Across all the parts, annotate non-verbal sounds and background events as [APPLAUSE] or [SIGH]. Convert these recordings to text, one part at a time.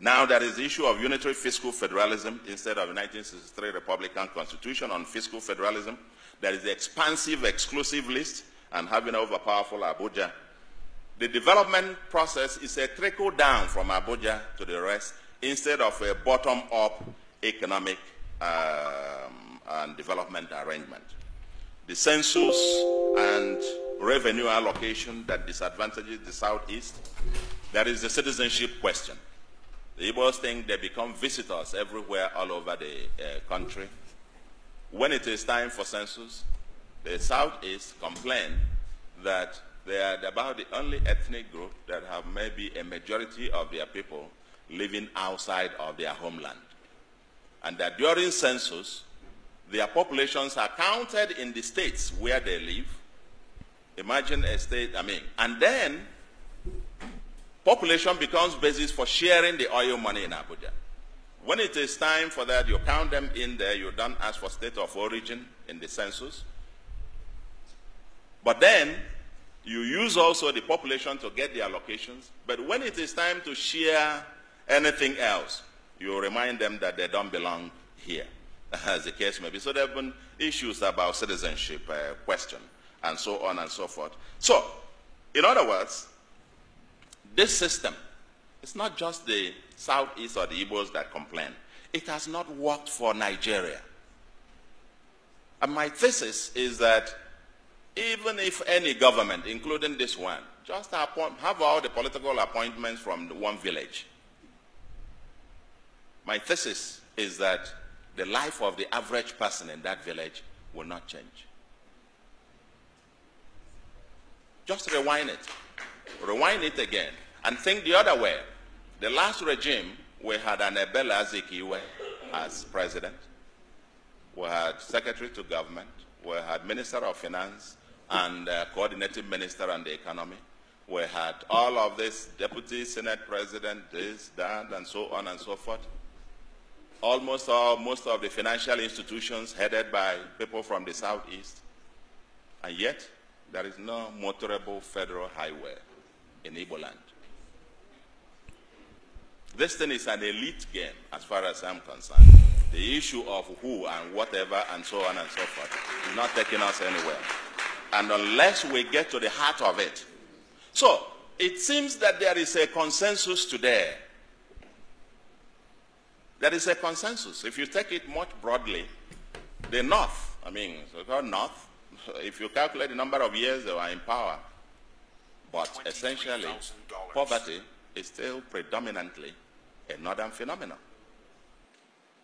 Now there is the issue of unitary fiscal federalism instead of the 1963 Republican Constitution on fiscal federalism. There is the expansive exclusive list and having over powerful Abuja. The development process is a trickle down from Abuja to the rest instead of a bottom-up economic um, and development arrangement. The census and revenue allocation that disadvantages the Southeast. There is the citizenship question. The Igbos think they become visitors everywhere all over the uh, country. When it is time for census, the Southeast complain that they are about the only ethnic group that have maybe a majority of their people living outside of their homeland. And that during census, their populations are counted in the states where they live. Imagine a state, I mean, and then population becomes basis for sharing the oil money in Abuja. When it is time for that, you count them in there. You don't ask for state of origin in the census. But then you use also the population to get the allocations. But when it is time to share anything else, you remind them that they don't belong here, as the case may be. So there have been issues about citizenship uh, question and so on and so forth. So, in other words, this system, it's not just the Southeast or the Igbos that complain. It has not worked for Nigeria. And my thesis is that even if any government, including this one, just appoint, have all the political appointments from one village, my thesis is that the life of the average person in that village will not change. Just rewind it. Rewind it again. And think the other way. The last regime, we had an Ebele Azikiwe as president. We had secretary to government. We had minister of finance and uh, coordinating minister on the economy. We had all of this deputy senate president, this, that, and so on and so forth. Almost all, most of the financial institutions headed by people from the southeast. And yet, there is no motorable federal highway in Igbo land. This thing is an elite game, as far as I'm concerned. The issue of who and whatever and so on and so forth is not taking us anywhere. And unless we get to the heart of it. So, it seems that there is a consensus today. There is a consensus. If you take it much broadly, the North, I mean, so-called North, if you calculate the number of years they were in power, but essentially, poverty is still predominantly a northern phenomenon.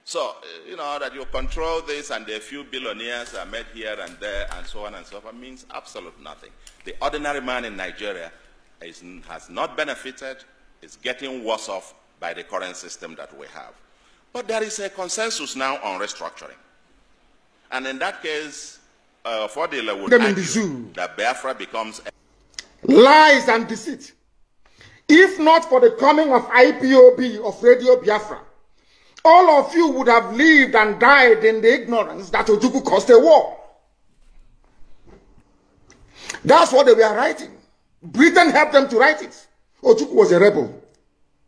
So, eh, you know, that you control this and a few billionaires are made here and there and so on and so forth means absolute nothing. The ordinary man in Nigeria is, has not benefited, is getting worse off by the current system that we have. But there is a consensus now on restructuring. And in that case, uh, Fodile would argue that Biafra becomes... Lies and deceit. If not for the coming of IPOB of Radio Biafra, all of you would have lived and died in the ignorance that Ojukwu caused a war. That's what they were writing. Britain helped them to write it. Ojukwu was a rebel,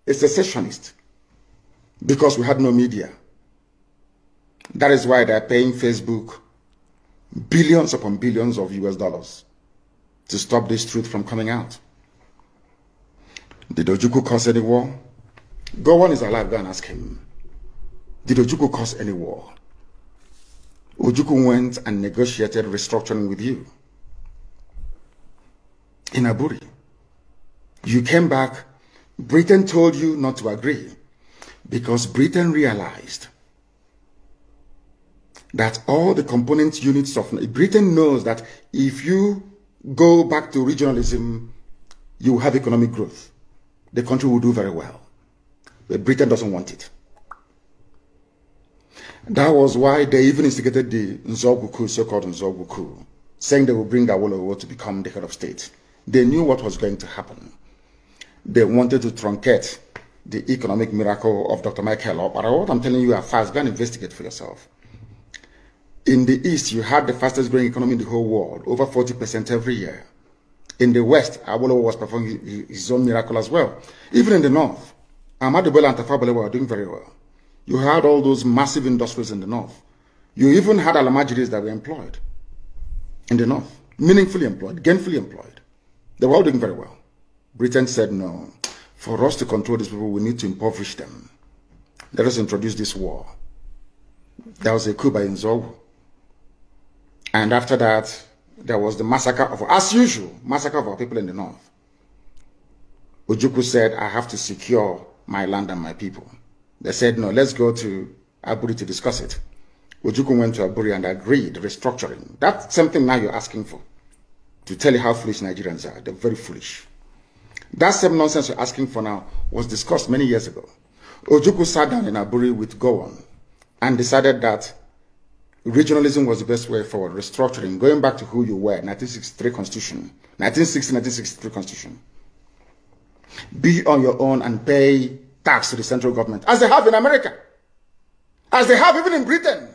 a secessionist, because we had no media. That is why they're paying Facebook billions upon billions of US dollars to stop this truth from coming out. Did Ojuku cause any war? Go on is alive, go and ask him. Did Ojuku cause any war? Ojuku went and negotiated restructuring with you. In Aburi. You came back. Britain told you not to agree. Because Britain realized that all the component units of Britain knows that if you go back to regionalism, you have economic growth the country will do very well. But Britain doesn't want it. That was why they even instigated the Nzogu coup, so-called Nzogu coup, saying they will bring Awolowo to become the head of state. They knew what was going to happen. They wanted to truncate the economic miracle of Dr. Michael But what I'm telling you are fast. Go and investigate for yourself. In the East, you had the fastest growing economy in the whole world, over 40% every year. In the west, Awolowo was performing his own miracle as well. Even in the north, Amadubola and Tafabele were doing very well. You had all those massive industries in the north. You even had Alamajiris that were employed in the north, meaningfully employed, gainfully employed. They were all doing very well. Britain said, no, for us to control these people, we need to impoverish them. Let us introduce this war. There was a coup by Nzowu. And after that, there was the massacre of, as usual, massacre of our people in the north. Ujuku said, I have to secure my land and my people. They said, no, let's go to Aburi to discuss it. Ujuku went to Aburi and agreed restructuring. That's something now you're asking for. To tell you how foolish Nigerians are. They're very foolish. That same nonsense you're asking for now was discussed many years ago. Ojuku sat down in Aburi with Gowon and decided that regionalism was the best way forward, restructuring, going back to who you were, 1963 Constitution, 1960, 1963 Constitution. Be on your own and pay tax to the central government, as they have in America, as they have even in Britain.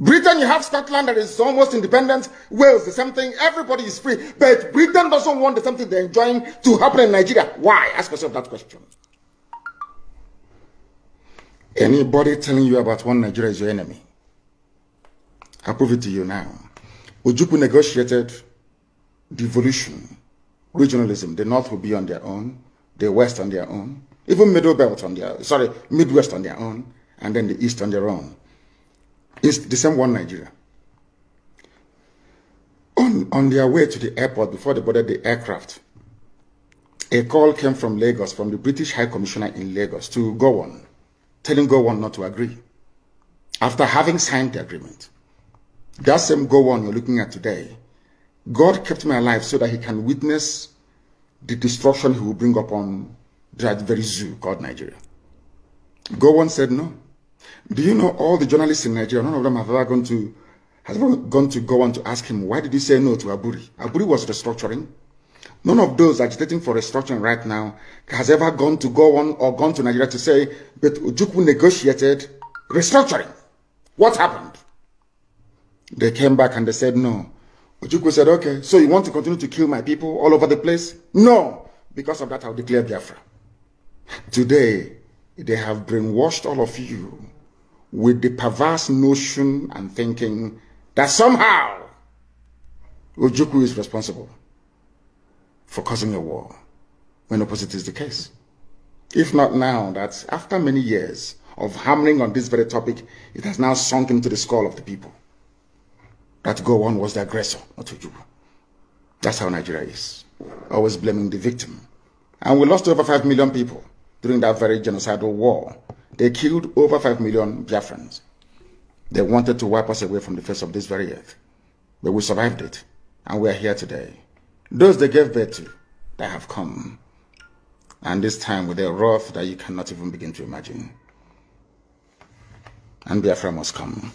Britain, you have Scotland that is almost independent. Wales, the same thing. Everybody is free. But Britain doesn't want the same thing they're enjoying to happen in Nigeria. Why? Ask yourself that question. Anybody telling you about one Nigeria is your enemy. I'll prove it to you now. Ojukwu negotiated devolution, regionalism. The North will be on their own, the West on their own, even Middle Belt on their, sorry, Midwest on their own, and then the East on their own. It's the same one Nigeria. On, on their way to the airport before they boarded the aircraft, a call came from Lagos, from the British High Commissioner in Lagos to Gowon, telling Gowon not to agree after having signed the agreement. That same go on you're looking at today, God kept me alive so that he can witness the destruction he will bring upon that very zoo called Nigeria. Go on said no. Do you know all the journalists in Nigeria, none of them have ever gone to has ever gone to go on to ask him why did he say no to Aburi? Aburi was restructuring. None of those agitating for restructuring right now has ever gone to go on or gone to Nigeria to say, but Ojukwu negotiated restructuring. What happened? They came back and they said no. Ojukwu said, okay, so you want to continue to kill my people all over the place? No! Because of that, I'll declare Biafra. Today, they have brainwashed all of you with the perverse notion and thinking that somehow Ojukwu is responsible for causing a war when opposite is the case. If not now, that after many years of hammering on this very topic, it has now sunk into the skull of the people that Gowon was the aggressor, not Ojuba. That's how Nigeria is. Always blaming the victim. And we lost over 5 million people during that very genocidal war. They killed over 5 million Biafrans. They wanted to wipe us away from the face of this very earth. But we survived it. And we are here today. Those they gave birth to, they have come. And this time with a wrath that you cannot even begin to imagine. And Biafra must come.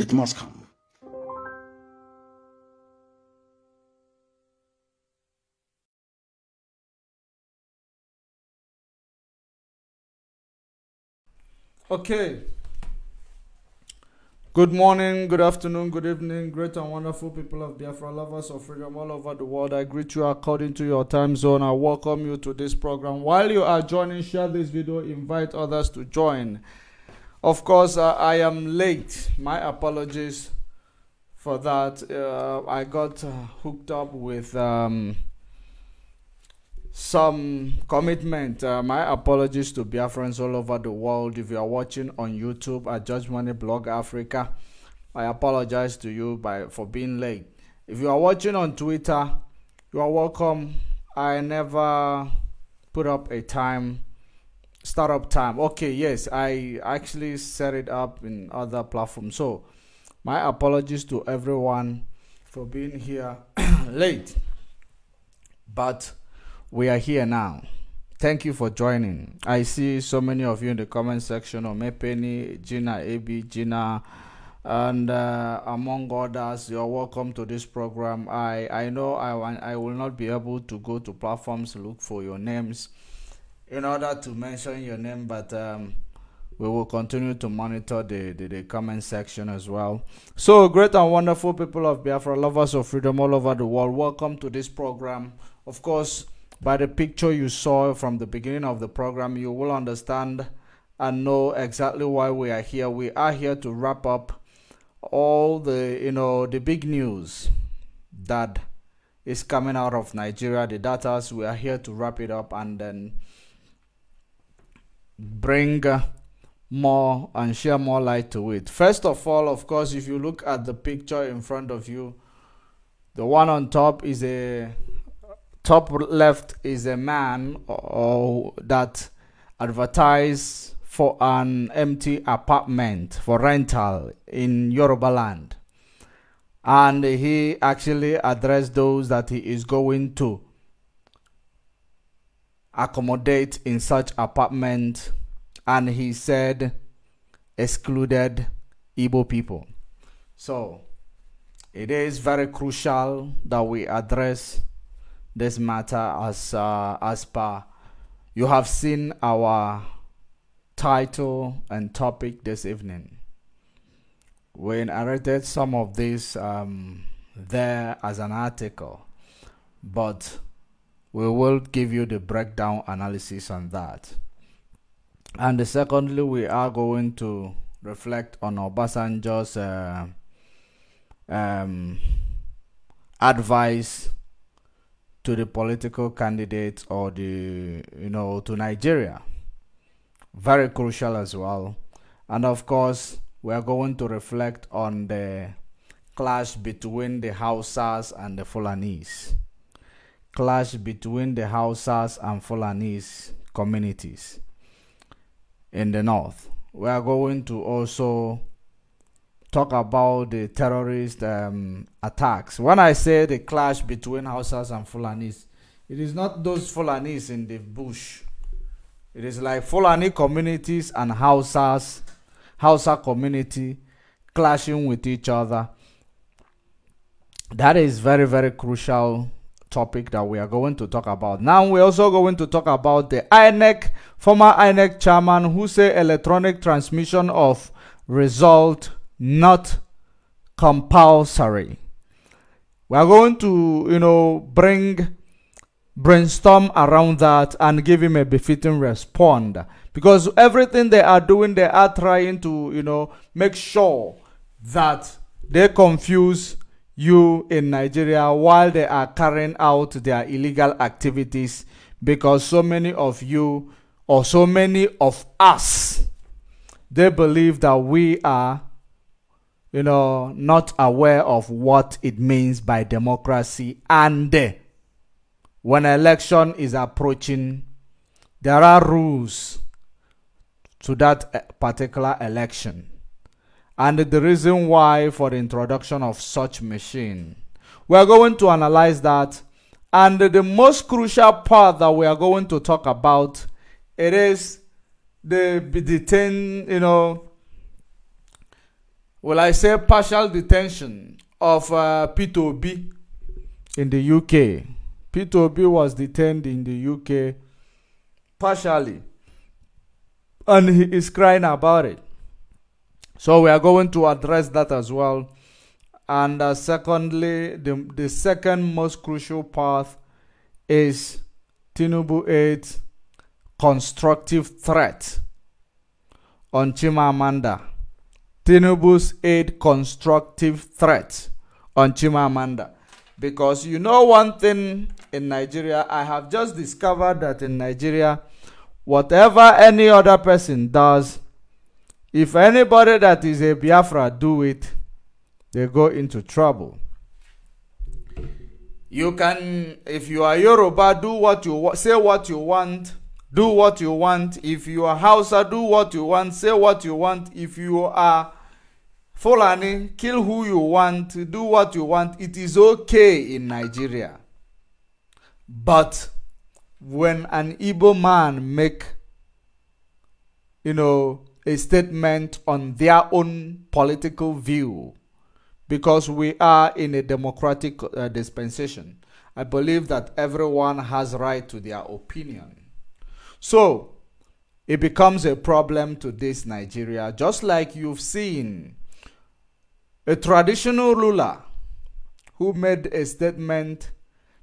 It must come. Okay. Good morning, good afternoon, good evening, great and wonderful people of Biafra, lovers of freedom all over the world. I greet you according to your time zone. I welcome you to this program. While you are joining, share this video, invite others to join. Of course, uh, I am late. My apologies for that. Uh, I got uh, hooked up with um, some commitment. Uh, my apologies to Biafrans all over the world. If you are watching on YouTube at Judge Money Blog Africa, I apologize to you by for being late. If you are watching on Twitter, you are welcome. I never put up a time, startup time. Okay, yes, I actually set it up in other platforms. So, my apologies to everyone for being here [COUGHS] late. But we are here now. Thank you for joining. I see so many of you in the comment section on Mepeni, Gina, AB, Gina, and uh, among others, you're welcome to this program. I, I know I, I will not be able to go to platforms look for your names in order to mention your name, but um, we will continue to monitor the, the, the, comment section as well. So, great and wonderful people of Biafra, lovers of freedom all over the world, welcome to this program. Of course, by the picture you saw from the beginning of the program, you will understand and know exactly why we are here. We are here to wrap up all the, you know, the big news that is coming out of Nigeria, the data. We are here to wrap it up and then bring more and share more light to it. First of all, of course, if you look at the picture in front of you, the one on top is a top left is a man oh, that advertised for an empty apartment for rental in Yoruba land. And he actually addressed those that he is going to accommodate in such apartment and he said excluded Igbo people. So it is very crucial that we address this matter as uh, as per you have seen our title and topic this evening. We inherited some of this um, there as an article, but we will give you the breakdown analysis on that. And secondly, we are going to reflect on Obasanjo's uh, um, advice to the political candidates or the you know to Nigeria. Very crucial as well. And of course, we are going to reflect on the clash between the Hausas and the Fulanese. Clash between the Hausas and Fulanese communities in the north. We are going to also talk about the terrorist um, attacks. When I say the clash between Hausas and Fulanis, it is not those Fulanis in the bush. It is like Fulani communities and Hausas, Hausa community clashing with each other. That is very, very crucial topic that we are going to talk about. Now we're also going to talk about the INEC, former INEC chairman who say electronic transmission of result not compulsory. We are going to, you know, bring brainstorm around that and give him a befitting response because everything they are doing they are trying to you know make sure that they confuse you in nigeria while they are carrying out their illegal activities because so many of you or so many of us they believe that we are you know, not aware of what it means by democracy. And uh, when election is approaching, there are rules to that uh, particular election. And the reason why for the introduction of such machine. We are going to analyze that. And the most crucial part that we are going to talk about, it is the, the 10, you know, will I say, partial detention of uh, Peter Obi in the UK. Peter Obi was detained in the UK partially, and he is crying about it. So we are going to address that as well. And uh, secondly, the, the second most crucial path is Tinubu 8 constructive threat on Chimamanda. Tinubu's aid constructive threats on Chimamanda. Because you know one thing in Nigeria, I have just discovered that in Nigeria, whatever any other person does, if anybody that is a Biafra do it, they go into trouble. You can, if you are Yoruba, do what you say, what you want do what you want. If you are Hausa, do what you want. Say what you want. If you are Fulani, kill who you want. Do what you want. It is okay in Nigeria. But when an Igbo man make, you know, a statement on their own political view, because we are in a democratic uh, dispensation, I believe that everyone has right to their opinion. So it becomes a problem to this Nigeria, just like you've seen a traditional ruler who made a statement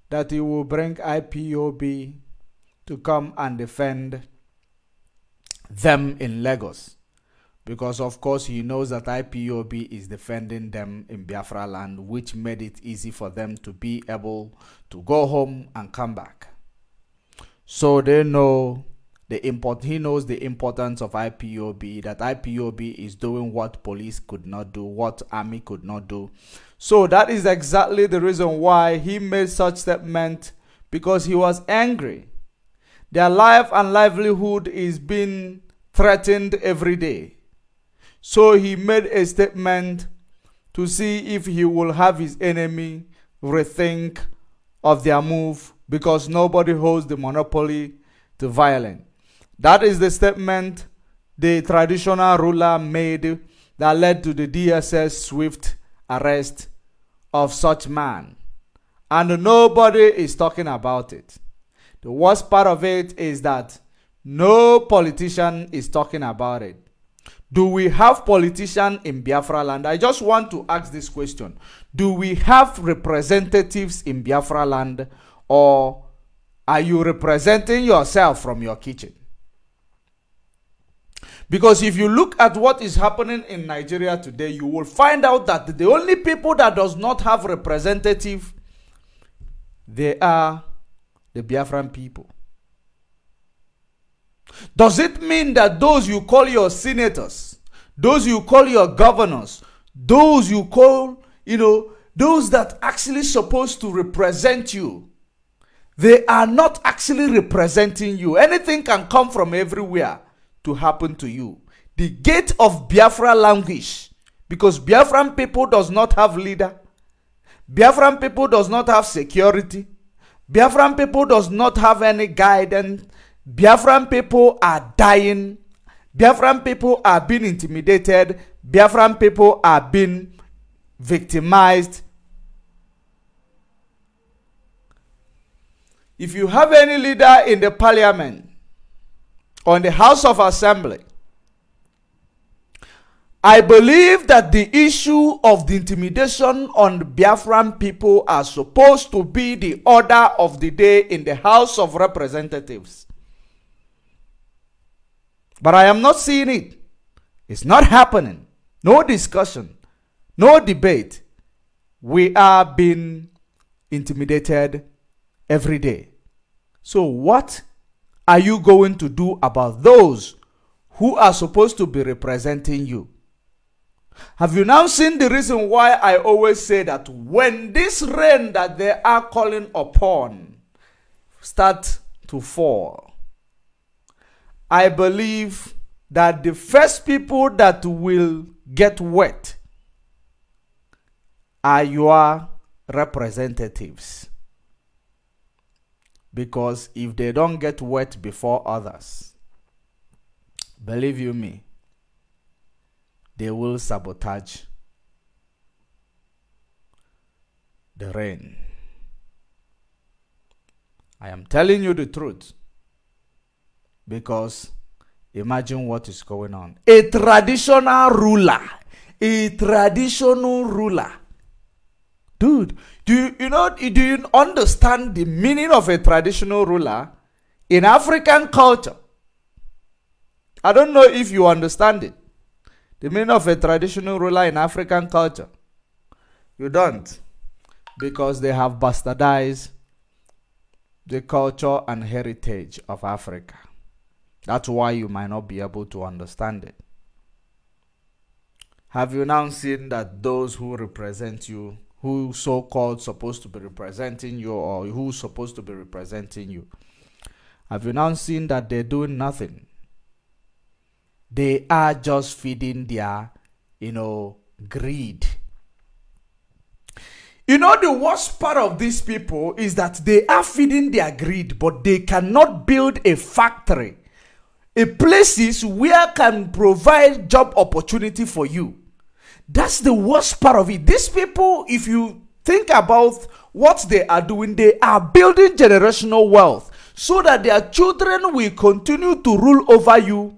that he will bring IPOB to come and defend them in Lagos. Because, of course, he knows that IPOB is defending them in Biafra land, which made it easy for them to be able to go home and come back. So they know the import he knows the importance of IPOB that IPOB is doing what police could not do what army could not do so that is exactly the reason why he made such statement because he was angry their life and livelihood is being threatened every day so he made a statement to see if he will have his enemy rethink of their move because nobody holds the monopoly to violence that is the statement the traditional ruler made that led to the DSS swift arrest of such man. And nobody is talking about it. The worst part of it is that no politician is talking about it. Do we have politicians in Biafra land? I just want to ask this question. Do we have representatives in Biafra land or are you representing yourself from your kitchen? Because if you look at what is happening in Nigeria today, you will find out that the only people that does not have representative, they are the Biafran people. Does it mean that those you call your senators, those you call your governors, those you call, you know, those that actually supposed to represent you, they are not actually representing you. Anything can come from everywhere to happen to you. The gate of Biafra languish because Biafran people does not have leader. Biafran people does not have security. Biafran people does not have any guidance. Biafran people are dying. Biafran people are being intimidated. Biafran people are being victimized. If you have any leader in the parliament on the House of Assembly, I believe that the issue of the intimidation on the Biafran people are supposed to be the order of the day in the House of Representatives. But I am not seeing it. It's not happening. No discussion. No debate. We are being intimidated every day. So what are you going to do about those who are supposed to be representing you? Have you now seen the reason why I always say that when this rain that they are calling upon start to fall, I believe that the first people that will get wet are your representatives because if they don't get wet before others, believe you me, they will sabotage the rain. I am telling you the truth because imagine what is going on. A traditional ruler, a traditional ruler. Dude, do you, you know? Do you understand the meaning of a traditional ruler in African culture? I don't know if you understand it. The meaning of a traditional ruler in African culture. You don't. Because they have bastardized the culture and heritage of Africa. That's why you might not be able to understand it. Have you now seen that those who represent you who so called supposed to be representing you or who's supposed to be representing you. Have you now seen that they're doing nothing? They are just feeding their, you know, greed. You know, the worst part of these people is that they are feeding their greed, but they cannot build a factory, a places where can provide job opportunity for you. That's the worst part of it. These people, if you think about what they are doing, they are building generational wealth so that their children will continue to rule over you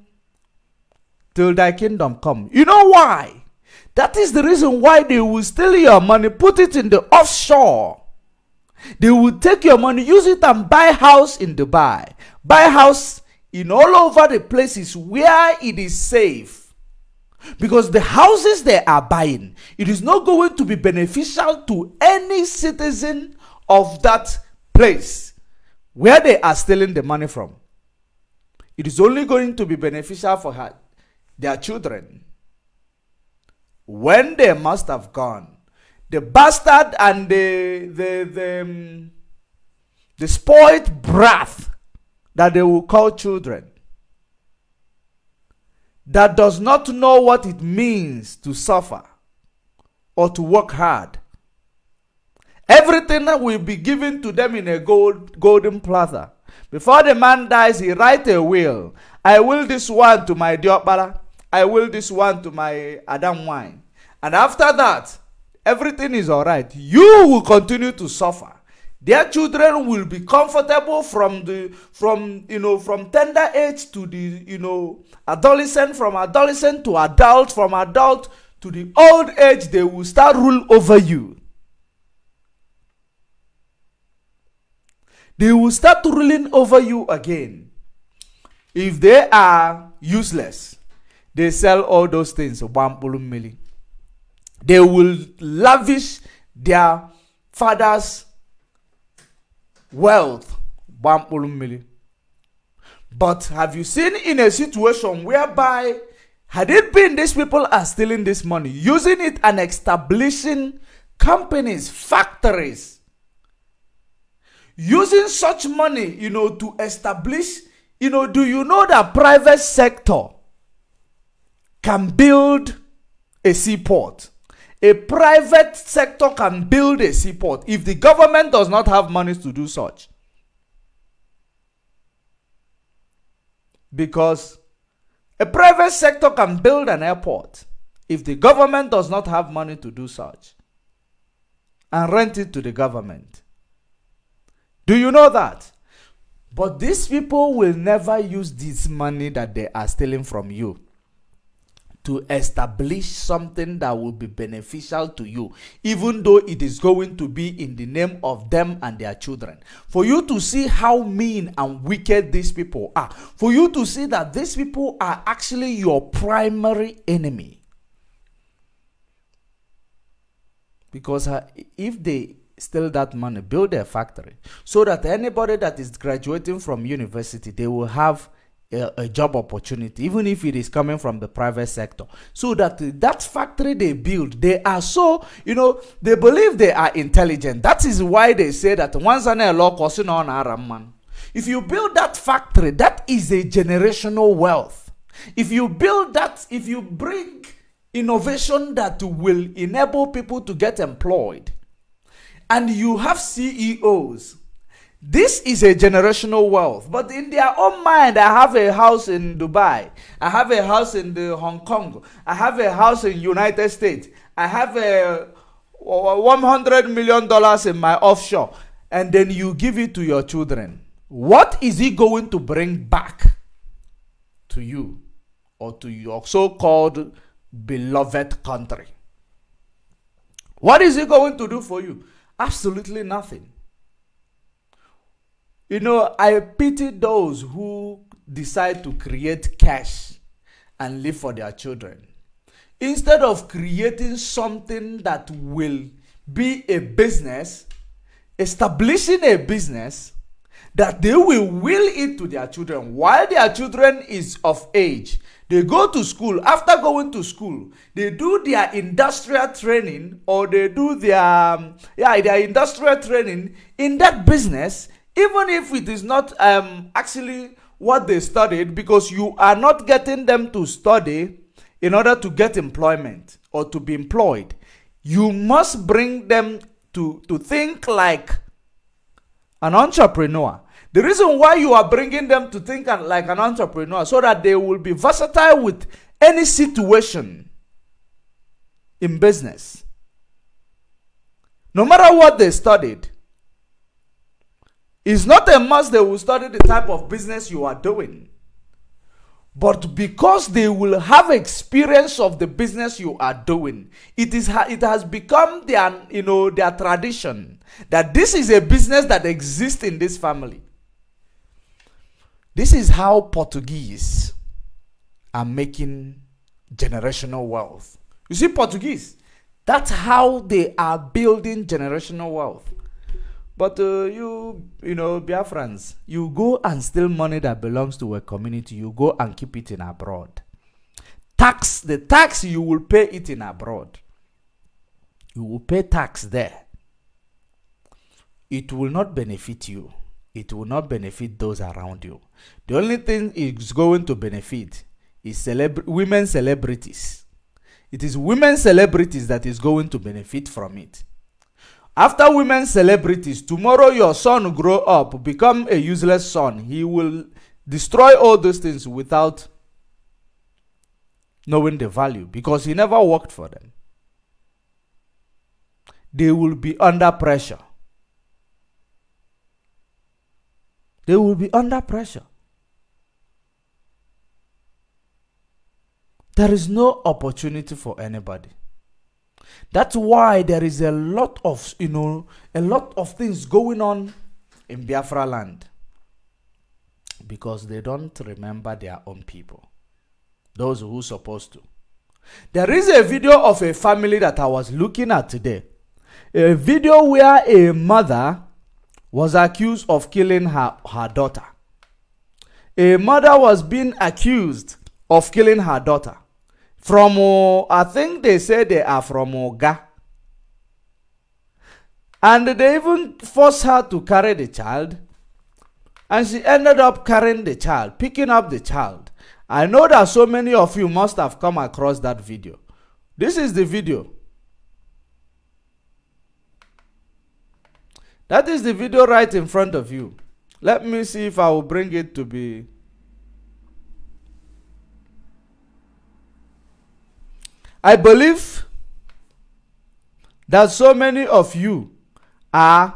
till thy kingdom come. You know why? That is the reason why they will steal your money, put it in the offshore. They will take your money, use it and buy house in Dubai. Buy house in all over the places where it is safe because the houses they are buying, it is not going to be beneficial to any citizen of that place where they are stealing the money from. It is only going to be beneficial for her, their children. When they must have gone, the bastard and the the the, um, the spoiled breath that they will call children that does not know what it means to suffer or to work hard. Everything will be given to them in a gold, golden platter. Before the man dies, he writes a will. I will this one to my Diopara. I will this one to my Adam wine. And after that, everything is alright. You will continue to suffer their children will be comfortable from the from you know from tender age to the you know adolescent from adolescent to adult from adult to the old age they will start rule over you they will start ruling over you again if they are useless they sell all those things they will lavish their fathers wealth but have you seen in a situation whereby had it been these people are stealing this money using it and establishing companies factories using such money you know to establish you know do you know that private sector can build a seaport a private sector can build a seaport if the government does not have money to do such. Because a private sector can build an airport if the government does not have money to do such and rent it to the government. Do you know that? But these people will never use this money that they are stealing from you to establish something that will be beneficial to you, even though it is going to be in the name of them and their children. For you to see how mean and wicked these people are, for you to see that these people are actually your primary enemy. Because uh, if they steal that money, build a factory, so that anybody that is graduating from university, they will have a, a, job opportunity, even if it is coming from the private sector. So that that factory they build, they are so you know they believe they are intelligent. That is why they say that once an law on araman. If you build that factory, that is a generational wealth. If you build that, if you bring innovation that will enable people to get employed, and you have CEOs this is a generational wealth. But in their own mind, I have a house in Dubai. I have a house in the Hong Kong. I have a house in United States. I have a $100 million in my offshore. And then you give it to your children. What is he going to bring back to you or to your so-called beloved country? What is he going to do for you? Absolutely nothing. You know, I pity those who decide to create cash and live for their children. Instead of creating something that will be a business, establishing a business that they will will it to their children while their children is of age they go to school after going to school they do their industrial training or they do their um, yeah their industrial training in that business even if it is not um, actually what they studied, because you are not getting them to study in order to get employment or to be employed. You must bring them to, to think like an entrepreneur. The reason why you are bringing them to think like an entrepreneur so that they will be versatile with any situation in business. No matter what they studied, it's not a must they will study the type of business you are doing. But because they will have experience of the business you are doing, it is it has become their you know their tradition that this is a business that exists in this family. This is how Portuguese are making generational wealth. You see, Portuguese, that's how they are building generational wealth. But uh, you, you know, Biafrans, you go and steal money that belongs to a community, you go and keep it in abroad. Tax, the tax you will pay it in abroad. You will pay tax there. It will not benefit you. It will not benefit those around you. The only thing it's going to benefit is celebra women celebrities. It is women celebrities that is going to benefit from it after women celebrities, tomorrow your son grow up, become a useless son. He will destroy all those things without knowing the value because he never worked for them. They will be under pressure. They will be under pressure. There is no opportunity for anybody. That's why there is a lot of, you know, a lot of things going on in Biafra land because they don't remember their own people, those who supposed to. There is a video of a family that I was looking at today. A video where a mother was accused of killing her, her daughter. A mother was being accused of killing her daughter. from uh, I think they say they are from Oga. and they even forced her to carry the child. And she ended up carrying the child, picking up the child. I know that so many of you must have come across that video. This is the video. That is the video right in front of you. Let me see if I will bring it to be I believe that so many of you are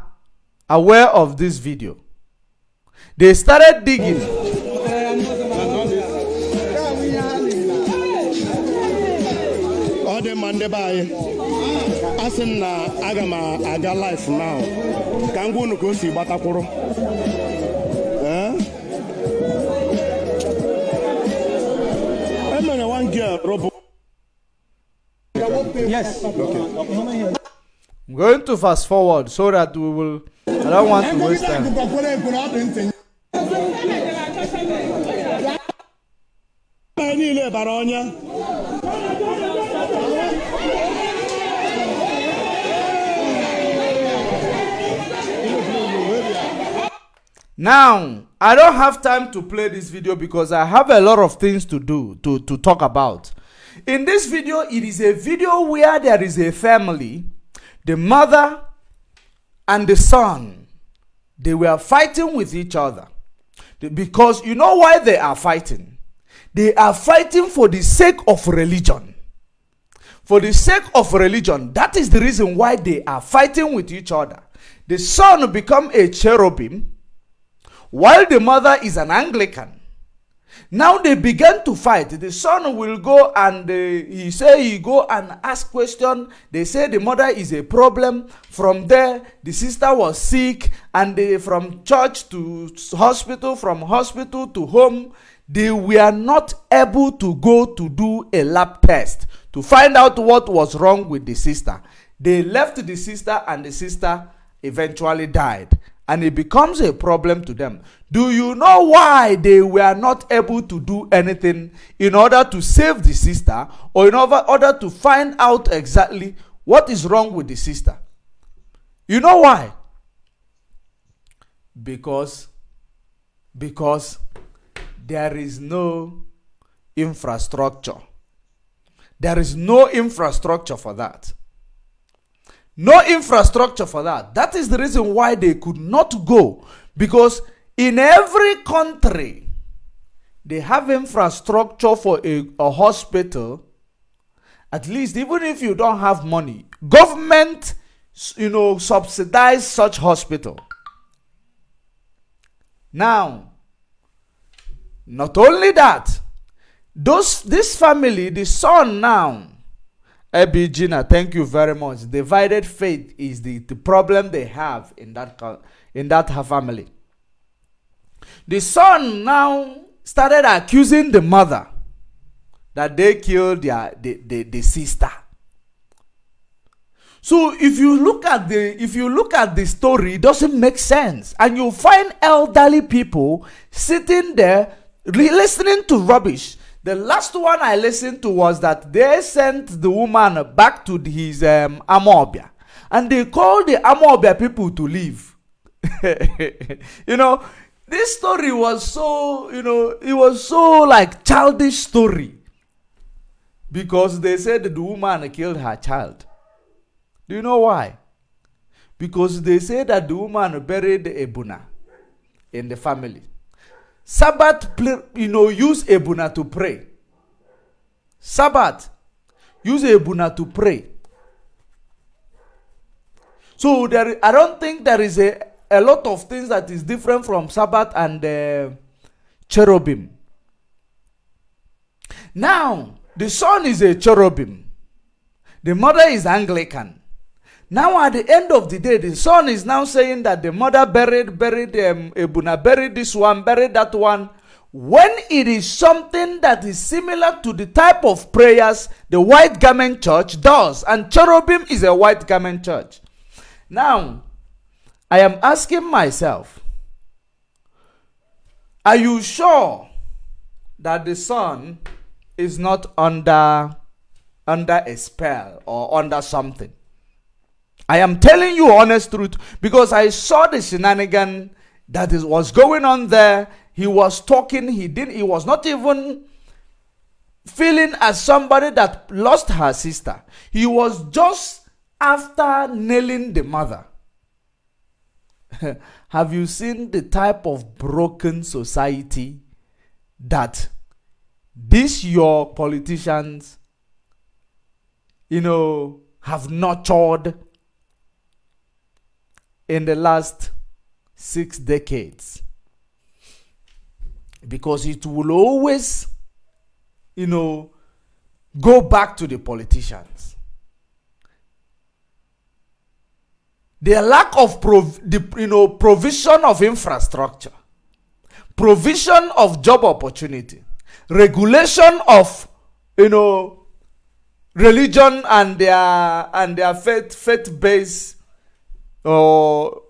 aware of this video. They started digging. a sị m na aga m aga life now ka m unu ka o si gbatakwụrụ emere one girl robot Yes. I'm going to fast forward so that we will. I don't want to waste time. Now, I don't have time to play this video because I have a lot of things to do, to, to talk about. In this video, it is a video where there is a family, the mother and the son. They were fighting with each other. Because you know why they are fighting? They are fighting for the sake of religion. For the sake of religion, that is the reason why they are fighting with each other. The son become a cherubim, while the mother is an Anglican. Now they began to fight. The son will go and uh, he say he go and ask question. They say the mother is a problem. From there, the sister was sick, and they, from church to hospital, from hospital to home, they were not able to go to do a lab test to find out what was wrong with the sister. They left the sister, and the sister eventually died. and it becomes a problem to them. Do you know why they were not able to do anything in order to save the sister or in order to find out exactly what is wrong with the sister? You know why? Because because there is no infrastructure. There is no infrastructure for that. No infrastructure for that. That is the reason why they could not go. Because in every country, they have infrastructure for a, a hospital. At least, even if you don't have money, government, you know, subsidize such hospital. Now, not only that, those this family, the son now, Ebi Gina, thank you very much. Divided faith is the, the problem they have in that in that family. The son now started accusing the mother that they killed their the, the, the sister. So if you look at the if you look at the story, it doesn't make sense, and you find elderly people sitting there listening to rubbish the last one I listened to was that they sent the woman back to his um, Amobia. And they called the Amobia people to leave. [LAUGHS] you know, this story was so, you know, it was so like childish story. Because they said the woman killed her child. Do you know why? Because they said that the woman buried Ebuna in the family. Sabbath, you know, use Ebuna to pray. Sabbath, use Ebuna to pray. So there, I don't think there is a, a lot of things that is different from Sabbath and uh, cherubim. Now, the son is a cherubim. The mother is Anglican. Now at the end of the day, the son is now saying that the mother buried, buried them, um, Ebuna, buried this one, buried that one. When it is something that is similar to the type of prayers the white garment church does, and cherubim is a white garment church. Now, I am asking myself, are you sure that the son is not under under a spell or under something? I am telling you honest truth because I saw the shenanigan that is was going on there. He was talking. He didn't. He was not even feeling as somebody that lost her sister. He was just after nailing the mother. [LAUGHS] Have you seen the type of broken society that these your politicians, you know, have nurtured in the last six decades because it will always, you know, go back to the politicians. Their lack of the, you know, provision of infrastructure, provision of job opportunity, regulation of you know religion and their and their faith faith based or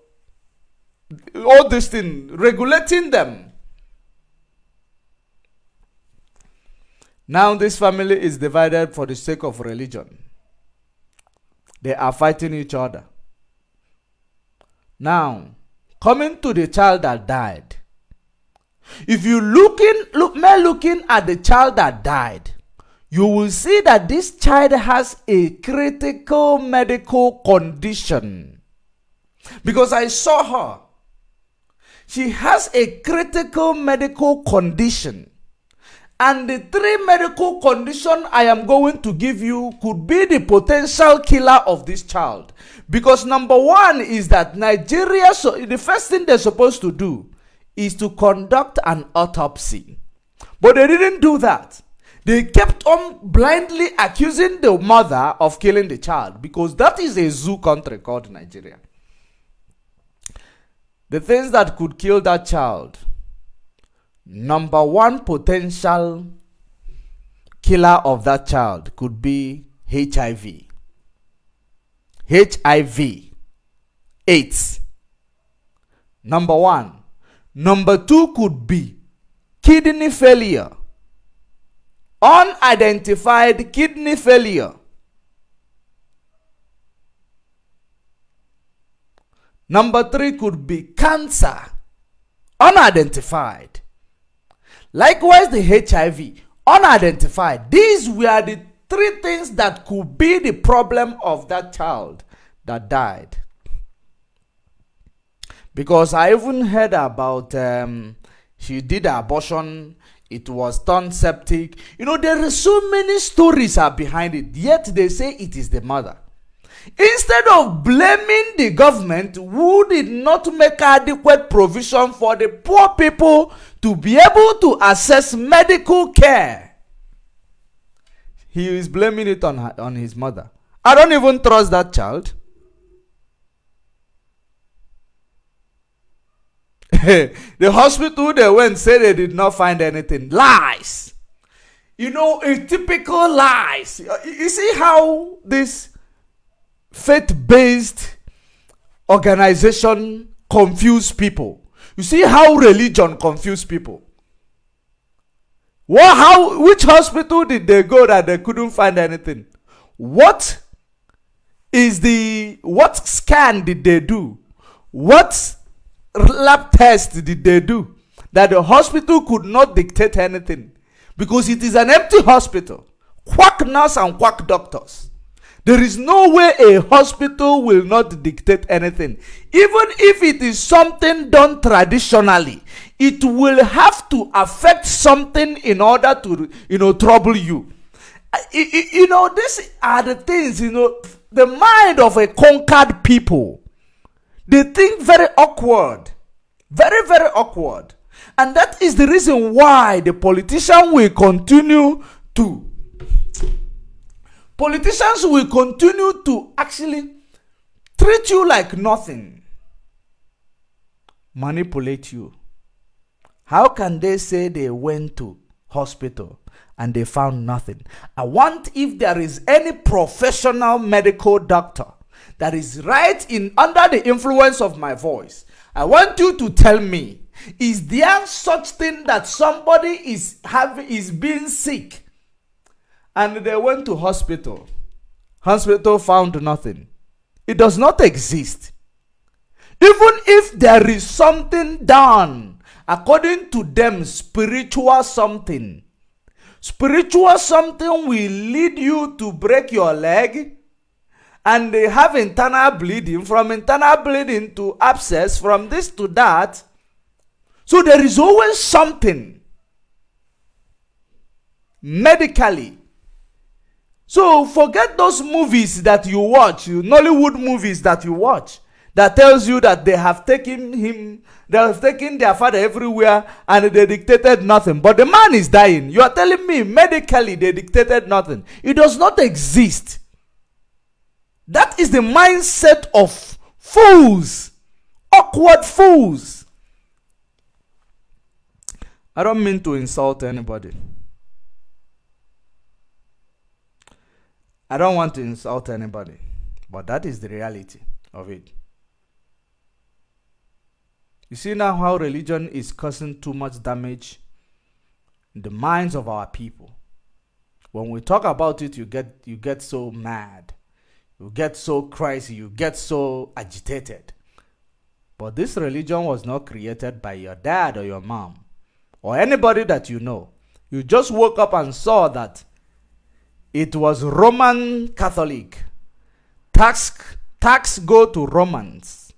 all this thing, regulating them. Now this family is divided for the sake of religion. They are fighting each other. Now, coming to the child that died. If you looking look mere looking at the child that died, you will see that this child has a critical medical condition because I saw her. She has a critical medical condition. And the three medical condition I am going to give you could be the potential killer of this child. Because number one is that Nigeria, so the first thing they're supposed to do is to conduct an autopsy. But they didn't do that. They kept on blindly accusing the mother of killing the child because that is a zoo country called Nigeria. The things that could kill that child. Number one potential killer of that child could be HIV. HIV. AIDS. Number one. Number two could be kidney failure. Unidentified kidney failure. Number three could be cancer, unidentified. Likewise, the HIV, unidentified. These were the three things that could be the problem of that child that died. Because I even heard about um, she did abortion, it was turned septic. You know, there are so many stories are behind it, yet they say it is the mother. Instead of blaming the government who did not make adequate provision for the poor people to be able to access medical care, he is blaming it on, her, on his mother. I don't even trust that child. [LAUGHS] the hospital they went said they did not find anything. Lies. You know, a typical lies. You see how this faith-based organization confuse people. You see how religion confuse people. What, how, which hospital did they go that they couldn't find anything? What is the, what scan did they do? What lab test did they do? That the hospital could not dictate anything because it is an empty hospital. Quack nurse and quack doctors. There is no way a hospital will not dictate anything. Even if it is something done traditionally, it will have to affect something in order to, you know, trouble you. You know, these are the things, you know, the mind of a conquered people. They think very awkward. Very, very awkward. And that is the reason why the politician will continue to politicians will continue to actually treat you like nothing, manipulate you. How can they say they went to hospital and they found nothing? I want if there is any professional medical doctor that is right in under the influence of my voice. I want you to tell me, is there such thing that somebody is having is being sick and they went to hospital. Hospital found nothing. It does not exist. Even if there is something done, according to them, spiritual something, spiritual something will lead you to break your leg and they have internal bleeding, from internal bleeding to abscess, from this to that. So there is always something medically so forget those movies that you watch, Nollywood movies that you watch, that tells you that they have taken him, they have taken their father everywhere and they dictated nothing. But the man is dying. You are telling me medically they dictated nothing. It does not exist. That is the mindset of fools, awkward fools. I don't mean to insult anybody. I don't want to insult anybody, but that is the reality of it. You see now how religion is causing too much damage in the minds of our people. When we talk about it, you get you get so mad, you get so crazy, you get so agitated. But this religion was not created by your dad or your mom or anybody that you know. You just woke up and saw that it was Roman Catholic. Tax, tax go to Romans,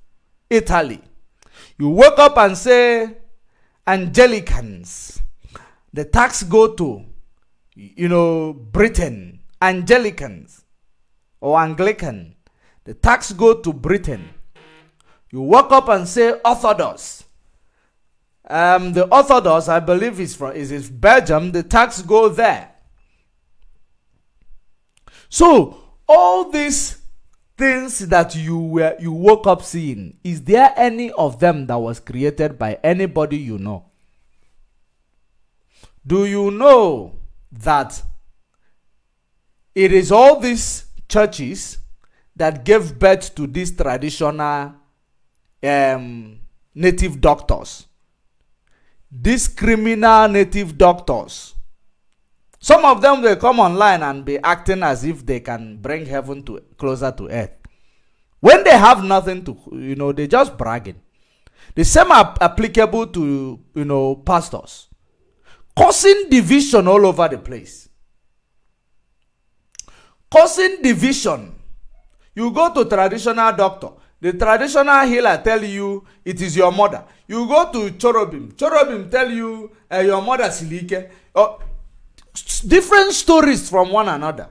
Italy. You wake up and say, Anglicans. The tax go to, you know, Britain, Anglicans or Anglican. The tax go to Britain. You woke up and say Orthodox. Um, the Orthodox, I believe, is from is, is Belgium. The tax go there. So, all these things that you were you woke up seeing, is there any of them that was created by anybody you know? Do you know that it is all these churches that gave birth to these traditional um, native doctors? These criminal native doctors some of them will come online and be acting as if they can bring heaven to closer to earth. When they have nothing to, you know, they just bragging. The same are applicable to, you know, pastors. Causing division all over the place. Causing division. You go to traditional doctor. The traditional healer tell you it is your mother. You go to cherubim. Cherubim tell you uh, your mother silike. Uh, different stories from one another,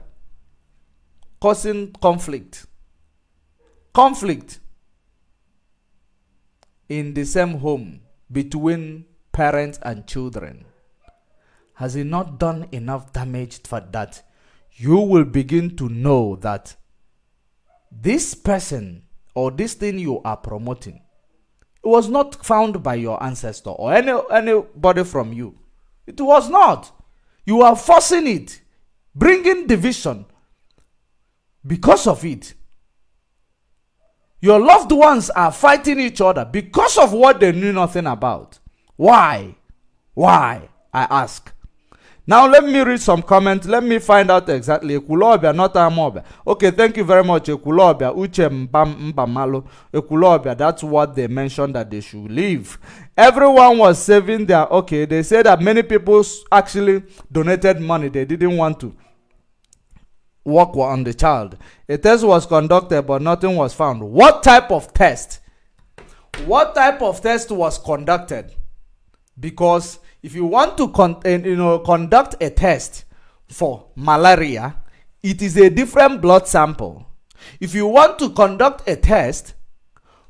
causing conflict. Conflict in the same home between parents and children. Has he not done enough damage for that? You will begin to know that this person or this thing you are promoting it was not found by your ancestor or any anybody from you. It was not. You are forcing it, bringing division because of it. Your loved ones are fighting each other because of what they knew nothing about. Why? Why? I ask. Now let me read some comments. Let me find out exactly. Ekulobia, not Amobia. Okay, thank you very much. Ekulobia, Uche Mbam Mbamalo. Ekulobia, that's what they mentioned that they should leave. Everyone was saving their okay. They said that many people actually donated money. They didn't want to work on the child. A test was conducted, but nothing was found. What type of test? What type of test was conducted? Because if you want to con- uh, you know, conduct a test for malaria, it is a different blood sample. If you want to conduct a test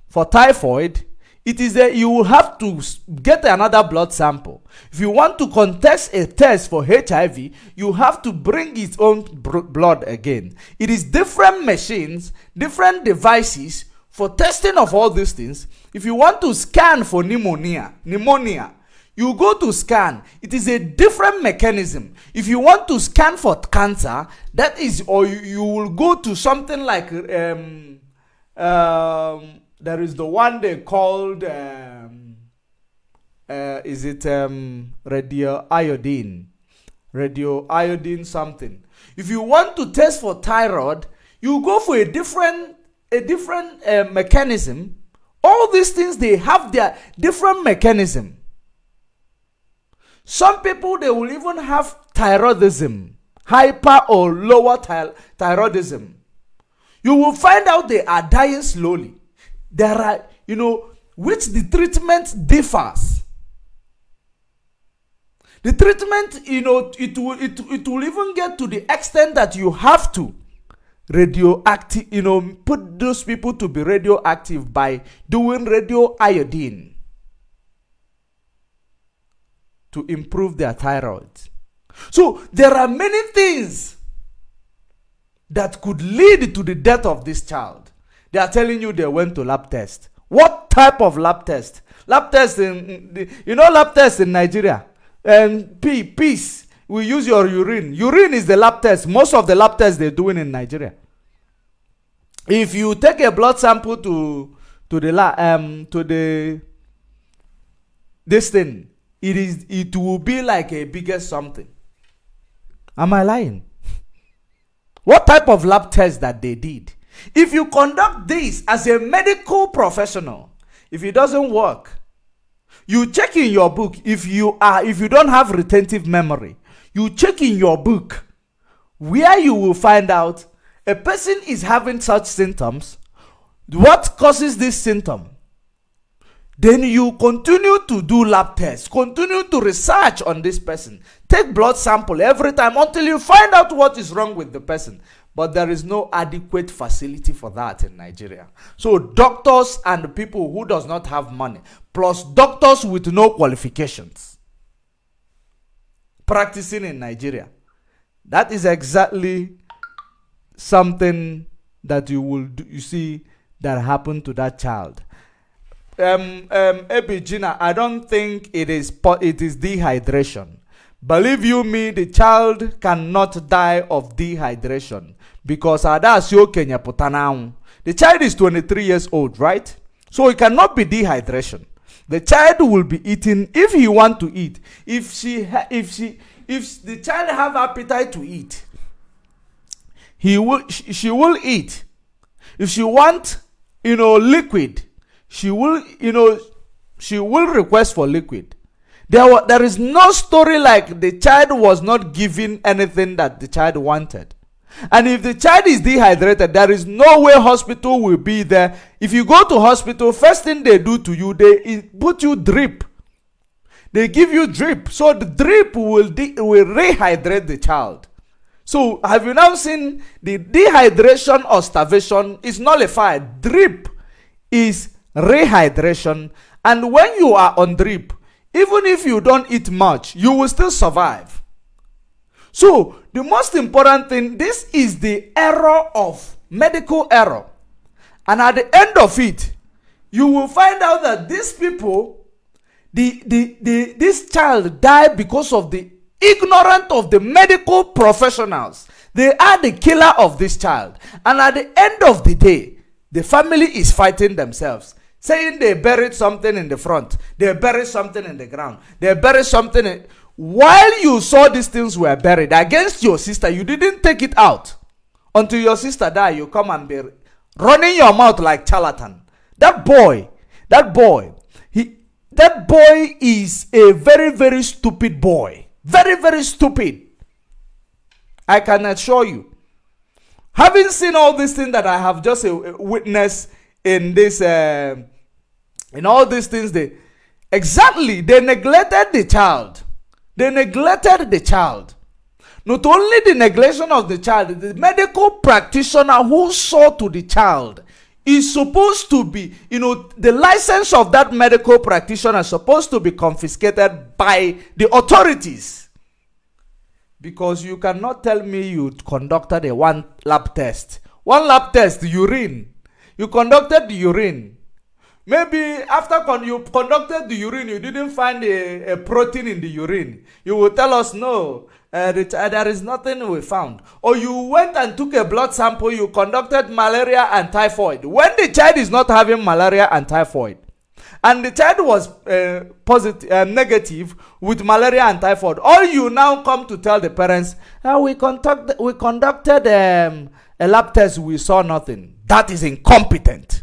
for typhoid, it is a, you will have to get another blood sample. If you want to contest a test for HIV, you have to bring its own blood again. It is different machines, different devices for testing of all these things. If you want to scan for pneumonia, pneumonia, you go to scan it is a different mechanism if you want to scan for cancer that is or you, you will go to something like um, um, there is the one they called um, uh, is it um, radio iodine radio iodine something if you want to test for thyroid you go for a different a different uh, mechanism all these things they have their different mechanism some people, they will even have thyroidism, hyper or lower thy thyroidism. You will find out they are dying slowly. There are, you know, which the treatment differs. The treatment, you know, it will, it, it will even get to the extent that you have to radioactive, you know, put those people to be radioactive by doing radio iodine to improve their thyroid. So there are many things that could lead to the death of this child. They are telling you they went to lab test. What type of lab test? Lab test in, you know, lab test in Nigeria. And um, P, peace. We use your urine. Urine is the lab test. Most of the lab tests they're doing in Nigeria. If you take a blood sample to to the um to the this thing it is it will be like a biggest something. Am I lying? What type of lab test that they did? If you conduct this as a medical professional, if it doesn't work, you check in your book if you are if you don't have retentive memory, you check in your book where you will find out a person is having such symptoms, what causes this symptom? Then you continue to do lab tests, continue to research on this person. Take blood sample every time until you find out what is wrong with the person. But there is no adequate facility for that in Nigeria. So doctors and people who does not have money, plus doctors with no qualifications, practicing in Nigeria. That is exactly something that you will do, you see that happened to that child um, um, I don't think it is, it is dehydration. Believe you me, the child cannot die of dehydration because Adasio Kenya Potanau. The child is 23 years old, right? So it cannot be dehydration. The child will be eating if he want to eat. If she, if she, if the child have appetite to eat, he will, she will eat. If she want, you know, liquid, she will, you know, she will request for liquid. There, there is no story like the child was not given anything that the child wanted. And if the child is dehydrated, there is no way hospital will be there. If you go to hospital, first thing they do to you, they put you drip. They give you drip. So the drip will, will rehydrate the child. So have you now seen the dehydration or starvation is nullified? Drip is rehydration, and when you are on drip, even if you don't eat much, you will still survive. So, the most important thing this is the error of medical error. And at the end of it, you will find out that these people, the, the, the, this child died because of the ignorant of the medical professionals. They are the killer of this child. And at the end of the day, the family is fighting themselves saying they buried something in the front, they buried something in the ground, they buried something. In... While you saw these things were buried against your sister, you didn't take it out. Until your sister died, you come and be running your mouth like charlatan. That boy, that boy, he, that boy is a very, very stupid boy. Very, very stupid. I can assure you. Having seen all these things that I have just uh, witnessed in this uh, in all these things they exactly they neglected the child they neglected the child not only the neglection of the child the medical practitioner who saw to the child is supposed to be you know the license of that medical practitioner is supposed to be confiscated by the authorities because you cannot tell me you conducted a one lab test one lab test urine you conducted the urine. Maybe after con you conducted the urine, you didn't find a, a, protein in the urine. You will tell us, no, uh, uh, there is nothing we found. Or you went and took a blood sample, you conducted malaria and typhoid. When the child is not having malaria and typhoid, and the child was uh, positive, uh, negative with malaria and typhoid, all you now come to tell the parents, ah, we, conduct we conducted um, a lab test, we saw nothing. That is incompetent.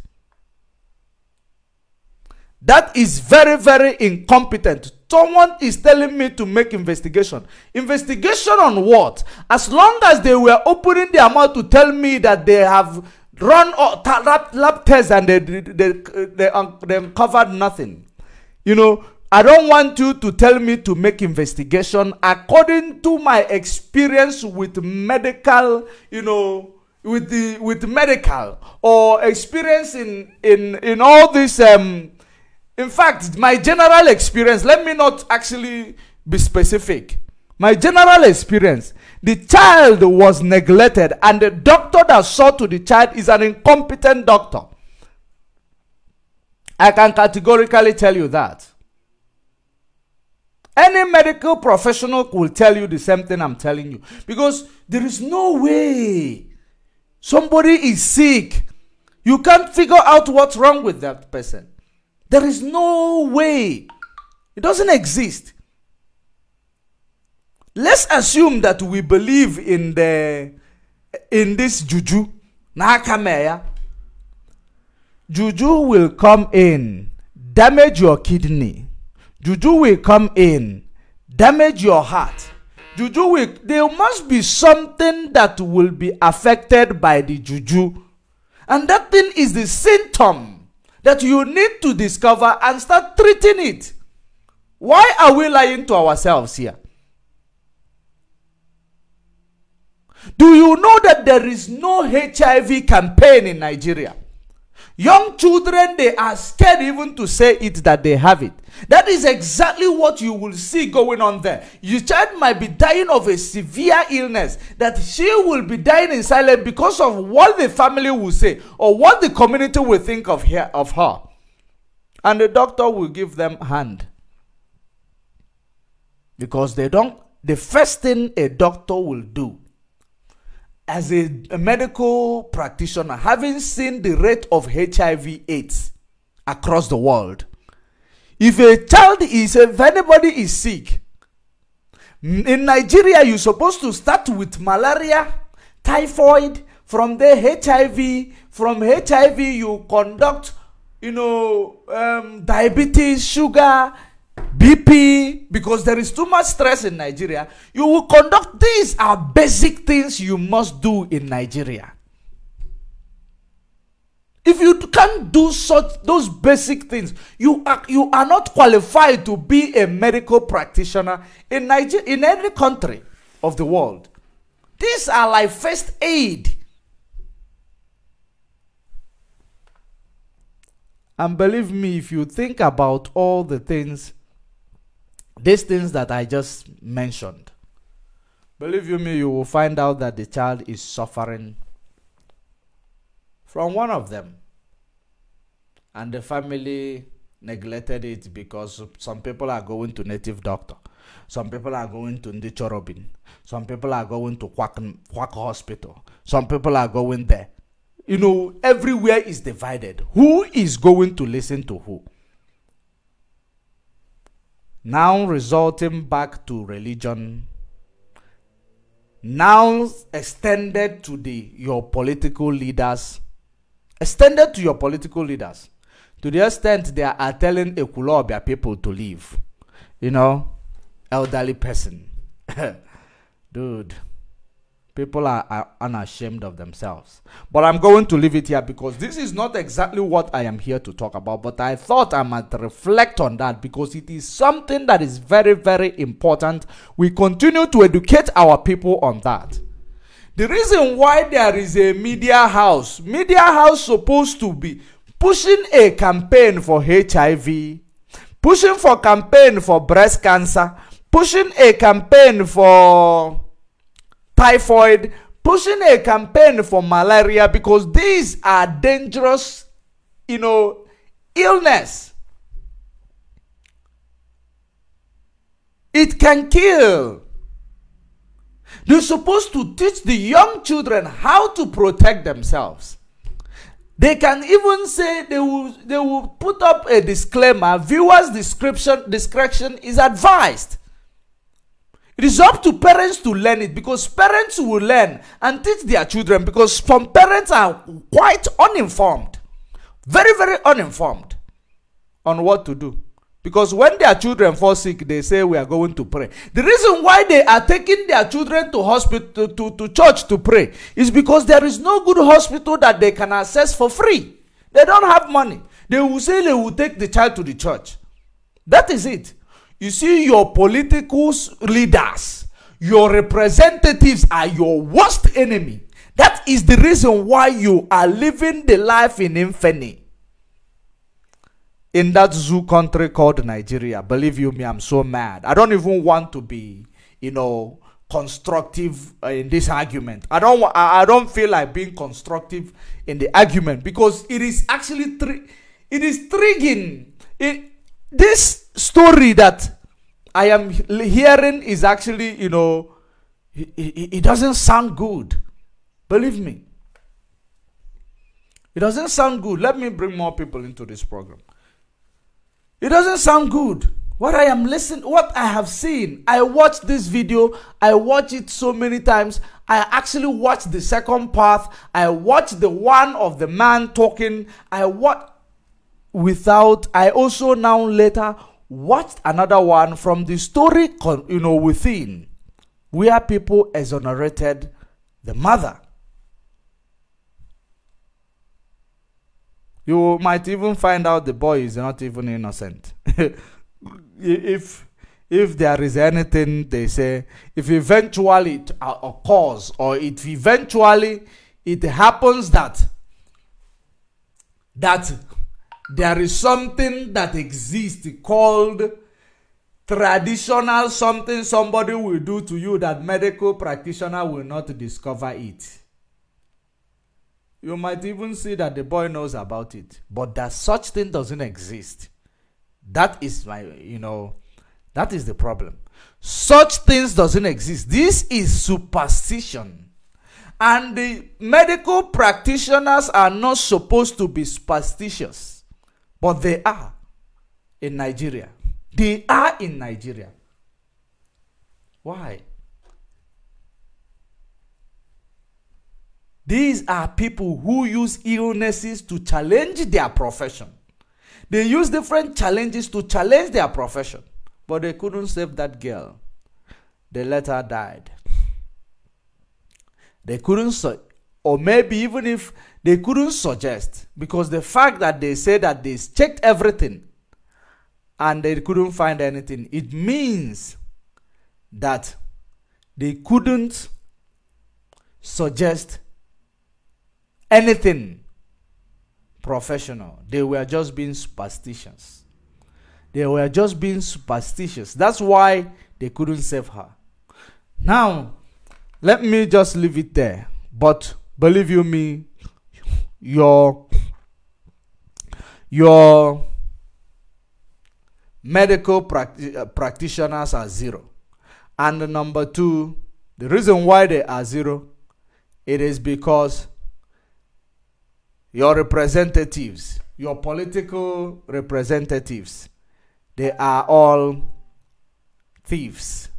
That is very, very incompetent. Someone is telling me to make investigation. Investigation on what? As long as they were opening their mouth to tell me that they have run lab, lab tests and they, they, they, they, they uncovered nothing. You know, I don't want you to tell me to make investigation according to my experience with medical, you know, with the with medical or experience in in in all this um in fact my general experience let me not actually be specific my general experience the child was neglected and the doctor that saw to the child is an incompetent doctor i can categorically tell you that any medical professional will tell you the same thing i'm telling you because there is no way Somebody is sick. You can't figure out what's wrong with that person. There is no way. It doesn't exist. Let's assume that we believe in the in this juju. Nakameya. Juju will come in, damage your kidney. Juju will come in, damage your heart juju there must be something that will be affected by the juju and that thing is the symptom that you need to discover and start treating it why are we lying to ourselves here do you know that there is no hiv campaign in nigeria young children they are scared even to say it that they have it that is exactly what you will see going on there. Your child might be dying of a severe illness that she will be dying in silence because of what the family will say or what the community will think of her. Of her. And the doctor will give them hand. Because they don't, the first thing a doctor will do as a, a medical practitioner, having seen the rate of HIV AIDS across the world, if a child is if anybody is sick in nigeria you suppose to start with malaria typhoid from there hiv from hiv you conduct you know um, diabetes sugar bp because there is too much stress in nigeria you will conduct these are basic things you must do in nigeria if you can't do such those basic things you are you are not qualified to be a medical practitioner in Niger in any country of the world these are like first aid and believe me if you think about all the things these things that i just mentioned believe you me you will find out that the child is suffering from one of them. And the family neglected it because some people are going to native doctor. Some people are going to the Some people are going to Quack, Quack Hospital. Some people are going there. You know, everywhere is divided. Who is going to listen to who? Now resulting back to religion now extended to the your political leaders extended to your political leaders to the extent they are telling a their people to leave. You know, elderly person. [LAUGHS] Dude, people are, are unashamed of themselves. But I'm going to leave it here because this is not exactly what I am here to talk about. But I thought I might reflect on that because it is something that is very, very important. We continue to educate our people on that. The reason why there is a media house, media house supposed to be pushing a campaign for HIV, pushing for campaign for breast cancer, pushing a campaign for typhoid, pushing a campaign for malaria because these are dangerous, you know, illness. It can kill. They're supposed to teach the young children how to protect themselves. They can even say they will, they will put up a disclaimer viewers' description, discretion is advised. It is up to parents to learn it because parents will learn and teach their children because some parents are quite uninformed, very, very uninformed on what to do. Because when their children fall sick, they say we are going to pray. The reason why they are taking their children to hospital to, to church to pray is because there is no good hospital that they can access for free. They don't have money. They will say they will take the child to the church. That is it. You see, your political leaders, your representatives are your worst enemy. That is the reason why you are living the life in infamy in that zoo country called Nigeria. Believe you me, I'm so mad. I don't even want to be, you know, constructive uh, in this argument. I don't I don't feel like being constructive in the argument because it is actually tri- it is triggering. It this story that I am hearing is actually, you know, it, it, it doesn't sound good. Believe me. It doesn't sound good. Let me bring more people into this program. It doesn't sound good. What I am listening, what I have seen, I watched this video, I watched it so many times. I actually watched the second part, I watched the one of the man talking, I watched without, I also now later watched another one from the story, you know, within, where people exonerated the mother. You might even find out the boy is not even innocent. [LAUGHS] if if there is anything they say, if eventually it uh, occurs or if eventually it happens that that there is something that exists called traditional something somebody will do to you that medical practitioner will not discover it you might even see that the boy knows about it, but that such thing doesn't exist. That is my, you know, that is the problem. Such things doesn't exist. This is superstition. And the medical practitioners are not supposed to be superstitious, but they are in Nigeria. They are in Nigeria. Why? These are people who use illnesses to challenge their profession. They use different challenges to challenge their profession, but they couldn't save that girl. They let her They couldn't, say, or maybe even if they couldn't suggest, because the fact that they say that they checked everything and they couldn't find anything, it means that they couldn't suggest anything professional. They were just being superstitious. They were just being superstitious. That's why they couldn't save her. Now, let me just leave it there. But believe you me, your your medical practi uh, practitioners are zero. And number two, the reason why they are zero, it is because your representatives, your political representatives, they are all thieves.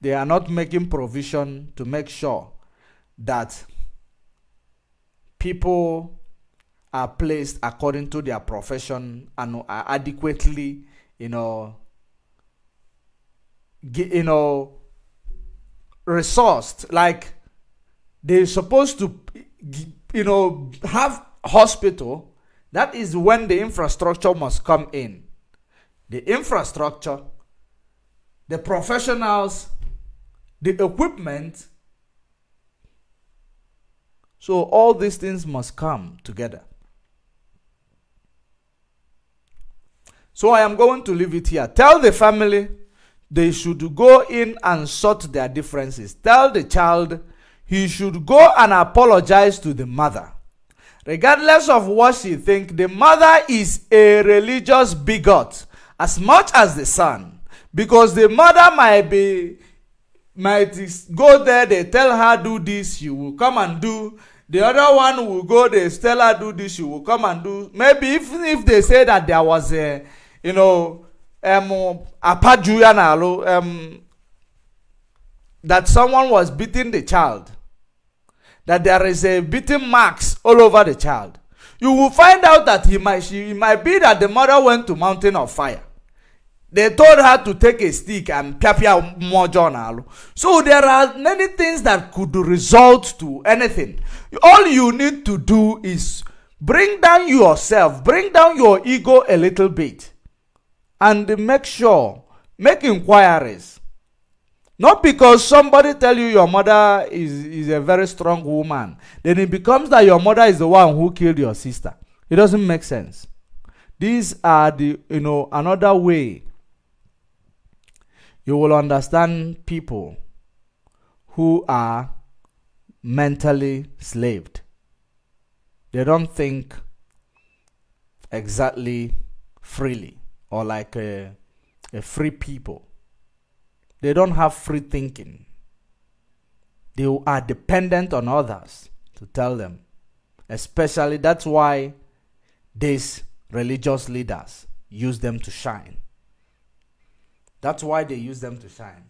They are not making provision to make sure that people are placed according to their profession and are adequately, you know, you know, resourced. Like they're supposed to you know, have hospital, that is when the infrastructure must come in. The infrastructure, the professionals, the equipment. So all these things must come together. So I am going to leave it here. Tell the family they should go in and sort their differences. Tell the child he should go and apologize to the mother. Regardless of what she thinks, the mother is a religious bigot as much as the son because the mother might be might go there they tell her do this she will come and do the other one will go they tell her do this she will come and do maybe even if, if they say that there was a you know um apaju um that someone was beating the child that there is a beating marks all over the child, you will find out that he might, she, it might be that the mother went to mountain of fire. They told her to take a stick and piapia more journal. So there are many things that could result to anything. All you need to do is bring down yourself, bring down your ego a little bit, and make sure, make inquiries Not because somebody tell you your mother is, is a very strong woman. Then it becomes that your mother is the one who killed your sister. It doesn't make sense. These are the, you know, another way you will understand people who are mentally slaved. They don't think exactly freely or like a, a free people. They don't have free thinking. They are dependent on others to tell them. Especially that's why these religious leaders use them to shine. That's why they use them to shine.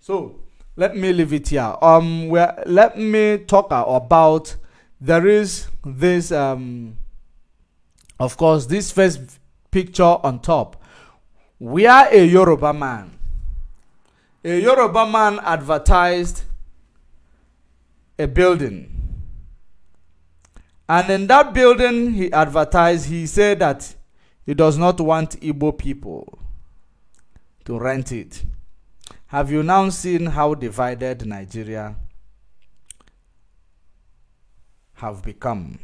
So let me leave it here. Um, let me talk about there is this um, of course, this first picture on top. We are a Yoruba man a Yoruba man advertised a building. And in that building, he advertised, he said that he does not want Igbo people to rent it. Have you now seen how divided Nigeria have become?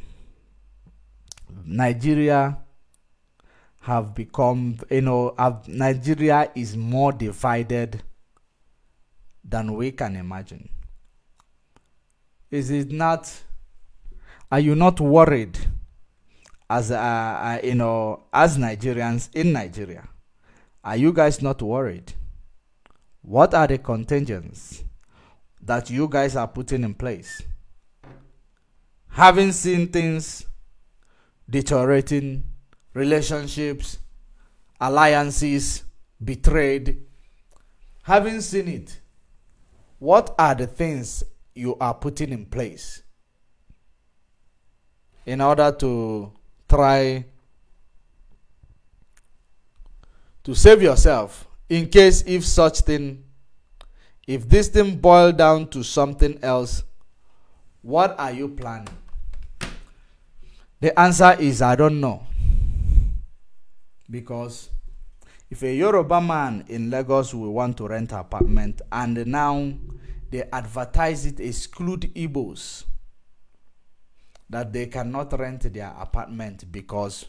Nigeria have become, you know, Nigeria is more divided than we can imagine. Is it not? Are you not worried, as uh, uh, you know, as Nigerians in Nigeria? Are you guys not worried? What are the contingents that you guys are putting in place? Having seen things deteriorating, relationships, alliances betrayed, having seen it, what are the things you are putting in place in order to try to save yourself in case if such thing if this thing boil down to something else what are you planning the answer is i don't know because if a Yoruba man in Lagos will want to rent an apartment and now they advertise it exclude Igbos that they cannot rent their apartment because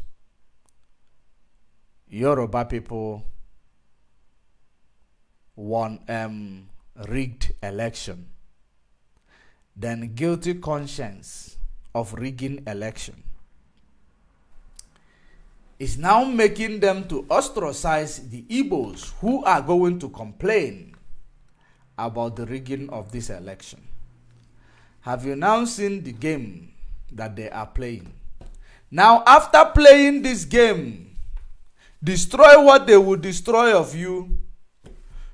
Yoruba people won um, rigged election. Then guilty conscience of rigging election is now making them to ostracize the Igbos who are going to complain about the rigging of this election. Have you now seen the game that they are playing? Now, after playing this game, destroy what they will destroy of you.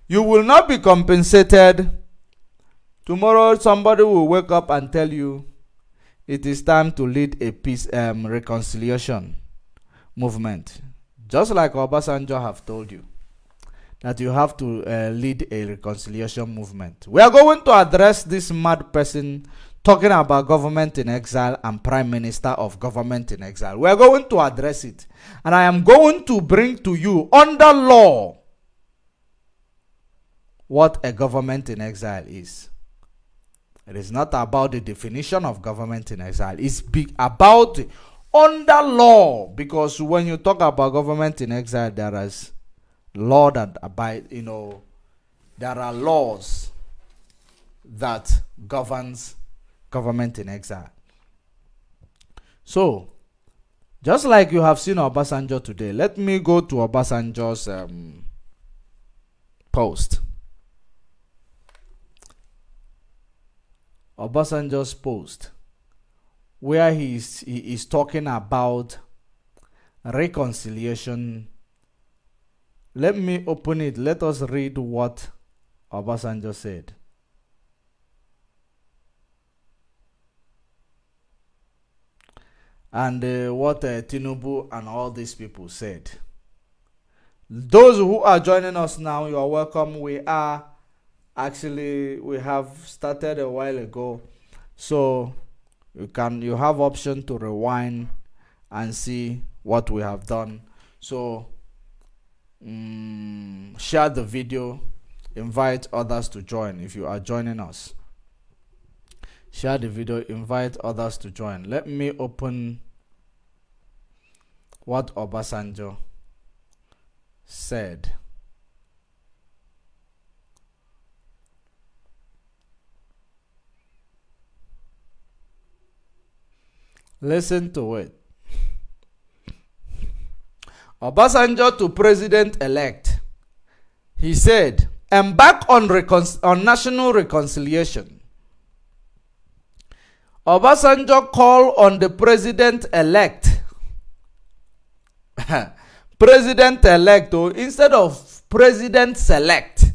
You will not be compensated. Tomorrow, somebody will wake up and tell you it is time to lead a peace um, reconciliation movement. Just like Obasanjo have told you that you have to uh, lead a reconciliation movement. We are going to address this mad person talking about government in exile and prime minister of government in exile. We are going to address it. And I am going to bring to you under law what a government in exile is. It is not about the definition of government in exile. It's about under law because when you talk about government in exile there is law that abide you know there are laws that governs government in exile so just like you have seen obasanjo today let me go to obasanjo's um, post obasanjo's post where he's, he is talking about reconciliation. Let me open it. Let us read what Obasanjo said. And uh, what uh, Tinubu and all these people said. Those who are joining us now, you are welcome. We are actually, we have started a while ago. So you can you have option to rewind and see what we have done so um, share the video invite others to join if you are joining us share the video invite others to join let me open what obasanjo said Listen to it. Obasanjo to president elect. He said, embark on, recon- on national reconciliation. Obasanjo called on the president elect. [LAUGHS] president elect, oh, instead of president select,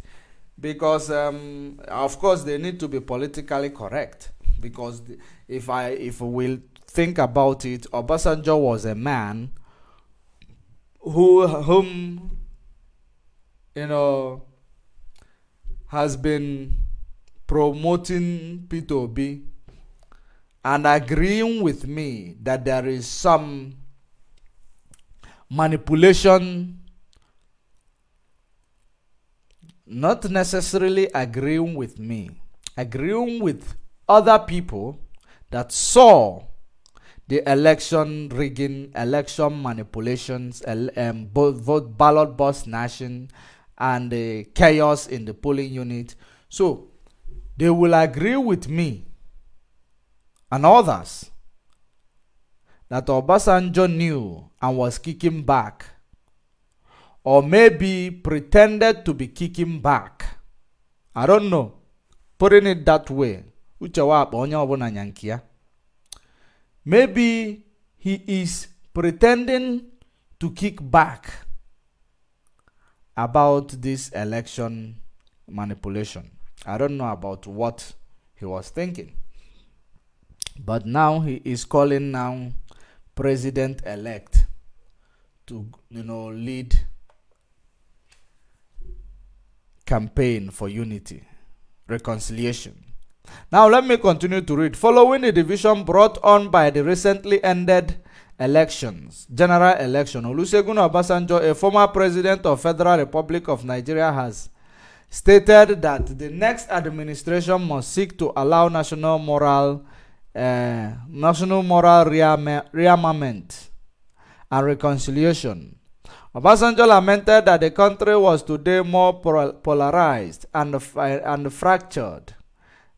because um, of course they need to be politically correct. Because if I if we'll think about it, Obasanjo was a man who whom you know has been promoting P2B and agreeing with me that there is some manipulation not necessarily agreeing with me agreeing with other people that saw the election rigging, election manipulations, el um, vote, ballot box nation, and the chaos in the polling unit. So they will agree with me and others that Obasanjo knew and was kicking back, or maybe pretended to be kicking back. I don't know. Putting it that way, Uchawa wa akpa nyankia. Maybe he is pretending to kick back about this election manipulation. I don't know about what he was thinking. But now he is calling now president elect to you know lead campaign for unity, reconciliation. Now let me continue to read. Following the division brought on by the recently ended elections, general election, Olusegun Obasanjo, a former president of Federal Republic of Nigeria, has stated that the next administration must seek to allow national moral uh, national moral rearmament and reconciliation. Obasanjo lamented that the country was today more polarized and, and fractured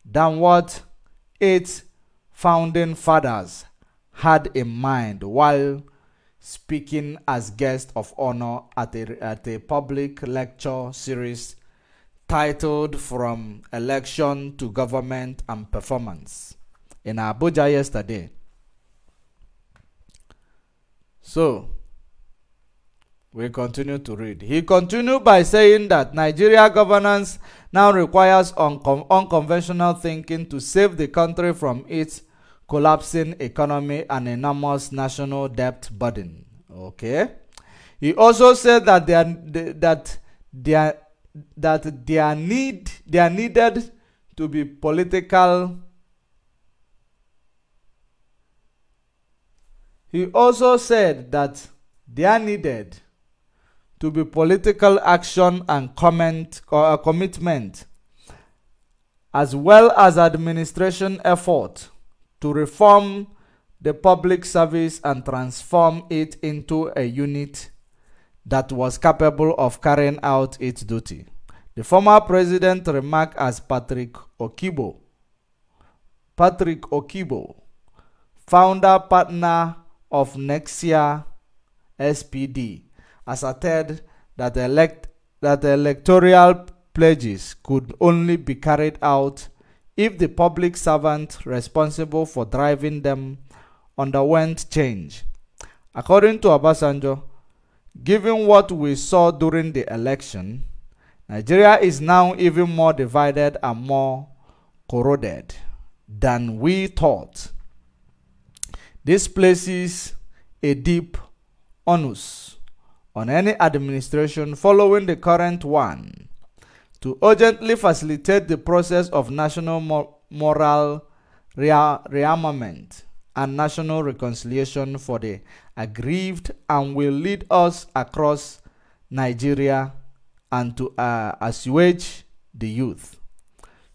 than what its founding fathers had in mind while speaking as guest of honor at a, at a public lecture series titled From Election to Government and Performance in Abuja yesterday. So, we continue to read. He continued by saying that Nigeria governance now requires uncon unconventional thinking to save the country from its collapsing economy and enormous national debt burden. Okay. He also said that they are, that they are, that they are need they are needed to be political. He also said that they are needed to be political action and comment, uh, commitment, as well as administration effort to reform the public service and transform it into a unit that was capable of carrying out its duty. The former president remarked as Patrick Okibo. Patrick Okibo, founder partner of Nexia SPD asserted that the, elect, that the electoral pledges could only be carried out if the public servant responsible for driving them underwent change. According to Obasanjo, given what we saw during the election, Nigeria is now even more divided and more corroded than we thought. This places a deep onus on any administration following the current one to urgently facilitate the process of national mor- moral rearmament and national reconciliation for the aggrieved and will lead us across Nigeria and to uh, assuage the youth.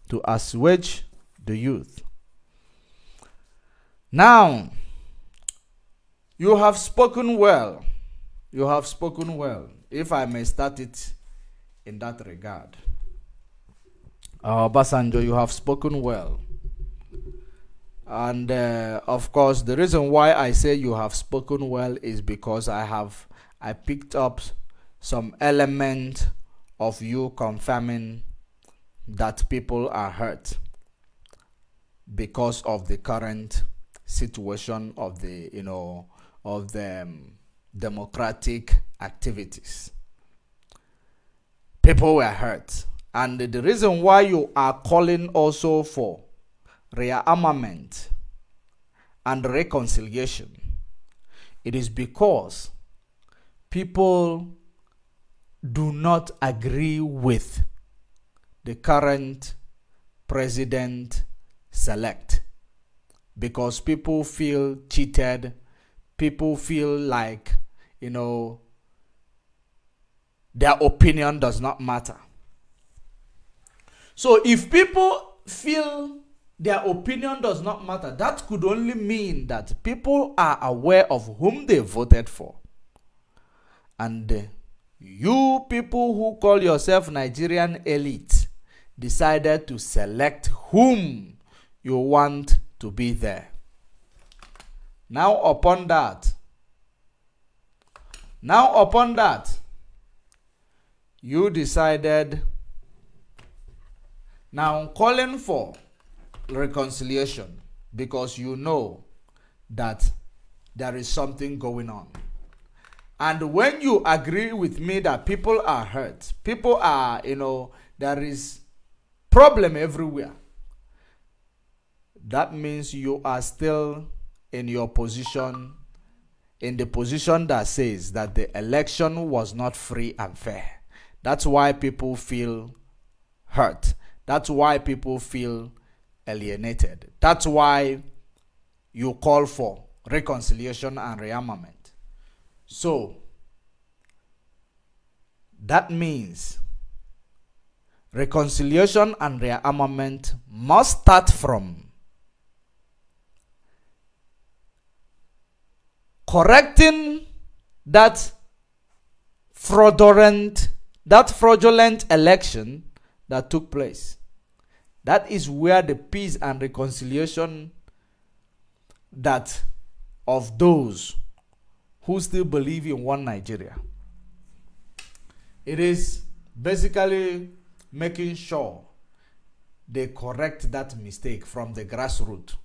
To assuage the youth. Now, you have spoken well you have spoken well, if I may start it in that regard. Uh, Basanjo, you have spoken well. And uh, of course, the reason why I say you have spoken well is because I have I picked up some element of you confirming that people are hurt because of the current situation of the you know of the um, democratic activities. People were hurt. And the reason why you are calling also for rearmament and reconciliation, it is because people do not agree with the current president select because people feel cheated people feel like you know, their opinion does not matter. So if people feel their opinion does not matter, that could only mean that people are aware of whom they voted for. And uh, you people who call yourself Nigerian elite decided to select whom you want to be there. Now upon that, now, upon that, you decided now calling for reconciliation because you know that there is something going on. And when you agree with me that people are hurt, people are, you know, there is problem everywhere. That means you are still in your position in the position that says that the election was not free and fair. That's why people feel hurt. That's why people feel alienated. That's why you call for reconciliation and rearmament. So, that means reconciliation and rearmament must start from correcting that fraudulent that fraudulent election that took place. That is where the peace and reconciliation that of those who still believe in one Nigeria. It is basically making sure they correct that mistake from the grassroots.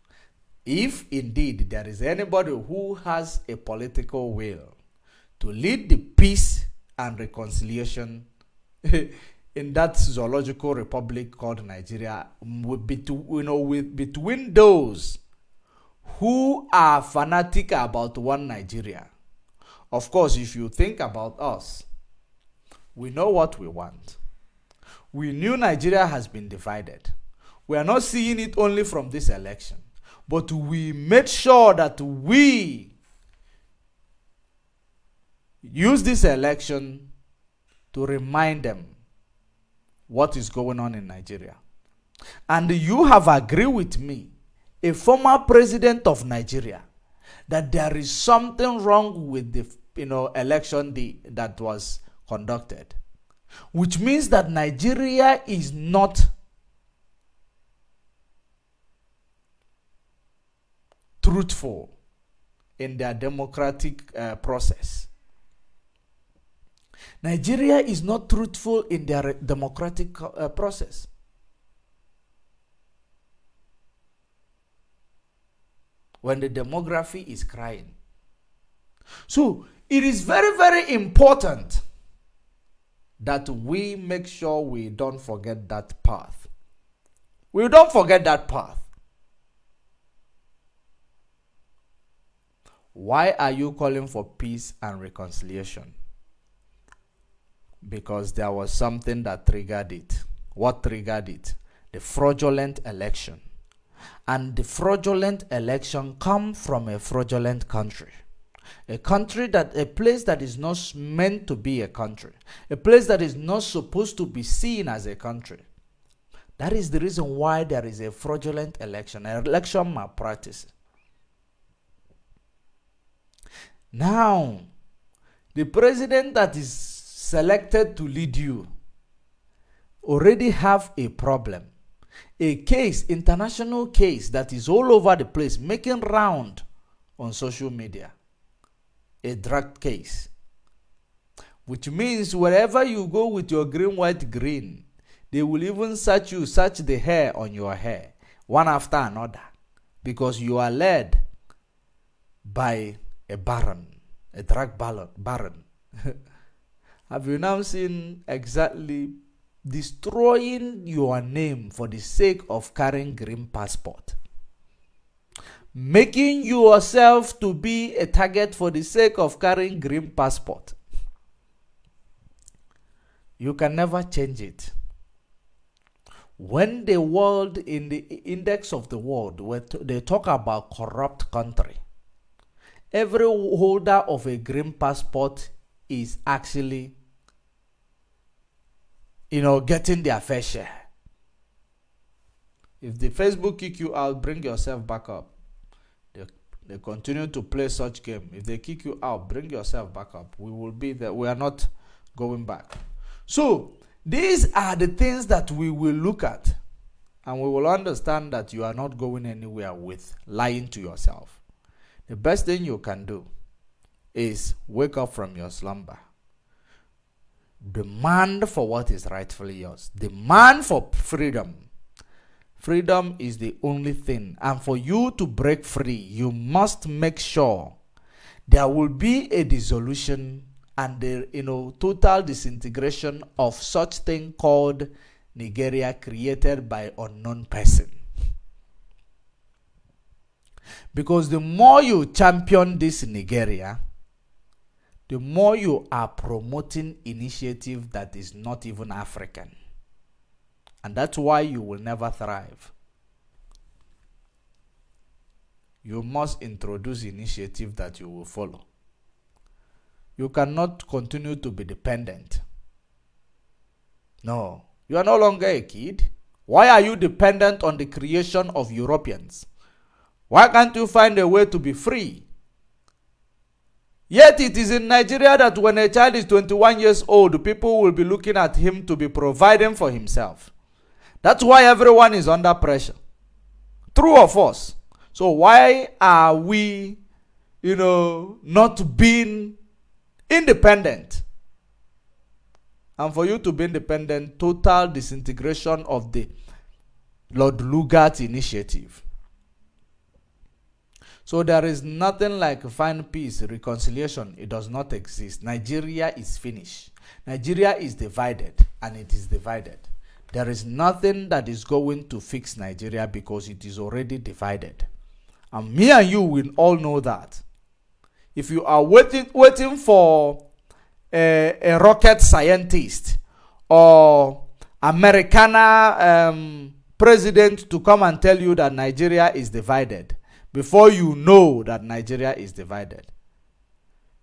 If indeed there is anybody who has a political will to lead the peace and reconciliation [LAUGHS] in that zoological republic called Nigeria, between, you know, with, between those who are fanatic about one Nigeria. Of course, if you think about us, we know what we want. We knew Nigeria has been divided. We are not seeing it only from this election but we made sure that we use this election to remind them what is going on in Nigeria. And you have agreed with me, a former president of Nigeria, that there is something wrong with the you know, election that was conducted. Which means that Nigeria is not truthful in their democratic uh, process. Nigeria is not truthful in their democratic uh, process. When the demography is crying. So it is very, very important that we make sure we don't forget that path. We don't forget that path. Why are you calling for peace and reconciliation? Because there was something that triggered it. What triggered it? The fraudulent election. And the fraudulent election come from a fraudulent country a country that a place that is not meant to be a country a place that is not supposed to be seen as a country that is the reason why there is a fraudulent election an election malpractice Now, the president that is selected to lead you already have a problem. A case, international case that is all over the place, making round on social media. A drug case. Which means wherever you go with your green, white, green, they will even search you, search the hair on your hair, one after another, because you are led by a baron, a drug baron. [LAUGHS] Have you now seen exactly destroying your name for the sake of carrying green passport? Making yourself to be a target for the sake of carrying green passport. You can never change it. When the world in the index of the world, they talk about corrupt country, every holder of a green passport is actually you know getting their fair share if the facebook kick you out bring yourself back up they, they continue to play such game if they kick you out bring yourself back up we will be there we are not going back so these are the things that we will look at and we will understand that you are not going anywhere with lying to yourself the best thing you can do is wake up from your slumber. Demand for what is rightfully yours. Demand for freedom. Freedom is the only thing. And for you to break free, you must make sure there will be a dissolution and the you know total disintegration of such thing called Nigeria created by unknown person. Because the more you champion this Nigeria, the more you are promoting initiative that is not even African. And that's why you will never thrive. You must introduce initiative that you will follow. You cannot continue to be dependent. No, you are no longer a kid. Why are you dependent on the creation of Europeans? Why can't you find a way to be free? Yet it is in Nigeria that when a child is 21 years old, people will be looking at him to be providing for himself. That's why everyone is under pressure. True or false? So why are we, you know, not being independent? And for you to be independent, total disintegration of the Lord Lugard initiative. So there is nothing like find peace, reconciliation. It does not exist. Nigeria is finished. Nigeria is divided, and it is divided. There is nothing that is going to fix Nigeria because it is already divided. And me and you will all know that. If you are waiting, waiting for a, a rocket scientist or Americana um, president to come and tell you that Nigeria is divided, before you know that Nigeria is divided,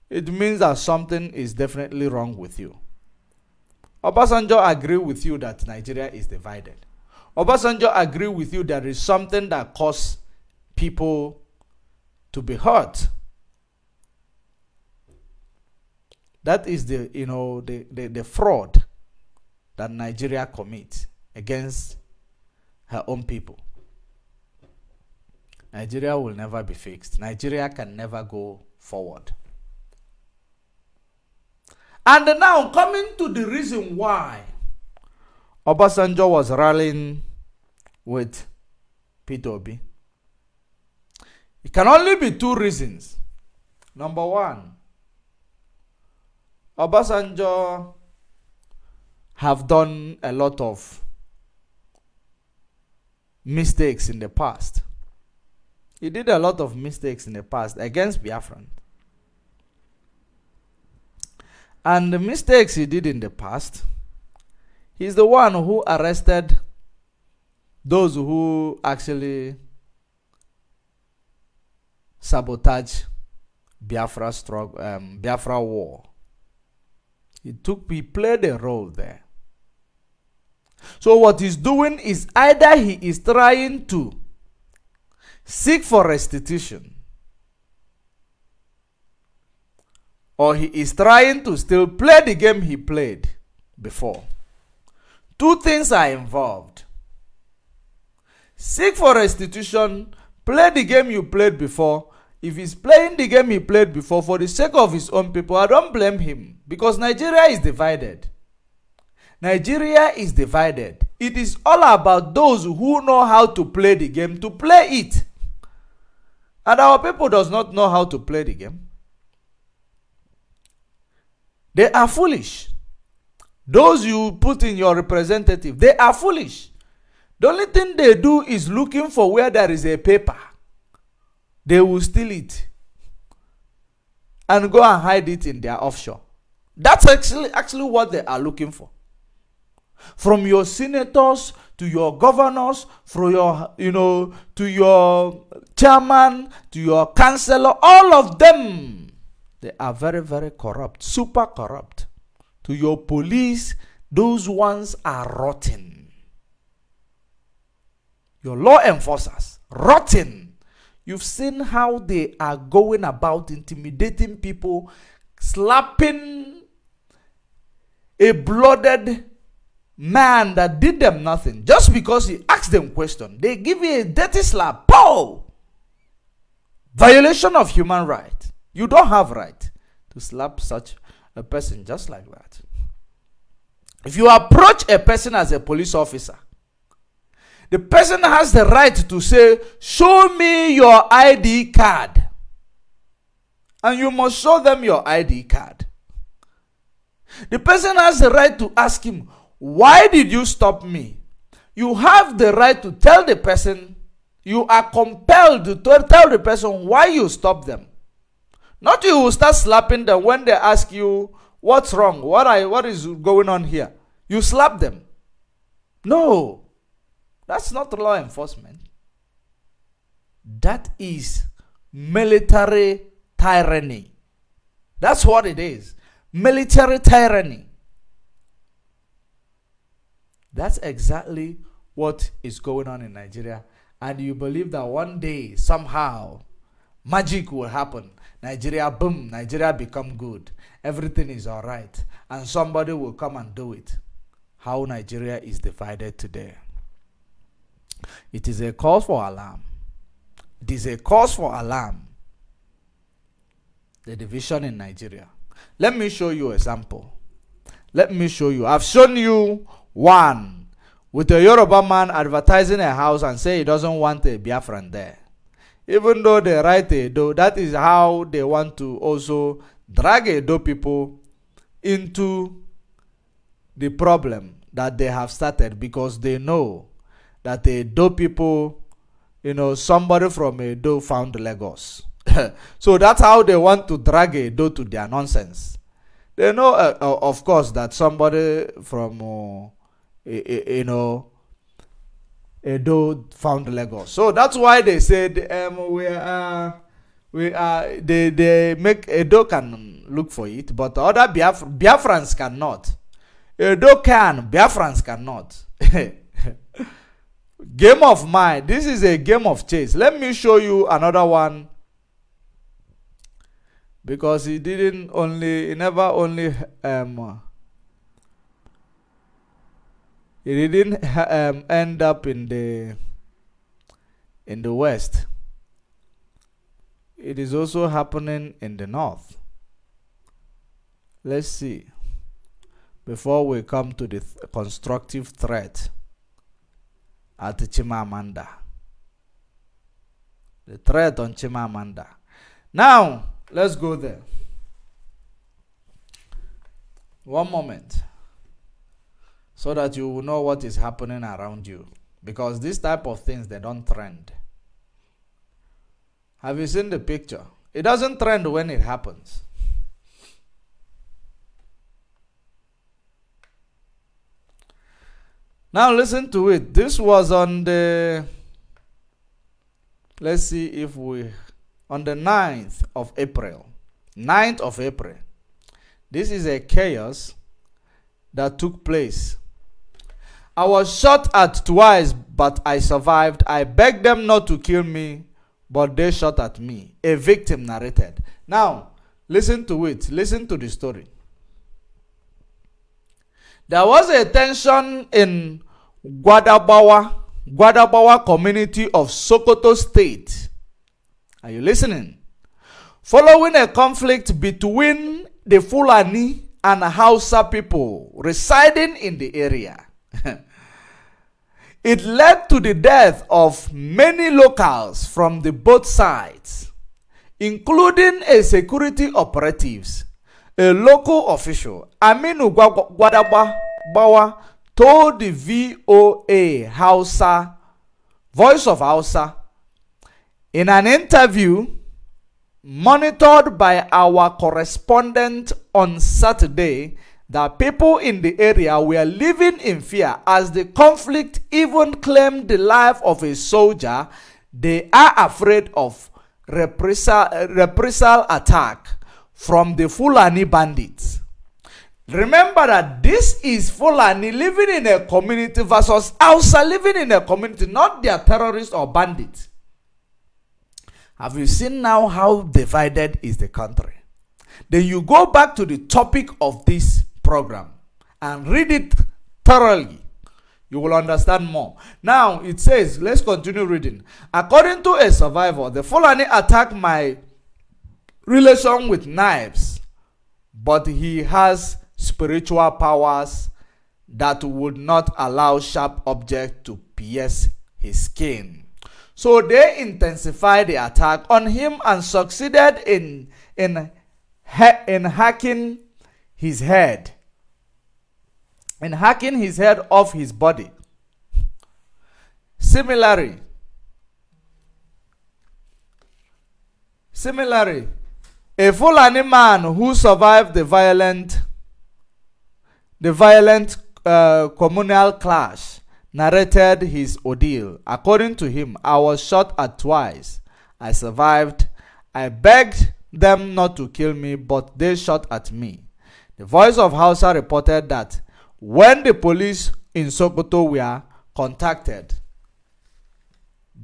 it means that something is definitely wrong with you. Obasanjo agree with you that Nigeria is divided. Obasanjo agree with you there is something that causes people to be hurt. That is the you know the, the, the fraud that Nigeria commits against her own people. Nigeria will never be fixed. Nigeria can never go forward. And now, coming to the reason why Obasanjo was rallying with Peter b It can only be two reasons. Number one, Obasanjo have done a lot of mistakes in the past. He did a lot of mistakes in the past against Biafran. And the mistakes he did in the past, he's the one who arrested those who actually sabotage Biafra struggle, um, Biafra war. He took, he played a role there. So what he's doing is either he is trying to seek for restitution. Or he is trying to still play the game he played before. Two things are involved. Seek for restitution, play the game you played before. If he's playing the game he played before for the sake of his own people, I don't blame him because Nigeria is divided. Nigeria is divided. It is all about those who know how to play the game to play it. And our people does not know how to play the game. They are foolish. Those you put in your representative, they are foolish. The only thing they do is looking for where there is a paper. They will steal it and go and hide it in their offshore. That's actually, actually what they are looking for. From your senators to your governors, through your, you know, to your chairman, to your counselor, all of them, they are very, very corrupt, super corrupt. To your police, those ones are rotten. Your law enforcers, rotten. You've seen how they are going about intimidating people, slapping a blooded man that did them nothing just because he asked them question they give you a dirty slap Paul violation of human right you don't have right to slap such a person just like that if you approach a person as a police officer the person has the right to say show me your id card and you must show them your id card the person has the right to ask him why did you stop me? You have the right to tell the person, you are compelled to tell the person why you stopped them. Not you will start slapping them when they ask you, what's wrong? What, are, what is going on here? You slap them. No, that's not law enforcement. That is military tyranny. That's what it is. Military tyranny. That's exactly what is going on in Nigeria. And you believe that one day, somehow, magic will happen. Nigeria, boom, Nigeria become good. Everything is all right. And somebody will come and do it. How Nigeria is divided today. It is a cause for alarm. It is a cause for alarm. The division in Nigeria. Let me show you example. Let me show you. I've shown you one, with a Yoruba man advertising a house and say he doesn't want a Biafran there. Even though they write Edo, that is how they want to also drag a do people into the problem that they have started because they know that a do people, you know, somebody from a do found Lagos. [LAUGHS] so that's how they want to drag a do to their nonsense. They know, uh, uh, of course, that somebody from uh, Eh, eh, you know, Edo found Lagos. So that's why they said um, we are we are they they make Edo can look for it, but other Biaf Biafrans cannot. Edo can, Biafrans cannot. [LAUGHS] game of mind. This is a game of chase. Let me show you another one. Because he didn't only, he never only um, It didn't um, end up in the in the west. It is also happening in the north. Let's see. Before we come to the th constructive threat at Chimamanda. The threat on Chimamanda. Now, let's go there. One moment so that you will know what is happening around you because these type of things they don't trend have you seen the picture it doesn't trend when it happens now listen to it this was on the let's see if we on the 9th of april 9th of april this is a chaos that took place I was shot at twice, but I survived. I begged them not to kill me, but they shot at me. A victim narrated. Now, listen to it. Listen to the story. There was a tension in Guadabawa, Guadabawa community of Sokoto State. Are you listening? Following a conflict between the Fulani and Hausa people residing in the area. [LAUGHS] It led to the death of many locals from the both sides, including a security operatives. A local official, Aminu Gwadabawa, told the VOA Hausa, Voice of Hausa, in an interview monitored by our correspondent on Saturday that people in the area were living in fear as the conflict even claimed the life of a soldier, they are afraid of reprisal, eh, reprisal attack from the Fulani bandits. Remember that this is Fulani living in a community versus Hausa living in a community, not their terrorists or bandits. Have you seen now how divided is the country? Then you go back to the topic of this program and read it thoroughly. You will understand more. Now it says, let's continue reading. According to a survivor, the Fulani attacked my relation with knives, but he has spiritual powers that would not allow sharp objects to pierce his skin. So they intensified the attack on him and succeeded in in in hacking his head and hacking his head off his body. Similarly, similarly, a Fulani man who survived the violent, the violent uh, communal clash narrated his ordeal. According to him, I was shot at twice. I survived. I begged them not to kill me, but they shot at me. The voice of Hausa reported that when the police in Sokoto were contacted,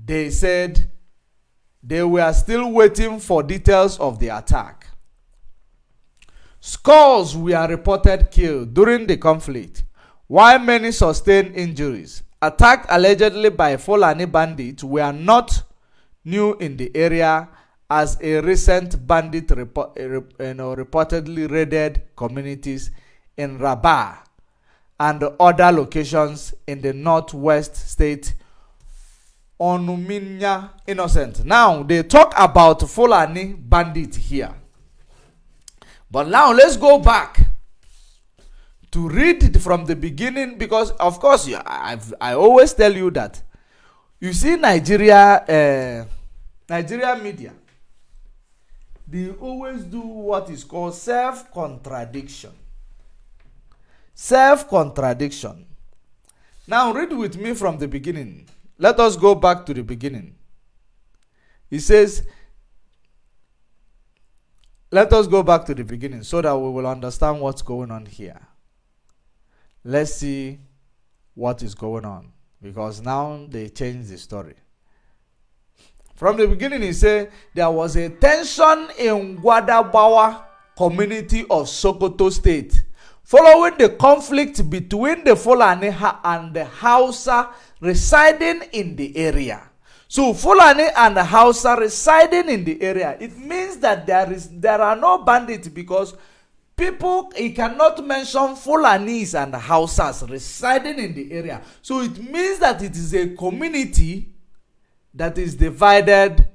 they said they were still waiting for details of the attack. Scores were reported killed during the conflict, while many sustained injuries. Attacked allegedly by Fulani bandits were not new in the area as a recent bandit report, eh, you eh, know, reportedly raided communities in Rabat and other locations in the northwest state Onuminya Innocent. Now they talk about Fulani bandit here. But now let's go back to read from the beginning because of course I've, I always tell you that you see Nigeria uh, Nigeria media they always do what is called self contradiction Self contradiction. Now read with me from the beginning. Let us go back to the beginning. He says, Let us go back to the beginning so that we will understand what's going on here. Let's see what is going on because now they change the story. From the beginning, he said there was a tension in Guadabawa community of Sokoto state following the conflict between the Fulani and the Hausa residing in the area. So Fulani and Hausa residing in the area, it means that there is there are no bandits because people he cannot mention Fulanis and Hausas residing in the area. So it means that it is a community that is divided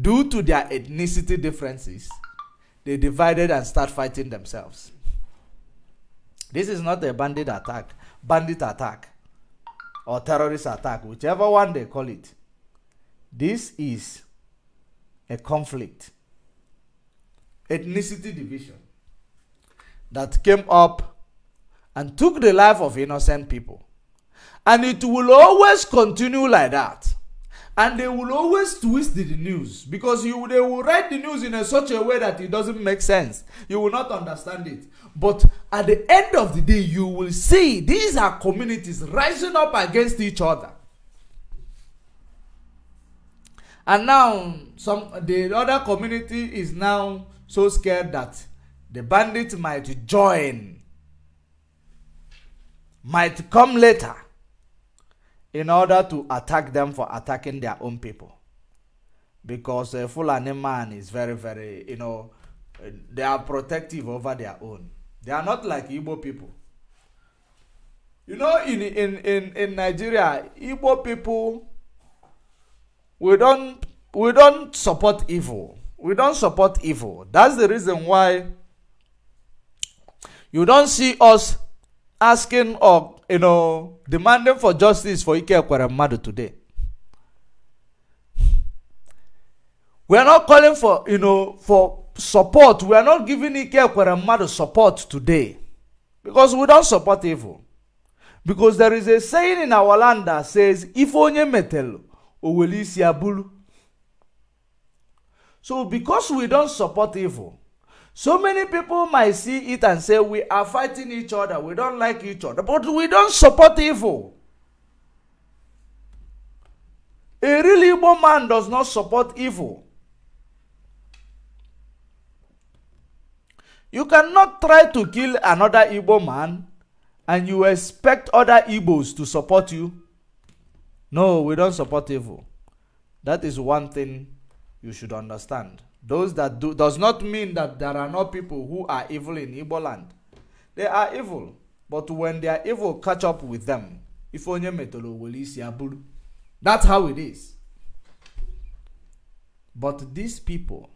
due to their ethnicity differences. They divided and start fighting themselves. This is not a bandit attack, bandit attack, or terrorist attack, whichever one they call it. This is a conflict, ethnicity division that came up and took the life of innocent people. And it will always continue like that and they will always twist the news because you they will write the news in a such a way that it doesn't make sense you will not understand it but at the end of the day you will see these are communities rising up against each other and now some the other community is now so scared that the bandit might join might come later in order to attack them for attacking their own people. Because a uh, Fulani man is very, very, you know, uh, they are protective over their own. They are not like Igbo people. You know, in, in, in, in Nigeria, Igbo people, we don't, we don't support evil. We don't support evil. That's the reason why you don't see us asking or you know, demanding for justice for Ike Ekweremadu today. We are not calling for, you know, for support. We are not giving Ike Ekweremadu support today. Because we don't support evil. Because there is a saying in our land that says, if only metelu, owelisi So because we don't support evil, So many people might see it and say, We are fighting each other, we don't like each other, but we don't support evil. A real Igbo man does not support evil. You cannot try to kill another Igbo man and you expect other Igbos to support you. No, we don't support evil. That is one thing you should understand. Those that do does not mean that there are no people who are evil in Igbo land. They are evil, but when their evil catch up with them, if onye metolo isi aburu. That's how it is. But these people,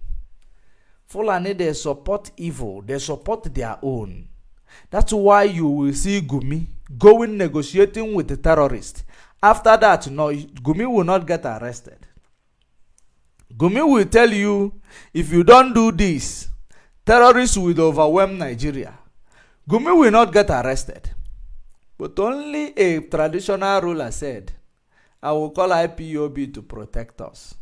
Fulani, they support evil. They support their own. That's why you will see Gumi going negotiating with the terrorist. After that, no, Gumi will not get arrested. Gumi will tell you if you don't do this, terrorists will overwhelm Nigeria. Gumi will not get arrested. But only a traditional ruler said, I will call IPOB to protect us.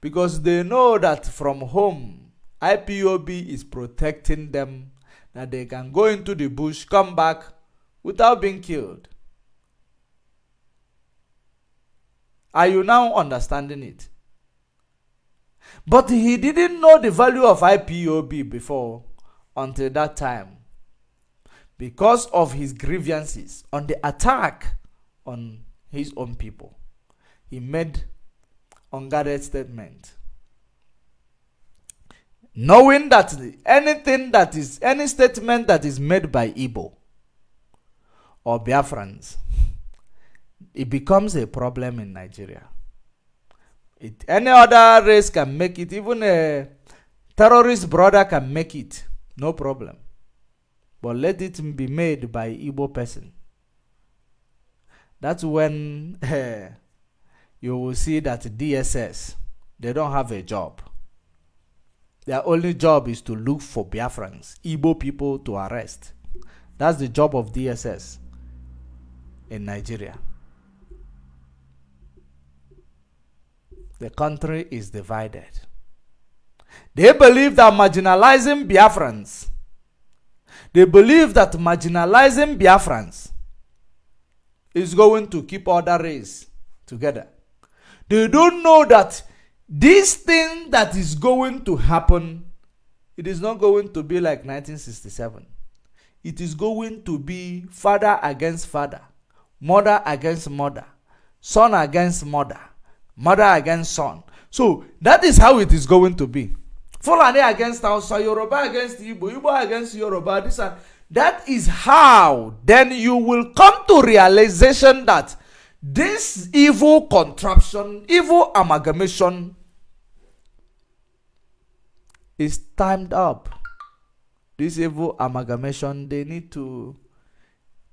Because they know that from home, IPOB is protecting them, that they can go into the bush, come back without being killed. Are you now understanding it? But he didn't know the value of IPOB before until that time because of his grievances on the attack on his own people. He made unguarded statement. Knowing that anything that is any statement that is made by Igbo or Biafrans, it becomes a problem in Nigeria. It, any other race can make it. Even a terrorist brother can make it. No problem. But let it be made by Igbo person. That's when [LAUGHS] you will see that DSS, they don't have a job. Their only job is to look for Biafrans, Igbo people to arrest. That's the job of DSS in Nigeria. The country is divided. They believe that marginalizing Biafrans, they believe that marginalizing Biafrans is going to keep other races together. They don't know that this thing that is going to happen, it is not going to be like 1967. It is going to be father against father, mother against mother, son against mother, mother against son. So that is how it is going to be. Fulani against Hausa, Yoruba against Ibo, Ibo against Yoruba. This and that is how then you will come to realization that this evil contraption, evil amalgamation is timed up. This evil amalgamation, they need to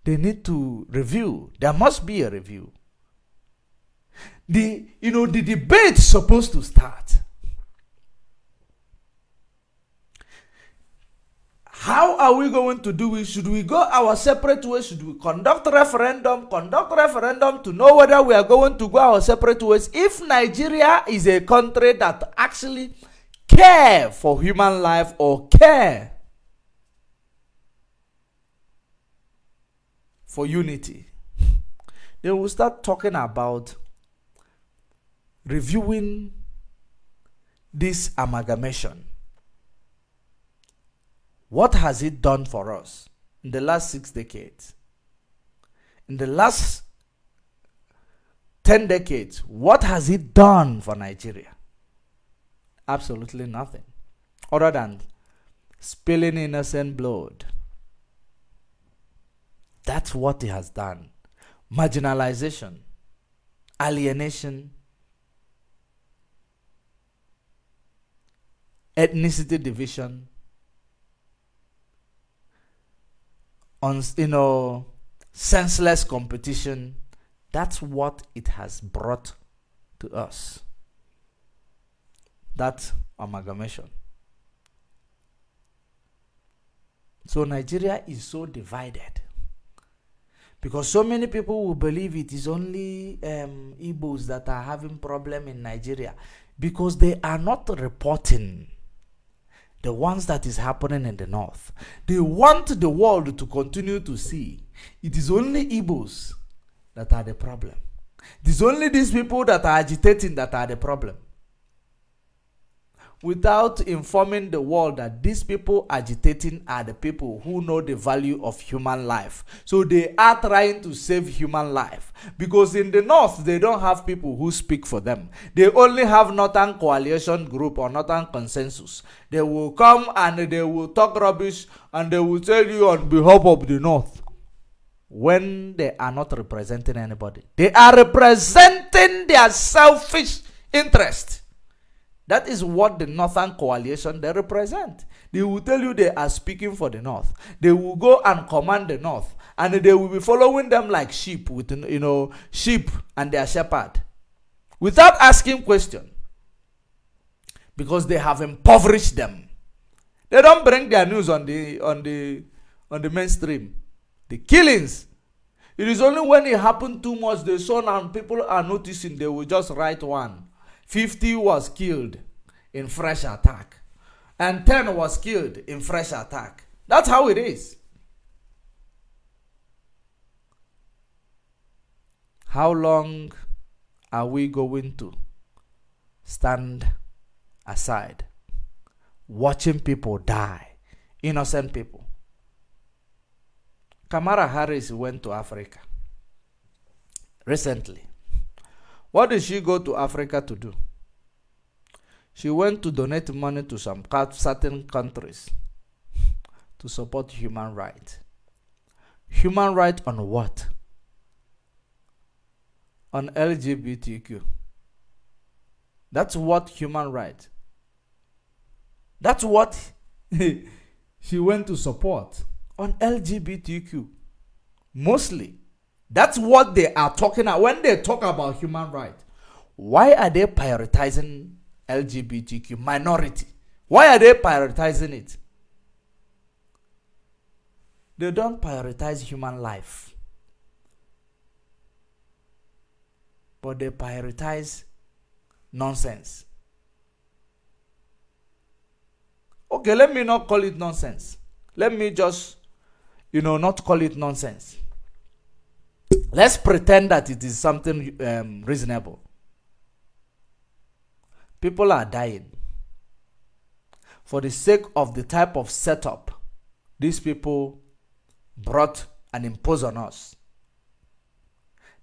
they need to review. There must be a review the you know the debate supposed to start how are we going to do it should we go our separate ways should we conduct referendum conduct referendum to know whether we are going to go our separate ways if nigeria is a country that actually care for human life or care for unity they will start talking about reviewing this amalgamation, what has it done for us in the last six decades? In the last 10 decades, what has it done for Nigeria? Absolutely nothing. Other than spilling innocent blood. That's what it has done. Marginalization, alienation, ethnicity division, on you know, senseless competition. That's what it has brought to us. That amalgamation. So Nigeria is so divided because so many people will believe it is only um, Igbos that are having problem in Nigeria because they are not reporting the ones that is happening in the north. They want the world to continue to see it is only Igbos that are the problem. It is only these people that are agitating that are the problem. without informing the world that these people agitating are the people who know the value of human life. So they are trying to save human life because in the north they don't have people who speak for them. They only have northern coalition group or northern consensus. They will come and they will talk rubbish and they will tell you on behalf of the north when they are not representing anybody. They are representing their selfish interest. That is what the Northern Coalition they represent. They will tell you they are speaking for the North. They will go and command the North, and they will be following them like sheep with you know sheep and their shepherd, without asking question. Because they have impoverished them. They don't bring their news on the on the on the mainstream. The killings. It is only when it happened too much, the son and people are noticing, they will just write one 50 was killed in fresh attack. And 10 was killed in fresh attack. That's how it is. How long are we going to stand aside watching people die? Innocent people. Kamara Harris went to Africa recently what did she go to Africa to do? She went to donate money to some certain countries to support human rights. Human rights on what? On LGBTQ. That's what human rights. That's what [LAUGHS] she went to support on LGBTQ, mostly. That's what they are talking about when they talk about human rights. Why are they prioritizing LGBTQ minority? Why are they prioritizing it? They don't prioritize human life. But they prioritize nonsense. Okay, let me not call it nonsense. Let me just, you know, not call it nonsense. Let's pretend that it is something um, reasonable. People are dying. For the sake of the type of setup these people brought and imposed on us,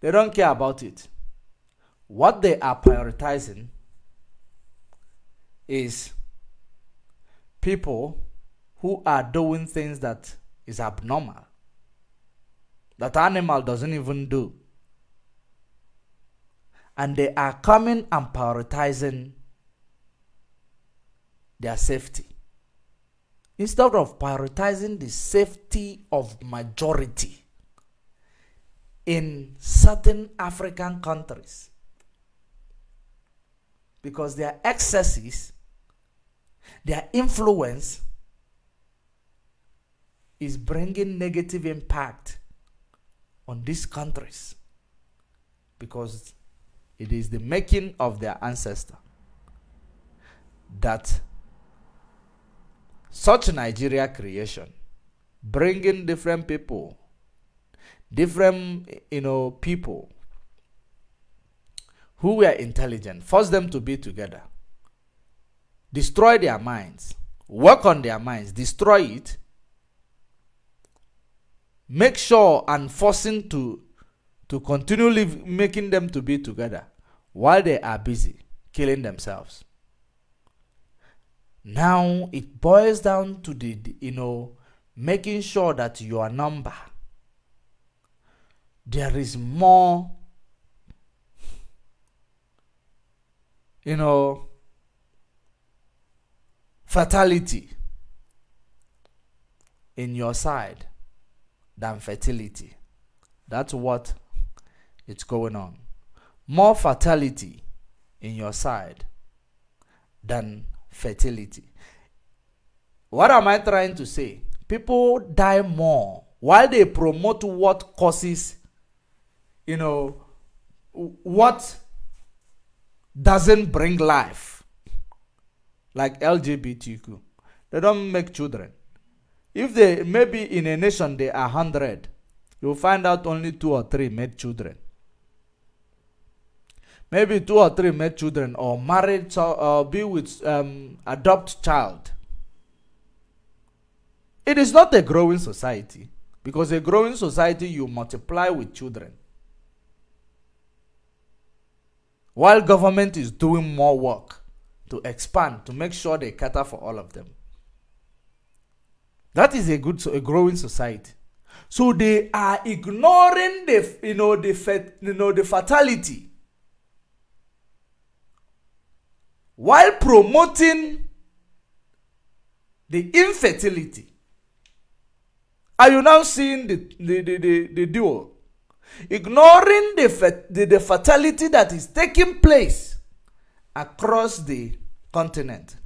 they don't care about it. What they are prioritizing is people who are doing things that is abnormal that animal doesn't even do. And they are coming and prioritizing their safety. Instead of prioritizing the safety of majority in certain African countries, because their excesses, their influence is bringing negative impact on these countries because it is the making of their ancestor that such Nigeria creation, bringing different people, different, you know, people who were intelligent, force them to be together, destroy their minds, work on their minds, destroy it, make sure and forcing to to continue making them to be together while they are busy killing themselves now it boils down to the you know making sure that your number there is more you know fatality in your side than fertility. That's what it's going on. More fertility in your side than fertility. What am I trying to say? People die more while they promote what causes, you know, what doesn't bring life, like LGBTQ. They don't make children. If they maybe in a nation they are hundred, you'll find out only two or three made children. Maybe two or three made children or married or be with um, adopt child. It is not a growing society because a growing society you multiply with children. While government is doing more work to expand to make sure they cater for all of them. That is a good, a growing society. So they are ignoring the, you know, the, you know, the fatality while promoting the infertility. Are you now seeing the, the, the, the, the duo? Ignoring the, the, the fatality that is taking place across the continent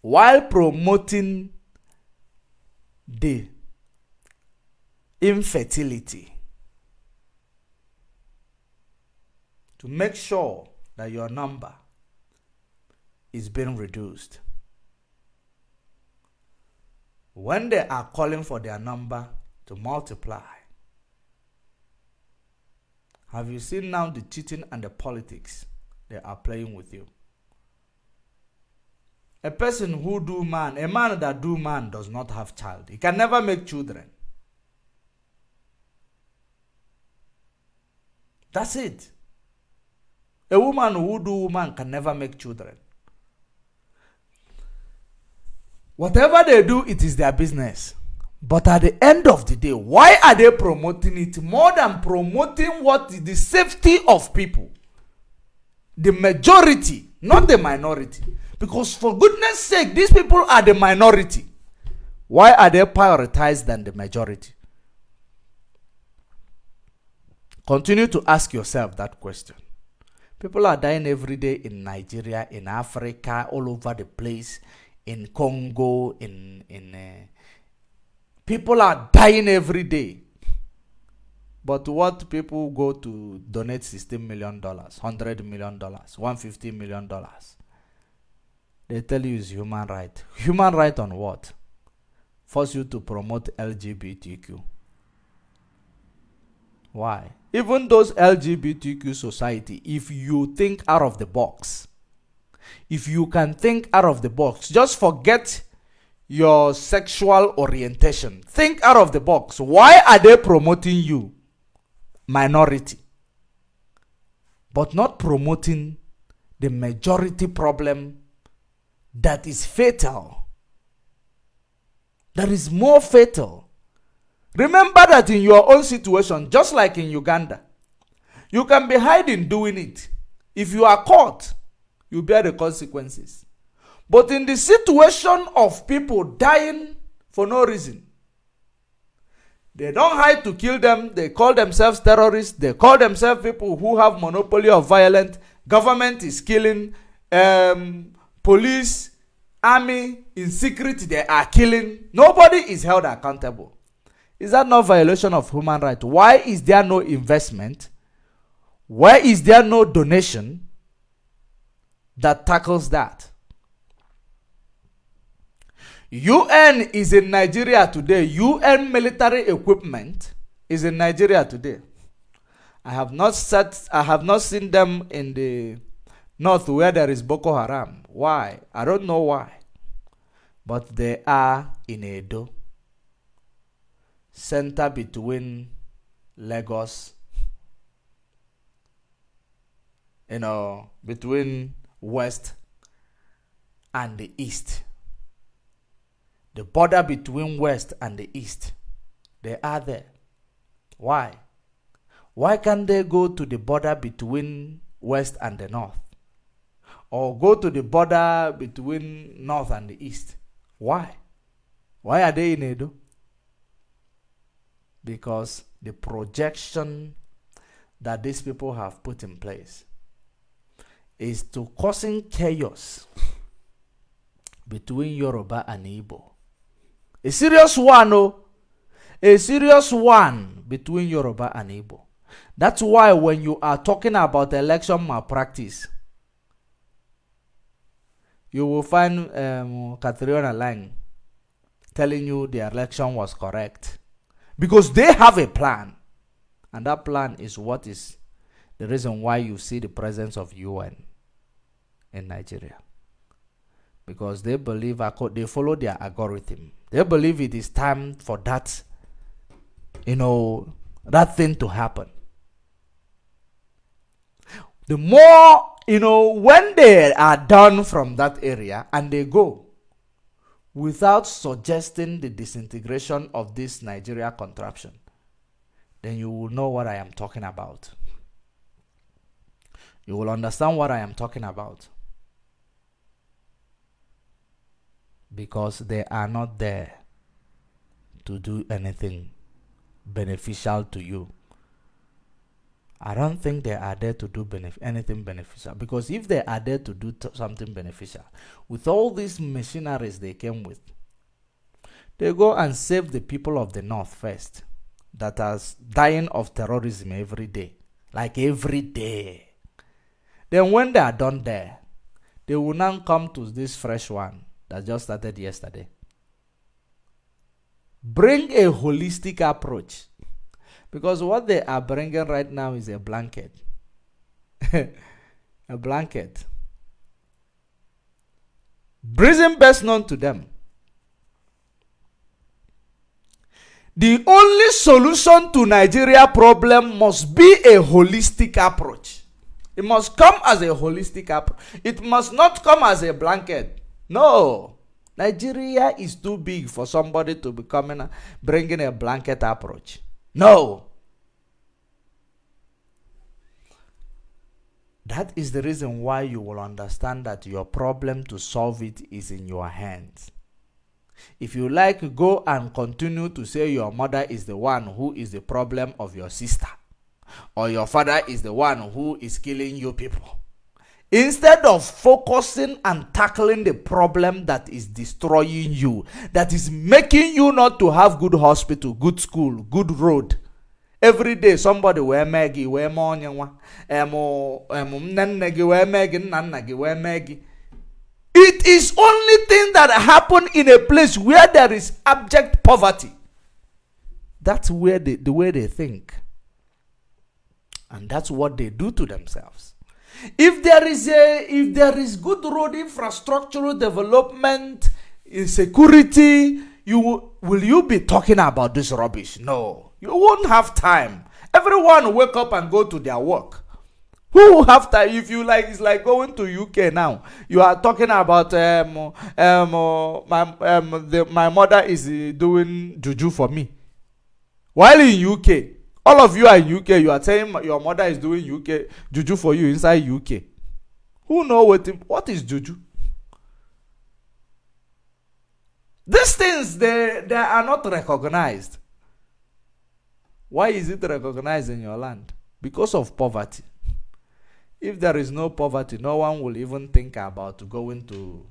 while promoting D. Infertility. To make sure that your number is being reduced. When they are calling for their number to multiply, have you seen now the cheating and the politics they are playing with you? A person who do man, a man that do man does not have child. He can never make children. That's it. A woman who do woman can never make children. Whatever they do, it is their business. But at the end of the day, why are they promoting it more than promoting what the safety of people? The majority not the minority. Because for goodness sake, these people are the minority. Why are they prioritized than the majority? Continue to ask yourself that question. People are dying every day in Nigeria, in Africa, all over the place, in Congo, in in uh, people are dying every day. But what people go to donate sixteen million dollars, hundred million dollars, one fifty million dollars, they tell you is human right. Human right on what? Force you to promote LGBTQ. Why? Even those LGBTQ society, if you think out of the box, if you can think out of the box, just forget your sexual orientation. Think out of the box. Why are they promoting you? minority, but not promoting the majority problem that is fatal. That is more fatal. Remember that in your own situation, just like in Uganda, you can be hiding doing it. If you are caught, you bear the consequences. But in the situation of people dying for no reason, They don't hide to kill them. They call themselves terrorists. They call themselves people who have monopoly of violence. Government is killing. Um, police, army, in secret, they are killing. Nobody is held accountable. Is that not violation of human rights? Why is there no investment? Why is there no donation that tackles that? UN is in Nigeria today. UN military equipment is in Nigeria today. I have not I have not seen them in the north where there is Boko Haram. Why? I don't know why. But they are in Edo, center between Lagos, you know, between west and the east the border between West and the East. They are there. Why? Why can't they go to the border between West and the North? Or go to the border between North and the East? Why? Why are they in Edo? Because the projection that these people have put in place is to causing chaos between Yoruba and Igbo. A serious one, oh. A serious one between Yoruba and Igbo. That's why when you are talking about election malpractice, you will find um, Catriona Lang telling you the election was correct. Because they have a plan. And that plan is what is the reason why you see the presence of UN in Nigeria. Because they believe, they follow their algorithm. You believe it is time for that, you know, that thing to happen. The more, you know, when they are done from that area and they go without suggesting the disintegration of this Nigeria contraption, then you will know what I am talking about. You will understand what I am talking about. because they are not there to do anything beneficial to you. I don't think they are there to do benef- anything beneficial because if they are there to do t- something beneficial, with all these machineries they came with, they go and save the people of the north first that are dying of terrorism every day, like every day. Then, when they are done there, they will now come to this fresh one that just started yesterday. Bring a holistic approach because what they are bringing right now is a blanket. [LAUGHS] a blanket. Prison best known to them. The only solution to Nigeria problem must be a holistic approach. It must come as a holistic approach. It must not come as a blanket. No. Nigeria is too big for somebody to be coming, bringing a blanket approach. No. That is the reason why you will understand that your problem to solve it is in your hands. If you like, go and continue to say your mother is the one who is the problem of your sister, or your father is the one who is killing you people. Instead of focusing and tackling the problem that is destroying you, that is making you not to have good hospital, good school, good road. Every day somebody wear Maggie, wear wee mee onye emụ nne nne Maggie, wee mee um, oh, um, Maggie. it is only thing that happen in a place where there is abject poverty that's where they, the way they think and that's what they do to themselves if there is a if there is good road infrastructural development, eh, security, you will you be talking about this rubbish? No. You won't have time. Everyone wake up and go to their work. Who have time? If you like, it's like going to UK now. You are talking about um um uh, my um the, my mother is eh, doing juju for me. While in UK, all of you are in UK. You are telling your mother is doing UK juju for you inside UK. Who know what what is juju? These things they they are not recognized. Why is it recognized in your land? Because of poverty. If there is no poverty, no one will even think about going to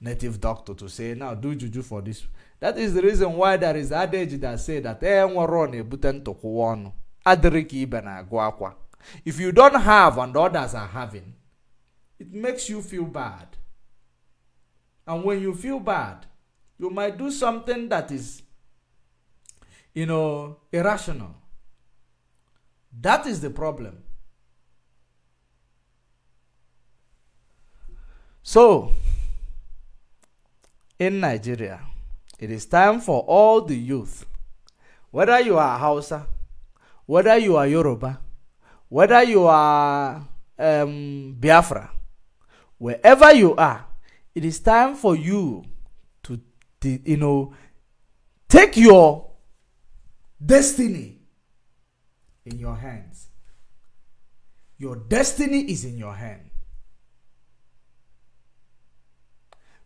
native doctor to say, now do juju for this that is the reason why there is adage that say that e eh, nwere na-ebute ntụkwụwa ọnụ adịrị ka ibe na-agụ akwa if you don't have and others are having it makes you feel bad and when you feel bad you might do something that is you know irrational that is the problem so in nigeria It is time for all the youth, whether you are Hausa, whether you are Yoruba, whether you are um, Biafra, wherever you are, it is time for you to, you know, take your destiny in your hands. Your destiny is in your hand.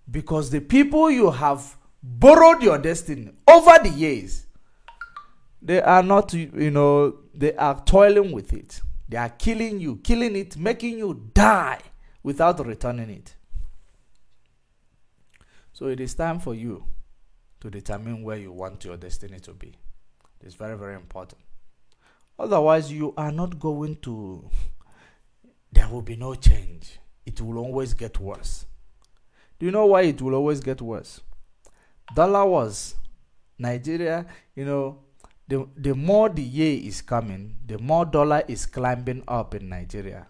Because the people you have borrowed your destiny over the years. They are not, you know, they are toiling with it. They are killing you, killing it, making you die without returning it. So it is time for you to determine where you want your destiny to be. It's very, very important. Otherwise, you are not going to, there will be no change. It will always get worse. Do you know why it will always get worse? dollar was Nigeria, you know, the, the more the year is coming, the more dollar is climbing up in Nigeria.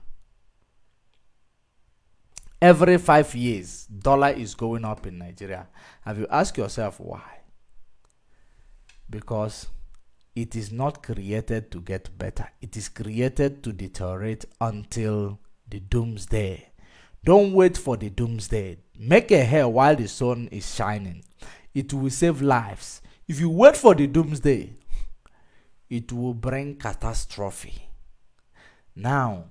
Every five years, dollar is going up in Nigeria. Have you asked yourself why? Because it is not created to get better. It is created to deteriorate until the doomsday. Don't wait for the doomsday. Make a hair while the sun is shining it will save lives. If you wait for the doomsday, it will bring catastrophe. Now,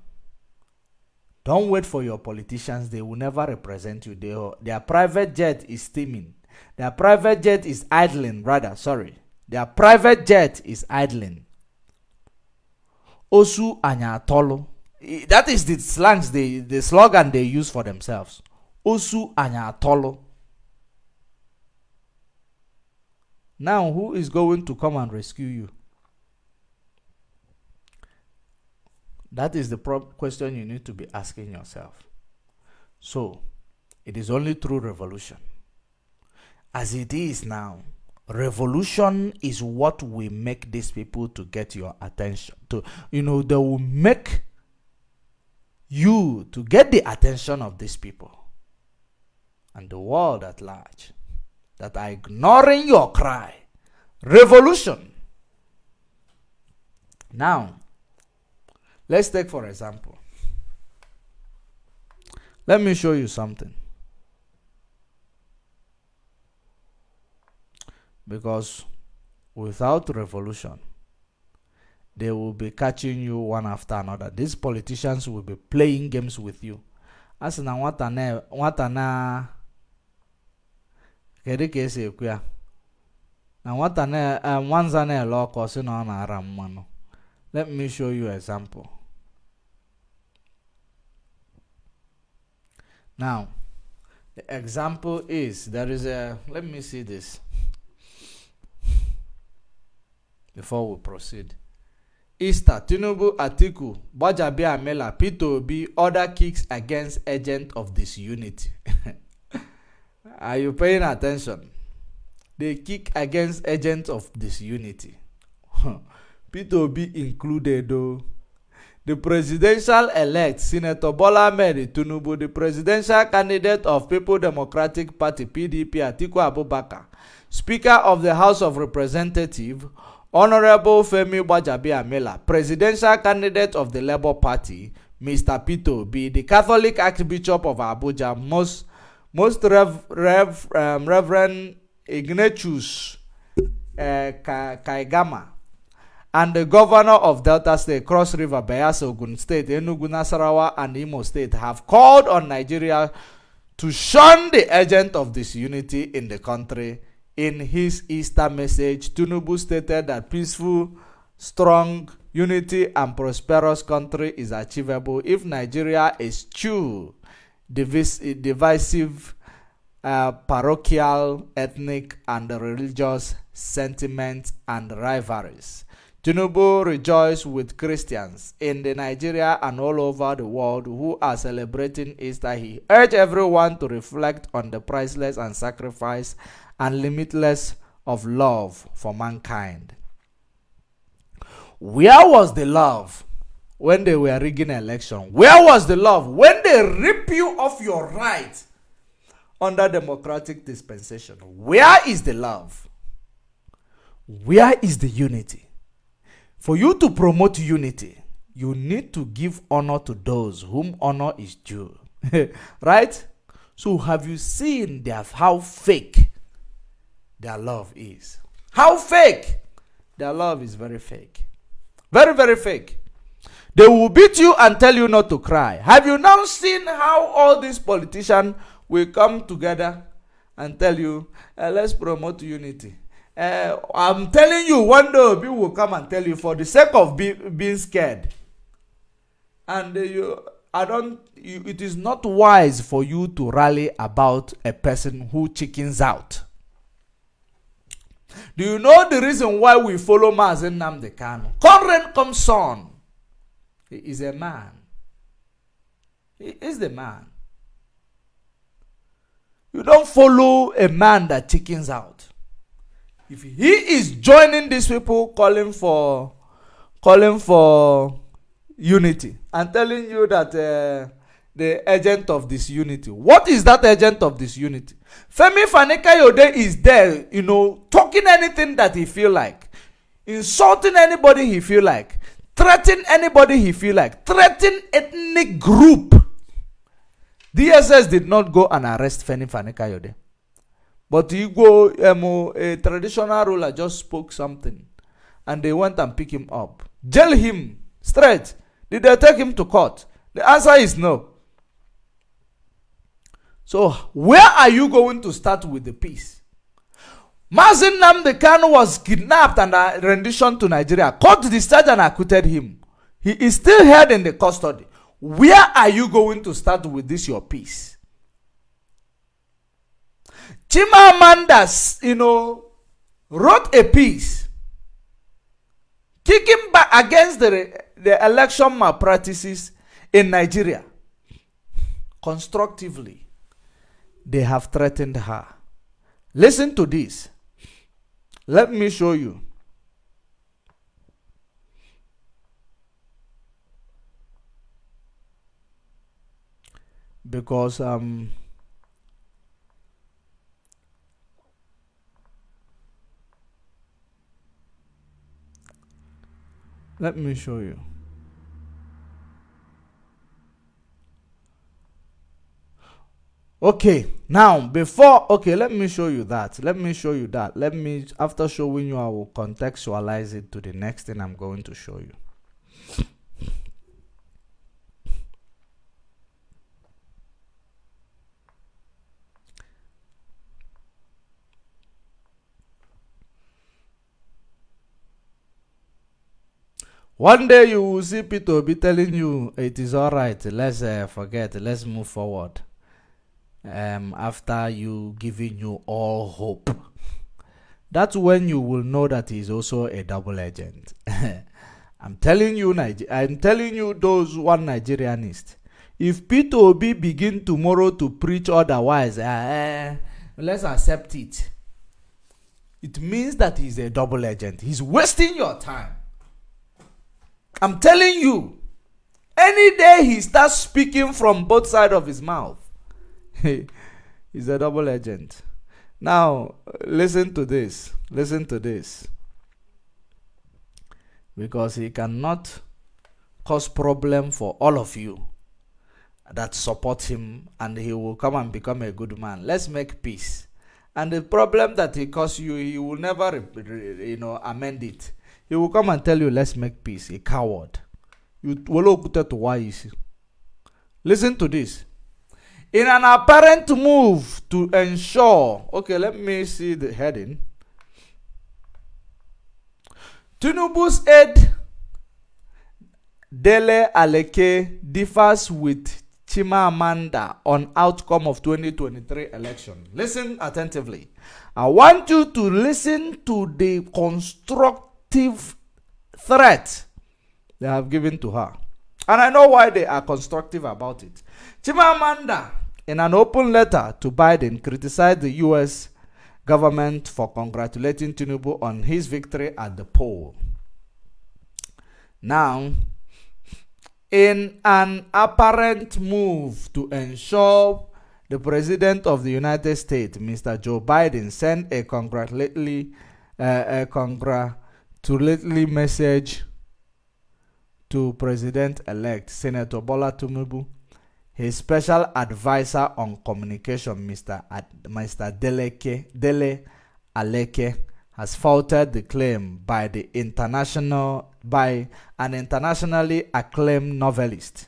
don't wait for your politicians. They will never represent you. They, their private jet is steaming. Their private jet is idling, rather. Sorry. Their private jet is idling. Osu anyatolo. That is the slangs, the, the slogan they use for themselves. Osu anyatolo. Now, who is going to come and rescue you? That is the question you need to be asking yourself. So, it is only through revolution. As it is now, revolution is what will make these people to get your attention. To you know, they will make you to get the attention of these people and the world at large that are ignoring your cry. Revolution. Now, let's take for example. Let me show you something. Because without revolution, they will be catching you one after another. These politicians will be playing games with you. As na what kedu ka esi ekwu ya na nwata e, nwanza na-ele ọkụ sị na ọ na-ara mmanụ let me show you example now the example is there is a let me see this before we proceed Easter Tinubu Atiku Amela Peter Obi other kicks against agent of disunity [LAUGHS] Are you paying attention? They kick against agents of disunity. P2B included, though. The presidential elect, Senator Bola Mary Tinubu, the presidential candidate of People Democratic Party PDP, Atiku Abubakar, Speaker of the House of Representatives, Honorable Femi Wajabi Amela, presidential candidate of the Labour Party, Mr. Peter B., the Catholic Archbishop of Abuja, most most rev, rev, um, Reverend Ignatius uh, Kaigama and the governor of Delta State, Cross River, Bayelsa, Ogun State, Enugu, Nasarawa, and Imo State have called on Nigeria to shun the agent of disunity in the country. In his Easter message, Tinubu stated that peaceful, strong, unity, and prosperous country is achievable if Nigeria is true divisive uh, parochial, ethnic, and religious sentiments and rivalries. Tinubu rejoiced with Christians in the Nigeria and all over the world who are celebrating Easter. He urged everyone to reflect on the priceless and sacrifice and limitless of love for mankind. Where was the love when they were rigging election? Where was the love when they rip you of your right under democratic dispensation? Where is the love? Where is the unity? For you to promote unity, you need to give honor to those whom honor is due. [LAUGHS] right? So have you seen their, how fake their love is? How fake? Their love is very fake. Very, very fake. They will beat you and tell you not to cry. Have you now seen how all these politicians will come together and tell you, uh, let's promote unity? Uh, I'm telling you, one day people will come and tell you for the sake of be, being scared. And uh, you, I don't. You, it is not wise for you to rally about a person who chickens out. Do you know the reason why we follow Mazen Namdekano? Conrad on. He is a man. He is the man. You don't follow a man that chickens out. If he is joining these people calling for calling for unity and telling you that uh, the agent of this unity, What is that agent of this unity? Femi Yode is there, you know, talking anything that he feel like, insulting anybody he feel like, threaten anybody he feel like, threaten ethnic group. DSS did not go and arrest Feni Fani Kayode. But Igbo, um, a traditional ruler, just spoke something. And they went and pick him up. Jail him straight. Did they take him to court? The answer is no. So, where are you going to start with the peace? Mazin Namdi Kanu was kidnapped and uh, renditioned to Nigeria. Court discharged and acquitted him. He is still held in the custody. Where are you going to start with this your piece? Chimamanda, you know, wrote a piece kicking back against the, the election malpractices in Nigeria. Constructively, they have threatened her. Listen to this. Let me show you. Because um let me show you okay now before okay let me show you that let me show you that let me after showing you i will contextualize it to the next thing i'm going to show you One day you will see Peter be telling you it is all right. Let's uh, forget. Let's move forward um, after you giving you all hope. That's when you will know that he's also a double agent. [LAUGHS] I'm telling you, Niger- I'm telling you, those one Nigerianist. If Peter Obi begin tomorrow to preach otherwise, uh, uh, let's accept it. It means that he's a double agent. He's wasting your time. I'm telling you, any day he starts speaking from both sides of his mouth, [LAUGHS] he's a double agent. Now, listen to this. Listen to this. Because he cannot cause problem for all of you that support him and he will come and become a good man. Let's make peace. And the problem that he caused you, he will never, you know, amend it. He will come and tell you, let's make peace. A coward. You Listen to this. In an apparent move to ensure. Okay, let me see the heading. Tinubu's aide Dele Aleke differs with Chimamanda on outcome of 2023 election. Listen attentively. I want you to listen to the constructive threat they have given to her. And I know why they are constructive about it. Chimamanda in an open letter to Biden, criticized the U.S. government for congratulating Tinubu on his victory at the poll. Now, in an apparent move to ensure the President of the United States, Mr. Joe Biden, sent a congratulatory, uh, a congratulatory message to President-elect Senator Bola Tinubu his special advisor on communication, Mr. Ad, Mr. Deleke, Dele Aleke, has faulted the claim by the international by an internationally acclaimed novelist,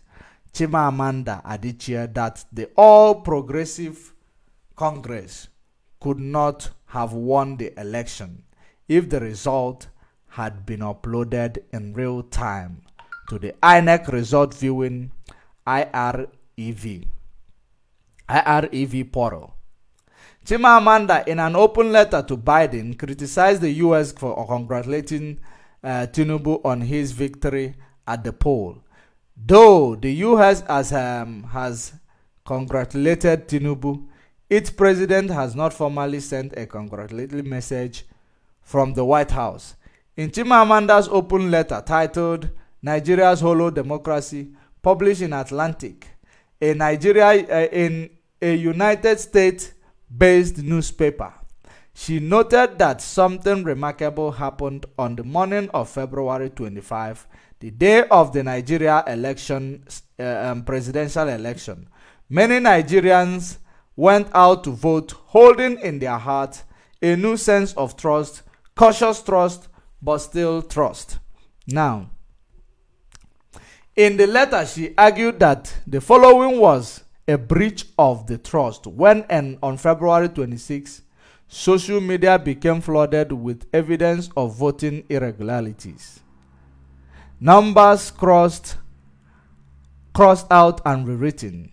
Amanda Adichie, that the All Progressive Congress could not have won the election if the result had been uploaded in real time to the INEC result viewing IR Irv, IREV portal. Chimamanda, in an open letter to Biden, criticized the U.S. for congratulating uh, Tinubu on his victory at the poll. Though the U.S. Has, um, has congratulated Tinubu, its president has not formally sent a congratulatory message from the White House. In Chimamanda's open letter titled Nigeria's Hollow Democracy, published in Atlantic, a Nigeria, uh, in a United States based newspaper. She noted that something remarkable happened on the morning of February 25, the day of the Nigeria election, uh, um, presidential election. Many Nigerians went out to vote, holding in their hearts a new sense of trust, cautious trust, but still trust. Now, in the letter, she argued that the following was a breach of the trust when and on February 26, social media became flooded with evidence of voting irregularities. Numbers crossed, crossed out and rewritten.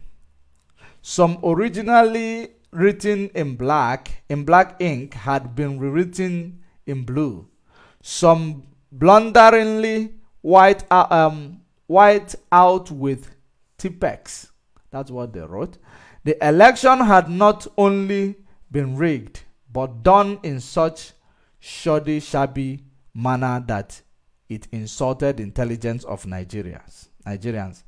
Some originally written in black, in black ink, had been rewritten in blue. Some blunderingly white uh, um, white out with Tipex. That's what they wrote. The election had not only been rigged, but done in such shoddy, shabby manner that it insulted intelligence of Nigerians. Nigerians.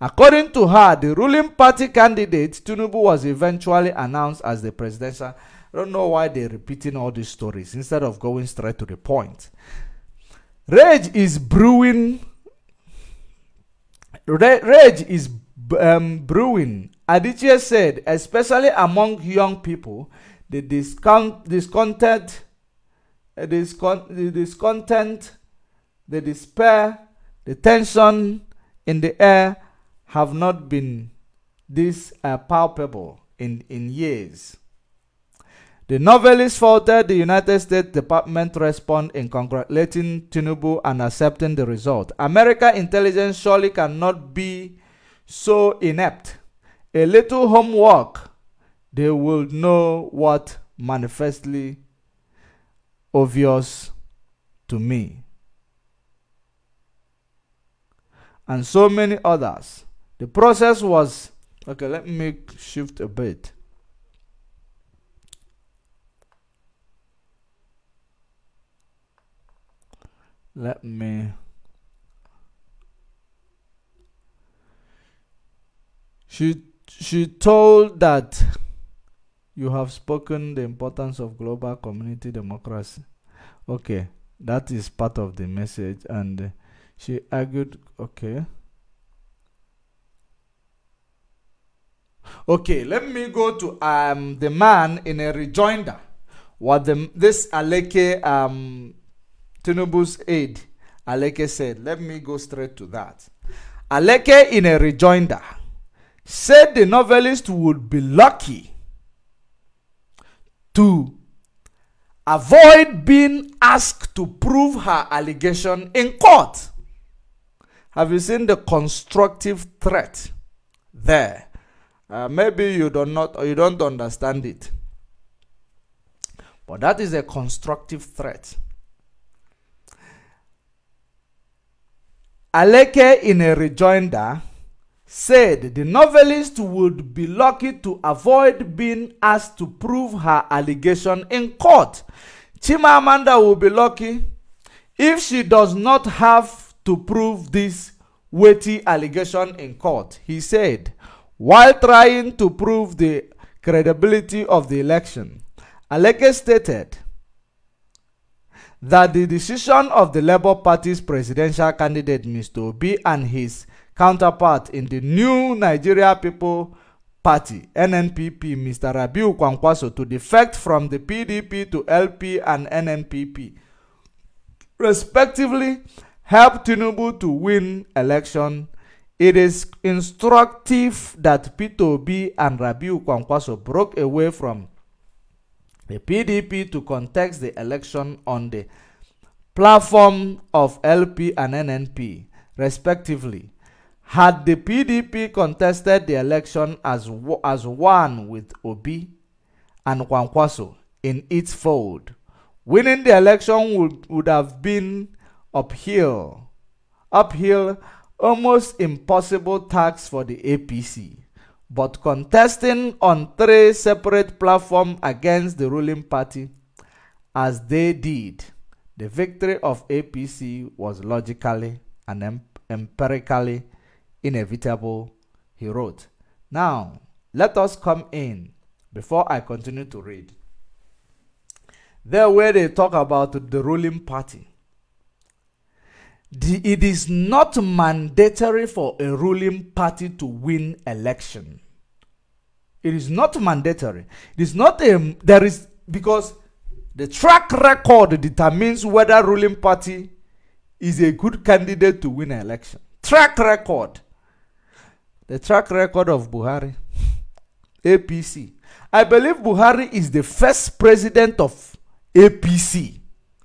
According to her, the ruling party candidate Tinubu was eventually announced as the presidential. I don't know why they're repeating all these stories instead of going straight to the point. Rage is brewing Rage is um, brewing. Aditya said, especially among young people, the discon discontent, uh, discon the discontent, the despair, the tension in the air have not been this uh, palpable in, in years. The novelist faulted the United States Department response in congratulating Tinubu and accepting the result. American intelligence surely cannot be so inept. A little homework, they will know what manifestly obvious to me. And so many others. The process was okay, let me shift a bit. let me she she told that you have spoken the importance of global community democracy okay that is part of the message and she argued okay okay let me go to um the man in a rejoinder what the this aleke um Tinubu's aide, Aleke said, let me go straight to that. Aleke, in a rejoinder, said the novelist would be lucky to avoid being asked to prove her allegation in court. Have you seen the constructive threat there? Uh, maybe you don't not or you don't understand it. But that is a constructive threat. Aleke, in a rejoinder, said the novelist would be lucky to avoid being asked to prove her allegation in court. Chimamanda will be lucky if she does not have to prove this weighty allegation in court, he said, while trying to prove the credibility of the election. Aleke stated, that the decision of the Labour Party's presidential candidate Mr. Obi and his counterpart in the new Nigeria People Party NNPP Mr. Rabiu Kwankwaso to defect from the PDP to LP and NNPP respectively helped Tinubu to win election it is instructive that Peter Obi and Rabiu Kwankwaso broke away from the PDP to contest the election on the platform of LP and NNP, respectively. Had the PDP contested the election as, as one with Obi and Kwankwaso in its fold, winning the election would, would have been uphill, uphill, almost impossible task for the APC but contesting on three separate platforms against the ruling party as they did, the victory of APC was logically and em empirically inevitable, he wrote. Now, let us come in before I continue to read. There, where they talk about the ruling party, the, it is not mandatory for a ruling party to win election. It is not mandatory. It is not a, there is, because the track record determines whether ruling party is a good candidate to win election. Track record. The track record of Buhari, APC. [LAUGHS] I believe Buhari is the first president of APC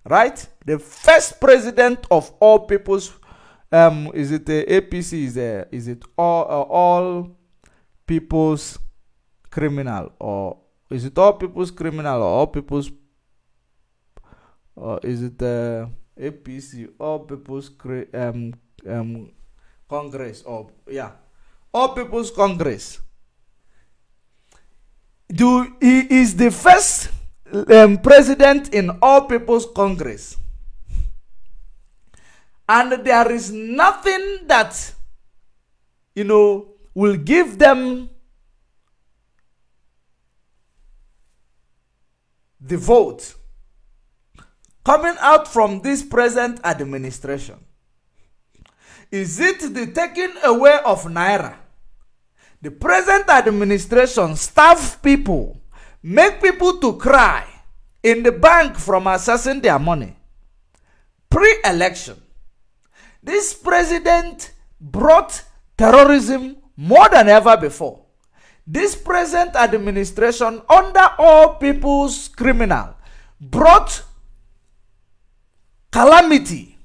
right? The first president of all peoples, um, is it the uh, APC? Is there? Uh, is it all uh, all peoples criminal or is it all people's criminal or all people's or is it the uh, APC all people's um um congress or yeah all people's congress do he is the first um, president in All People's Congress. And there is nothing that, you know, will give them the vote coming out from this present administration. Is it the taking away of Naira? The present administration staff people Make people to cry in the bank from assessing their money. Pre-election. This president brought terrorism more than ever before. This present administration, under all people's criminal, brought calamity.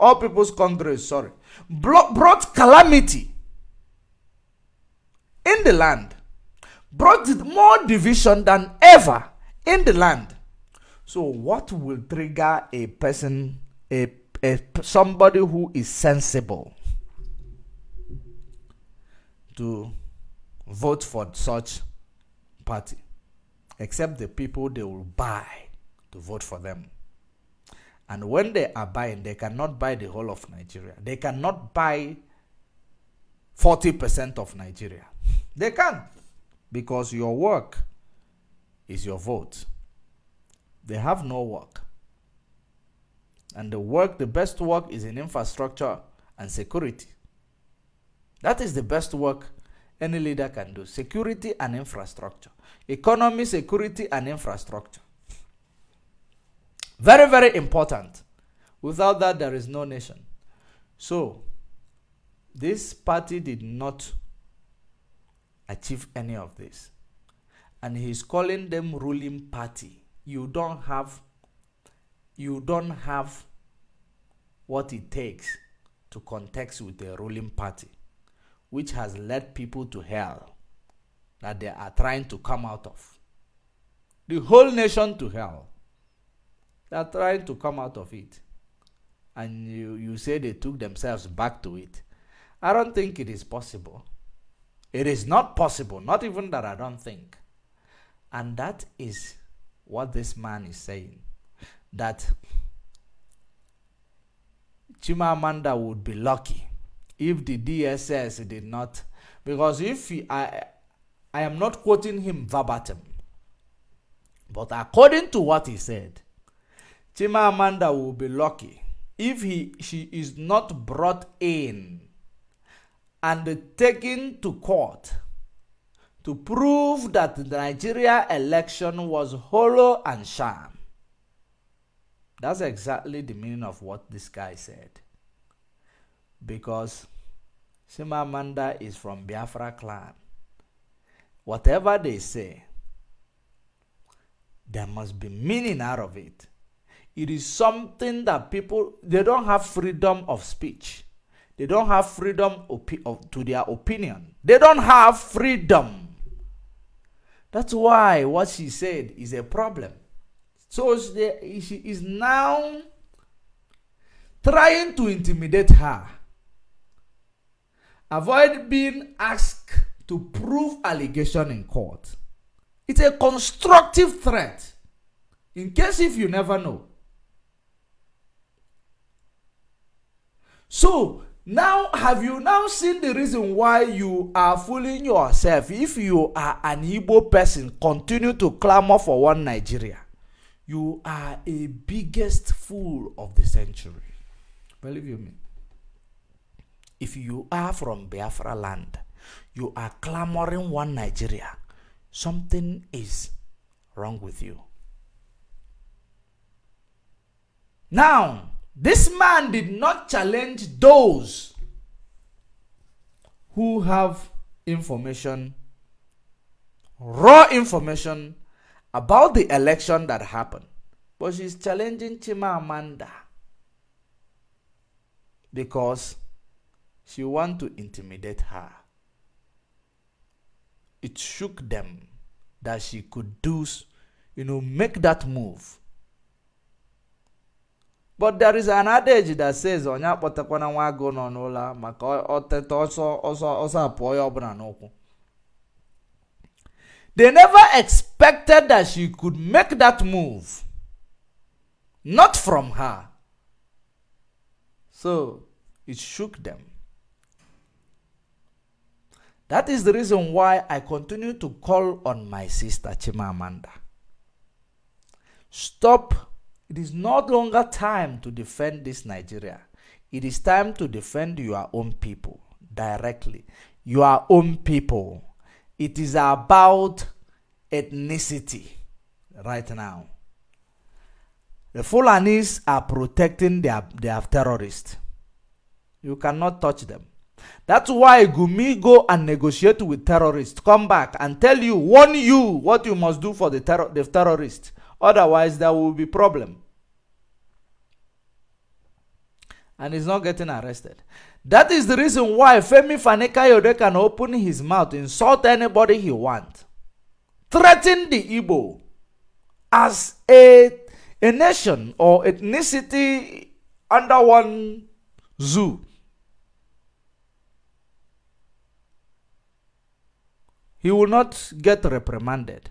All people's Congress, sorry. Brought calamity in the land. brought more division than ever in the land. So, what will trigger a person, a, a somebody who is sensible, to vote for such party, except the people they will buy to vote for them? And when they are buying, they cannot buy the whole of Nigeria. They cannot buy 40% of Nigeria. They can't because your work is your vote. They have no work. And the work, the best work is in infrastructure and security. That is the best work any leader can do security and infrastructure, economy, security, and infrastructure. Very, very important. Without that, there is no nation. So, this party did not achieve any of this. And he's calling them ruling party. You don't have you don't have what it takes to context with the ruling party, which has led people to hell that they are trying to come out of. The whole nation to hell. They are trying to come out of it. And you, you say they took themselves back to it. I don't think it is possible it is not possible, not even that I don't think. And that is what this man is saying that Amanda would be lucky if the DSS did not, because if he, I, I am not quoting him verbatim, but according to what he said, Amanda will be lucky if he she is not brought in and taken to court to prove that the Nigeria election was hollow and sham. That's exactly the meaning of what this guy said. Because Sima Amanda is from Biafra clan. Whatever they say, there must be meaning out of it. It is something that people, they don't have freedom of speech. They don't have freedom of, to their opinion. They don't have freedom. That's why what she said is a problem. So she, she is now trying to intimidate her. Avoid being asked to prove allegation in court. It's a constructive threat. In case if you never know. So, Now, have you now seen the reason why you are fooling yourself if you are an Igbo person continue to clamor for one Nigeria? You are a biggest fool of the century. Believe you me. If you are from Biafra land, you are clamoring one Nigeria, something is wrong with you. Now, This man did not challenge those who have information, raw information about the election that happened. But she's challenging Chima Amanda because she want to intimidate her. It shook them that she could do, you know, make that move but there is an adage that says onye akpọtakwana nwa agụ nọ n'ụlọ maka ọteta ọsọ ọsọ ọsọ apụọ ya ọbụla they never expected that she could make that move not from her so it shook them that is the reason why i continue to call on my sister Chima Amanda. stop it is no longer time to defend this Nigeria. It is time to defend your own people directly. Your own people. It is about ethnicity right now. The Fulanis are protecting their, their terrorists. You cannot touch them. That's why Gumi go and negotiate with terrorists. Come back and tell you, warn you what you must do for the, terror the terrorists. Otherwise, there will be problem. and he's not getting arrested. That is the reason why Femi Fanekayode can open his mouth, insult anybody he wants, threaten the Igbo as a, a nation or ethnicity under one zoo. He will not get reprimanded.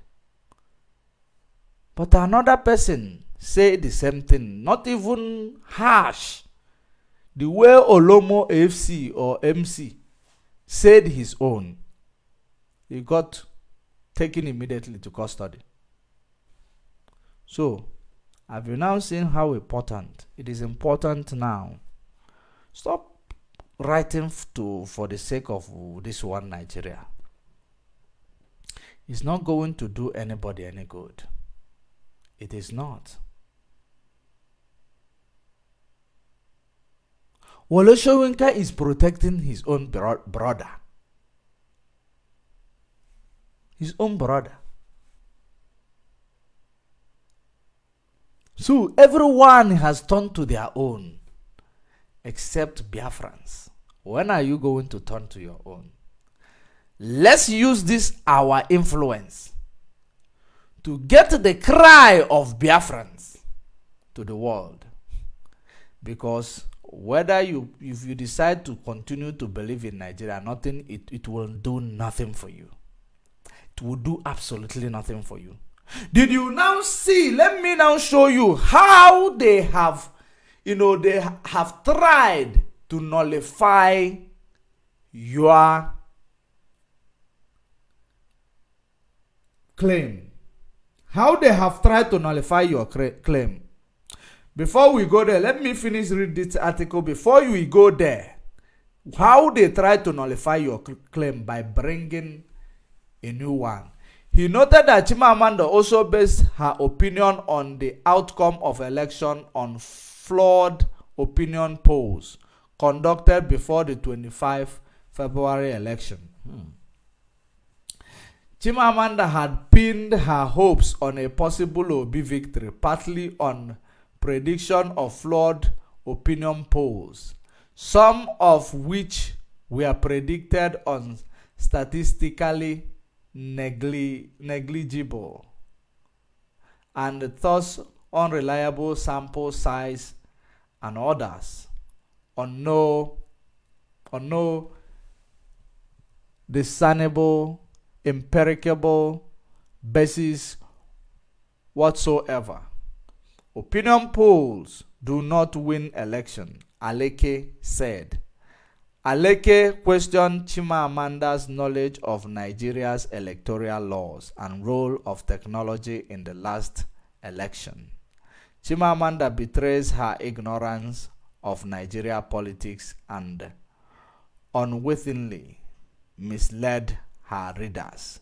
But another person say the same thing, not even harsh the way Olomo AFC or MC said his own, he got taken immediately to custody. So, have you now seen how important it is important now? Stop writing to for the sake of this one Nigeria. It's not going to do anybody any good. It is not. Wole is protecting his own bro brother. His own brother. So everyone has turned to their own except Biafrans. When are you going to turn to your own? Let's use this our influence to get the cry of Biafrans to the world because whether you if you decide to continue to believe in Nigeria, nothing it, it will do nothing for you. It will do absolutely nothing for you. Did you now see? Let me now show you how they have, you know, they have tried to nullify your claim. How they have tried to nullify your claim. Before we go there, let me finish read this article. Before you go there, how they try to nullify your claim by bringing a new one. He noted that Chimamanda also based her opinion on the outcome of election on flawed opinion polls conducted before the 25 February election. Hmm. Chimamanda had pinned her hopes on a possible Obi victory, partly on prediction of flawed opinion polls, some of which were predicted on statistically negli negligible and thus unreliable sample size and others on no on no discernible, empirical basis whatsoever. Opinion polls do not win election, Aleke said. Aleke questioned Chimamanda's knowledge of Nigeria's electoral laws and role of technology in the last election. Chimamanda betrays her ignorance of Nigeria politics and unwittingly misled her readers.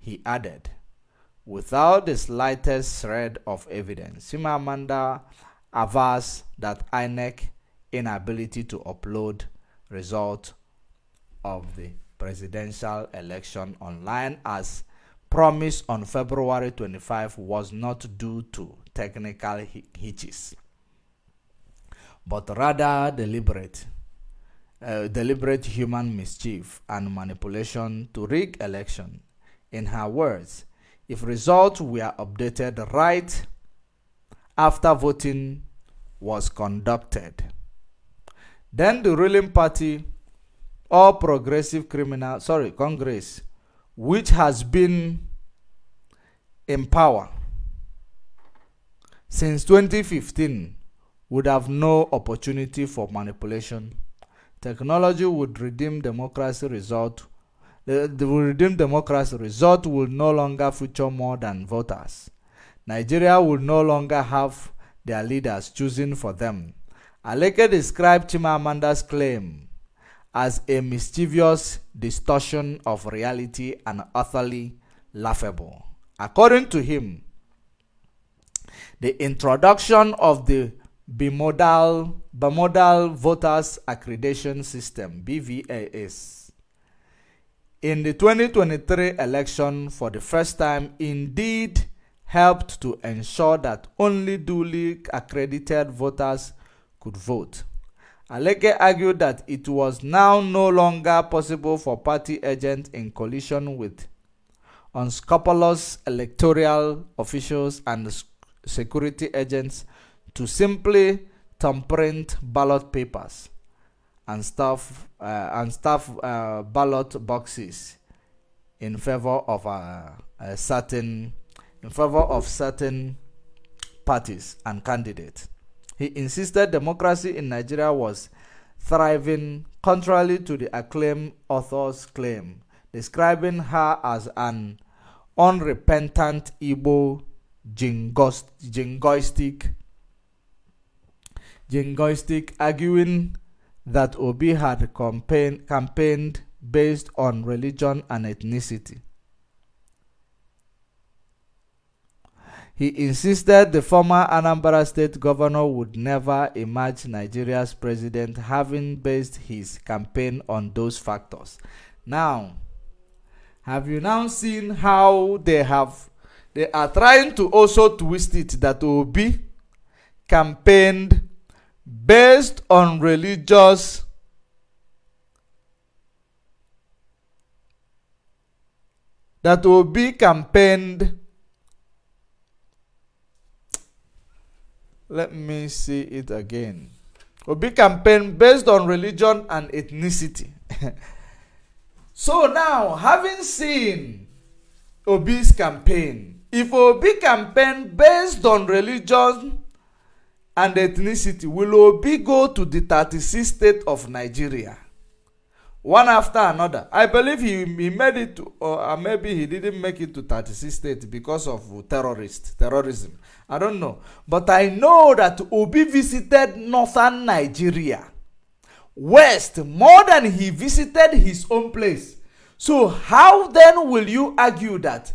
He added, without the slightest shred of evidence. Amanda avers that INEC inability to upload result of the presidential election online as promised on February 25 was not due to technical hitches, but rather deliberate. Uh, deliberate human mischief and manipulation to rig election. In her words, if result were updated right after voting was conducted. Then the ruling party, or Progressive Criminal, sorry, Congress, which has been in power since 2015, would have no opportunity for manipulation. Technology would redeem democracy result The, the redeemed democracy result will no longer feature more than voters. Nigeria will no longer have their leaders choosing for them. Aleke described Chimamanda's claim as a mischievous distortion of reality and utterly laughable. According to him, the introduction of the bimodal, bimodal voters accreditation system, BVAS, in the 2023 election for the first time indeed helped to ensure that only duly accredited voters could vote. Aleke argued that it was now no longer possible for party agents in collision with unscrupulous electoral officials and security agents to simply thumbprint ballot papers and stuff uh, and staff uh, ballot boxes in favor of a, uh, a, certain in favor of certain parties and candidates. He insisted democracy in Nigeria was thriving contrary to the acclaimed author's claim, describing her as an unrepentant Igbo jingoistic jingoistic arguing that Obi had campaign, campaigned based on religion and ethnicity. He insisted the former Anambra state governor would never emerge Nigeria's president, having based his campaign on those factors. Now, have you now seen how they have? They are trying to also twist it that Obi campaigned based on religious that will be campaigned let me see it again will be campaigned based on religion and ethnicity [LAUGHS] so now having seen obi's campaign if obi campaign based on religion and ethnicity will Obi go to the 36 state of Nigeria? One after another. I believe he, he made it, to, or uh, maybe he didn't make it to 36 states because of terrorist, terrorism. I don't know. But I know that Obi visited northern Nigeria, west, more than he visited his own place. So how then will you argue that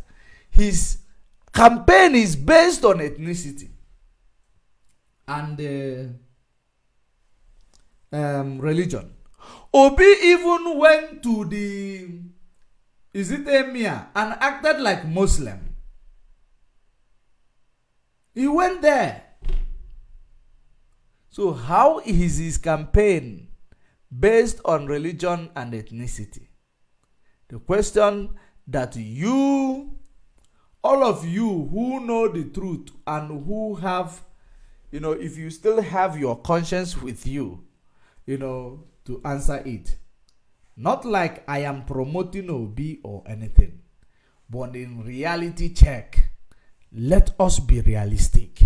his campaign is based on ethnicity? and uh, um, religion. Obi even went to the is it emir and acted like Muslim. He went there. So how is his campaign based on religion and ethnicity? The question that you, all of you who know the truth and who have you know, if you still have your conscience with you, you know, to answer it. Not like I am promoting OB or anything, but in reality check, let us be realistic.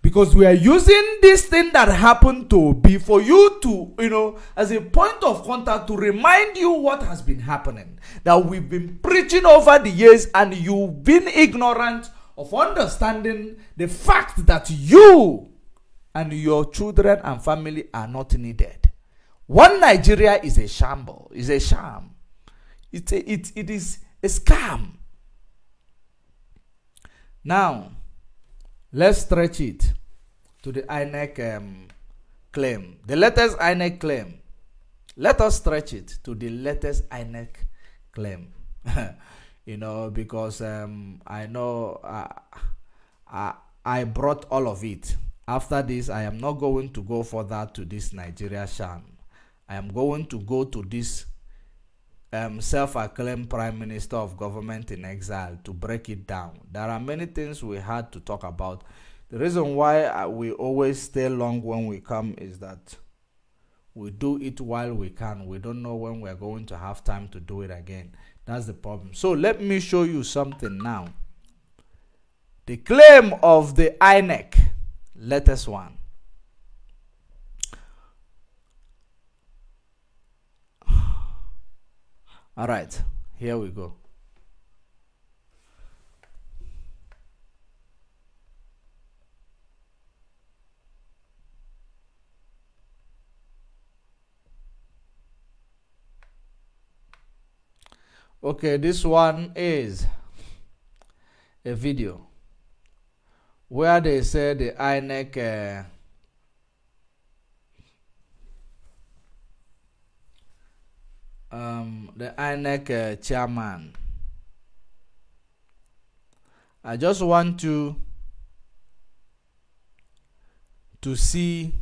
Because we are using this thing that happened to OB for you to, you know, as a point of contact to remind you what has been happening. That we've been preaching over the years and you've been ignorant of understanding the fact that you and your children and family are not needed. One Nigeria is a shamble, is a sham. It, it, it is a scam. Now, let's stretch it to the INEC um, claim, the latest INEC claim. Let us stretch it to the latest INEC claim. [LAUGHS] you know, because um, I know I, I, I brought all of it. After this, I am not going to go further to this Nigeria shan. I am going to go to this um, self-acclaimed prime minister of government in exile to break it down. There are many things we had to talk about. The reason why uh, we always stay long when we come is that we do it while we can. We don't know when we're going to have time to do it again. That's the problem. So let me show you something now. The claim of the INEC, latest one. [SIGHS] All right, here we go. okay this one is a video where they say the INEC uh, um, the INEC uh, chairman I just want to to see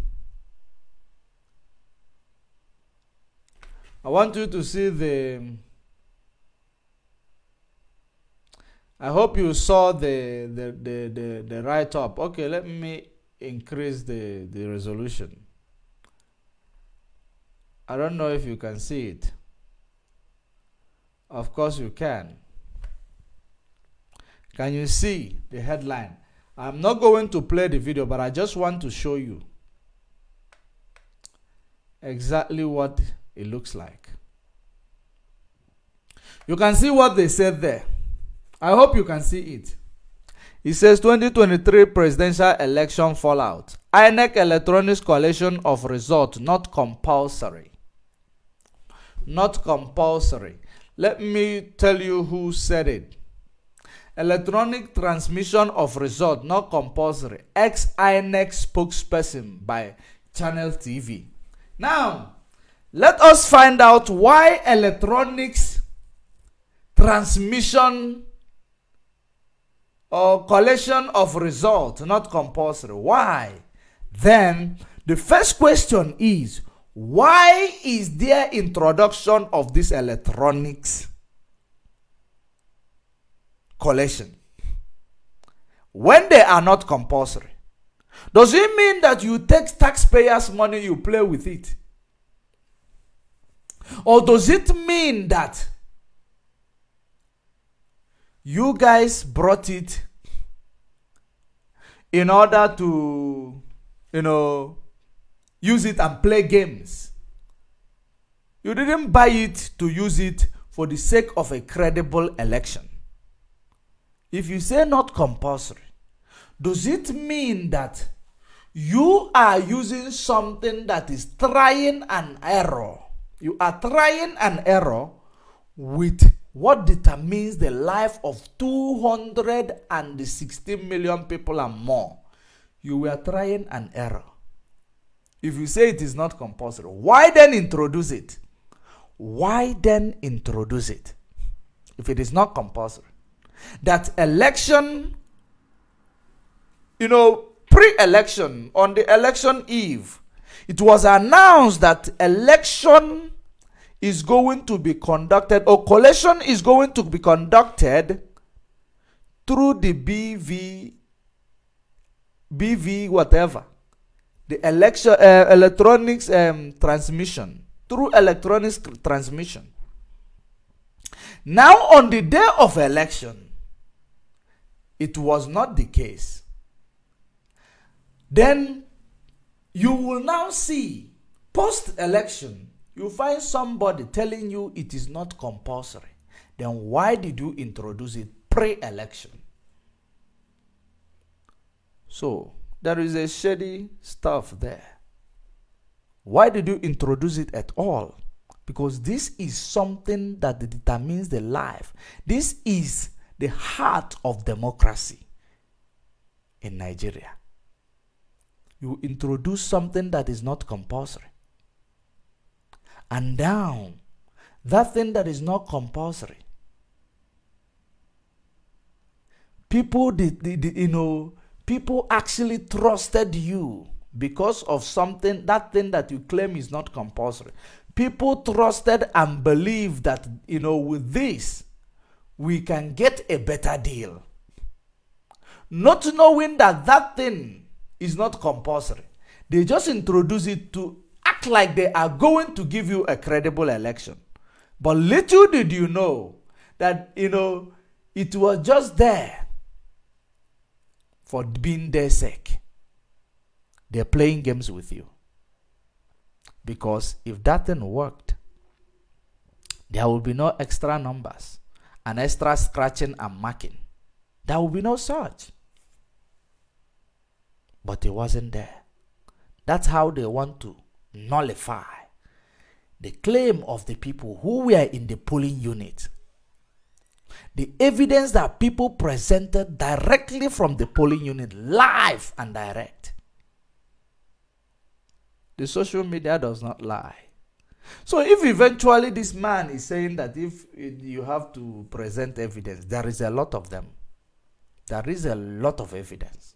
I want you to see the I hope you saw the the, the, the, the write up. Okay, let me increase the, the resolution. I don't know if you can see it. Of course you can. Can you see the headline? I'm not going to play the video, but I just want to show you exactly what it looks like. You can see what they said there. I hope you can see it. He says 2023 presidential election fallout. INEC electronics collation of result not compulsory. Not compulsory. Let me tell you who said it. Electronic transmission of result not compulsory. Ex INEC spokesperson by Channel TV. Now, let us find out why electronics transmission or collection of results, not compulsory. Why? Then, the first question is, why is there introduction of this electronics collection? When they are not compulsory. Does it mean that you take taxpayers' money, you play with it? Or does it mean that you guys brought it in order to you know use it and play games you didn't buy it to use it for the sake of a credible election if you say not compulsory does it mean that you are using something that is trying an error you are trying an error with what determines the life of 216 million people and more, you were trying an error. If you say it is not compulsory, why then introduce it? Why then introduce it? If it is not compulsory. That election, you know, pre election, on the election eve, it was announced that election is going to be conducted, or collection is going to be conducted through the BV, BV whatever, the election, uh, electronics um, transmission, through electronics transmission. Now, on the day of election, it was not the case. Then you will now see post election you find somebody telling you it is not compulsory. Then why did you introduce it pre election? So there is a shady stuff there. Why did you introduce it at all? Because this is something that determines the life. This is the heart of democracy in Nigeria. You introduce something that is not compulsory and down. That thing that is not compulsory. People did, did, did, you know, people actually trusted you because of something, that thing that you claim is not compulsory. People trusted and believed that, you know, with this, we can get a better deal. Not knowing that that thing is not compulsory. They just introduce it to act like they are going to give you a credible election. But little did you know that, you know, it was just there for being their sake. They're playing games with you. Because if that thing worked, there will be no extra numbers and extra scratching and marking. There will be no search. But it wasn't there. That's how they want to nullify the claim of the people who were in the polling unit. The evidence that people presented directly from the polling unit, live and direct. The social media does not lie. So, if eventually this man is saying that if you have to present evidence, there is a lot of them. There is a lot of evidence.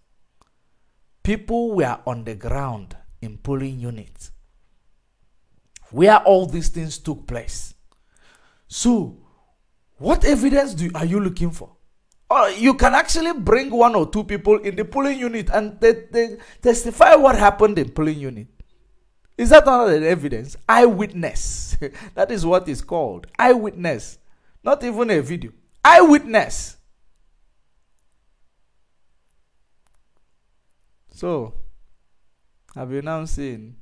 People were on the ground in polling units where all these things took place. So, what evidence do, are you looking for? you can actually bring one or two people in the polling unit and they, they testify what happened in polling unit. Is that not an evidence? Eyewitness. [LAUGHS] that is what is called. Eyewitness. Not even a video. Eyewitness. So, have you now seen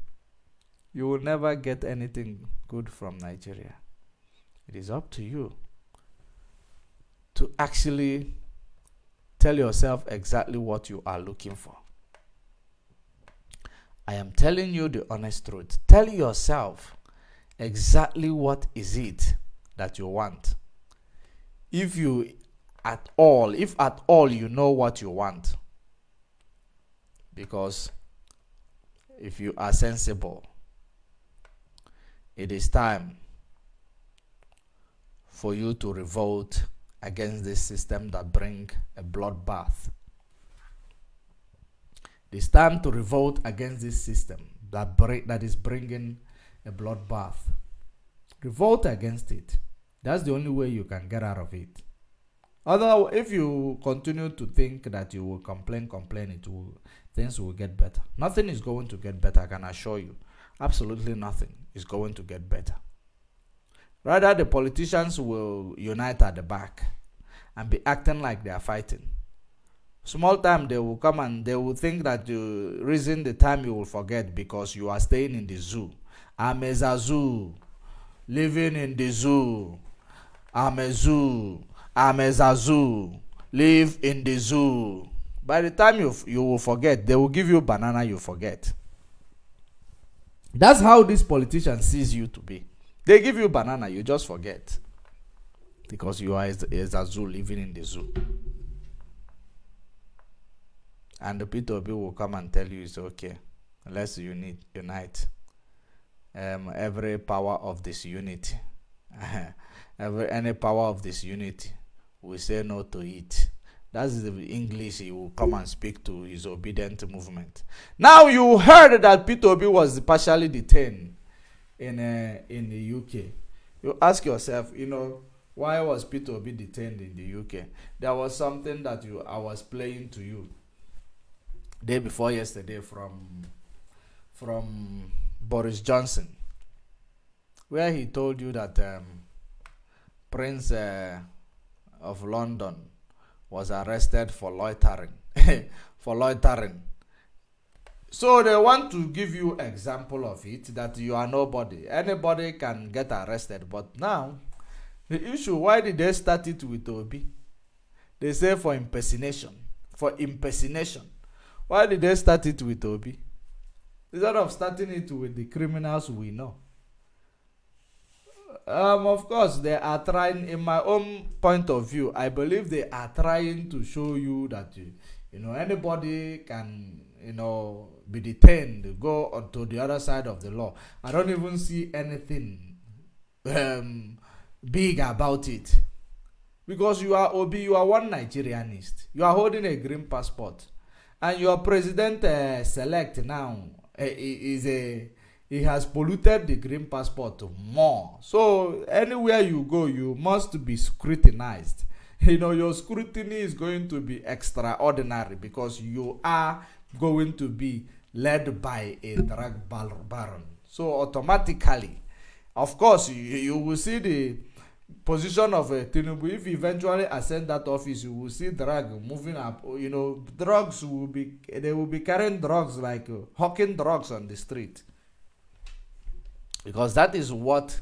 you will never get anything good from Nigeria. It is up to you to actually tell yourself exactly what you are looking for. I am telling you the honest truth. Tell yourself exactly what is it that you want. If you at all, if at all you know what you want. Because if you are sensible, it is time for you to revolt against this system that bring a bloodbath. It is time to revolt against this system that that is bringing a bloodbath. Revolt against it. That's the only way you can get out of it. Although, if you continue to think that you will complain, complain, it will things will get better. Nothing is going to get better, I can assure you absolutely nothing is going to get better. Rather, the politicians will unite at the back and be acting like they are fighting. Small time they will come and they will think that the reason the time you will forget because you are staying in the zoo. I'm a zoo, living in the zoo. I'm a zoo, I'm a zoo, live in the zoo. By the time you, you will forget, they will give you banana you forget. That's how this politician sees you to be. They give you banana, you just forget. Because you are as, a zoo living in the zoo. And the P2P will come and tell you it's okay. unless you need unite. Um, every power of this unity, [LAUGHS] every, any power of this unity, we say no to it. That's the English he will come and speak to his obedient movement. Now you heard that Peter Obi was partially detained in uh, in the UK. You ask yourself, you know, why was Peter Obi detained in the UK? There was something that you I was playing to you day before yesterday from from Boris Johnson, where he told you that um, Prince uh, of London was arrested for loitering. [LAUGHS] for loitering. So they want to give you example of it that you are nobody. Anybody can get arrested. But now, the issue, why did they start it with Obi? They say for impersonation. For impersonation. Why did they start it with Obi? Instead of starting it with the criminals we know. Um, of course, they are trying. In my own point of view, I believe they are trying to show you that you, you know anybody can you know be detained, go on to the other side of the law. I don't even see anything um, big about it because you are Obi, you are one Nigerianist. You are holding a green passport, and your president uh, select now uh, is a he has polluted the green passport more so anywhere you go you must be scrutinized [LAUGHS] you know your scrutiny is going to be extraordinary because you are going to be led by a drug baron so automatically of course you, you will see the position of uh, Tinubu if eventually ascend that office you will see drug moving up you know drugs will be they will be carrying drugs like uh, hawking drugs on the street Because that is what,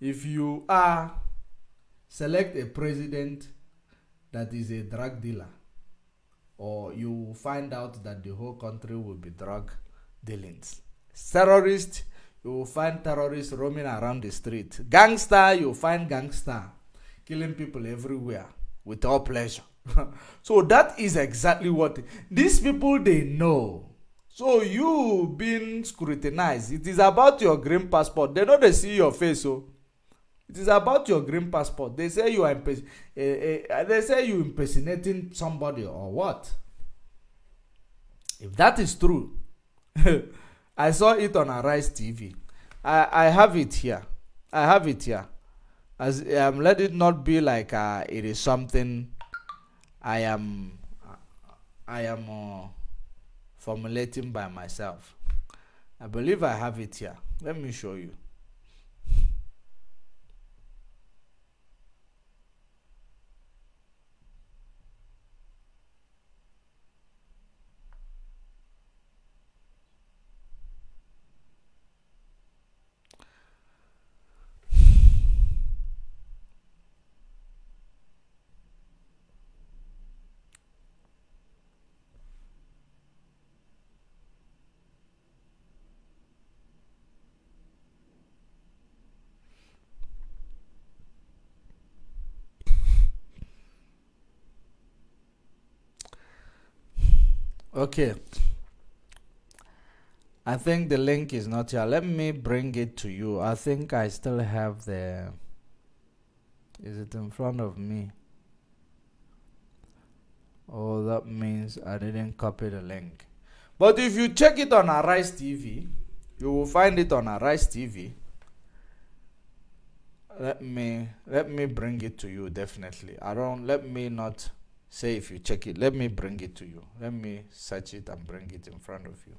if you are, select a president that is a drug dealer, or you find out that the whole country will be drug dealings. Terrorist, you will find terrorists roaming around the street. Gangster, you will find gangster killing people everywhere with all pleasure. [LAUGHS] so that is exactly what these people they know so you being scrutinized it is about your green passport they no dey see your face o oh. it is about your green passport they say you are imperson uh, eh, uh, eh, they say you impersonating somebody or what if that is true [LAUGHS] i saw it on arise tv i i have it here i have it here as um, let it not be like uh, it is something i am i am. Uh, formulating by myself. I believe I have it here. Let me show you. Okay. I think the link is not here. Let me bring it to you. I think I still have the. Is it in front of me? Oh, that means I didn't copy the link. But if you check it on Arise TV, you will find it on Arise TV. Let me let me bring it to you definitely. I don't let me not Say if you check it, let me bring it to you. Let me search it and bring it in front of you.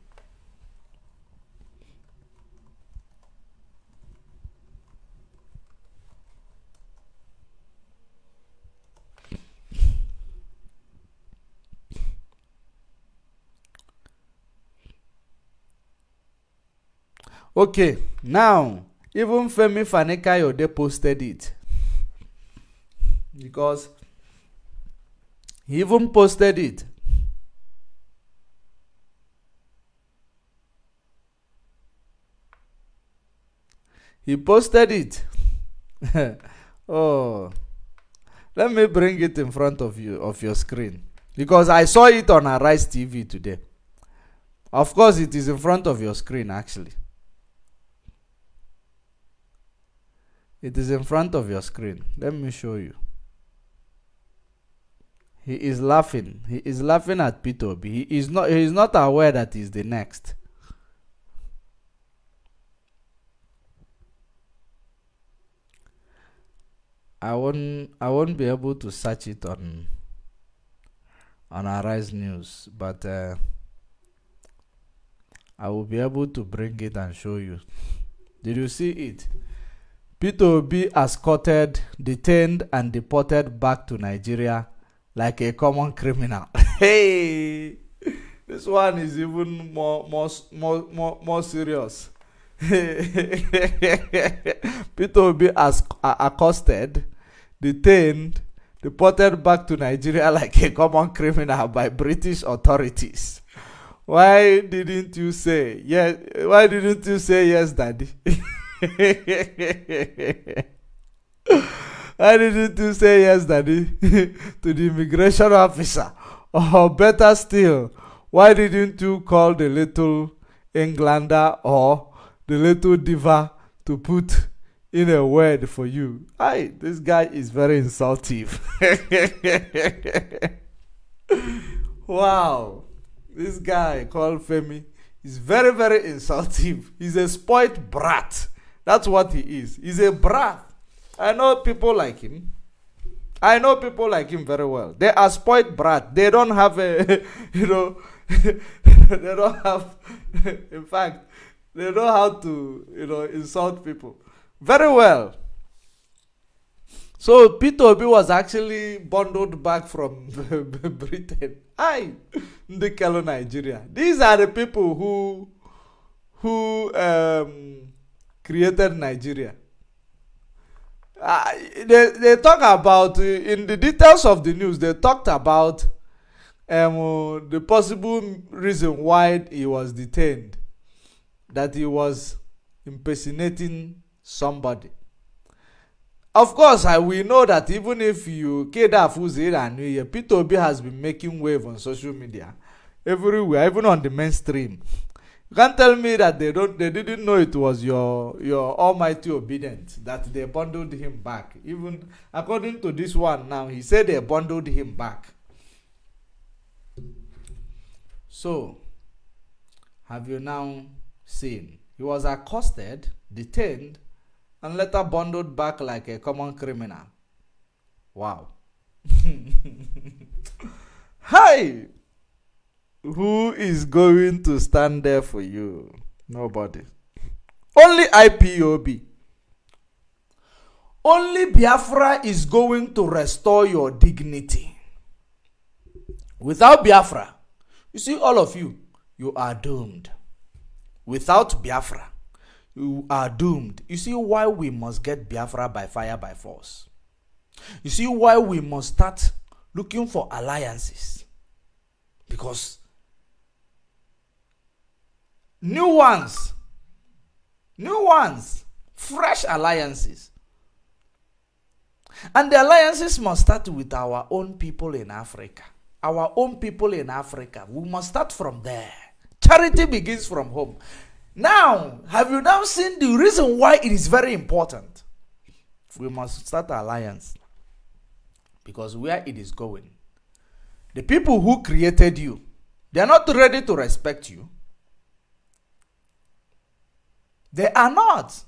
Okay, now even Femi they posted it because he even posted it. He posted it. [LAUGHS] oh. Let me bring it in front of you of your screen because I saw it on Arise TV today. Of course it is in front of your screen actually. It is in front of your screen. Let me show you. He is laughing. He is laughing at Peter He is not he is not aware that he's the next. I won't I won't be able to search it on on Arise News, but uh, I will be able to bring it and show you. Did you see it? Peter B. escorted, detained, and deported back to Nigeria like a common criminal. [LAUGHS] hey, this one is even more more more more, more serious. [LAUGHS] Peter will be as, accosted, detained, deported back to Nigeria [LAUGHS] like a common criminal by British authorities. Why didn't you say yes? Why didn't you say yes, Daddy? Why didn't you say yes, Daddy, [LAUGHS] to the immigration officer? Or oh, better still, why didn't you call the little Englander or the little diva to put in a word for you? I this guy is very insulting. [LAUGHS] wow. This guy called Femi is very, very insulting. He's a spoilt brat. That's what he is. He's a brat. I know people like him. I know people like him very well. They are spoiled brat. They don't have a, [LAUGHS] you know, [LAUGHS] they don't have, [LAUGHS] in fact, they know how to, you know, insult people very well. So Peter Obi was actually bundled back from Britain. I, Ndikelo, Nigeria. These are the people who, who um, created Nigeria. uh, they they talk about uh, in the details of the news they talked about um, the possible reason why he was detained that he was impersonating somebody of course i will know that even if you kedaf uzira peter obi has been making wave on social media everywhere even on the mainstream can't tell me that they don't they didn't know it was your your almighty obedience that they bundled him back. Even according to this one now, he said they bundled him back. So have you now seen? He was accosted, detained, and later bundled back like a common criminal. Wow. Hi! [LAUGHS] Who is going to stand there for you? Nobody. Only IPOB. Only Biafra is going to restore your dignity. Without Biafra, you see, all of you, you are doomed. Without Biafra, you are doomed. You see why we must get Biafra by fire, by force. You see why we must start looking for alliances. Because new ones, new ones, fresh alliances. And the alliances must start with our own people in Africa. Our own people in Africa. We must start from there. Charity begins from home. Now, have you now seen the reason why it is very important? We must start alliance. Because where it is going, the people who created you, they are not ready to respect you. They are not.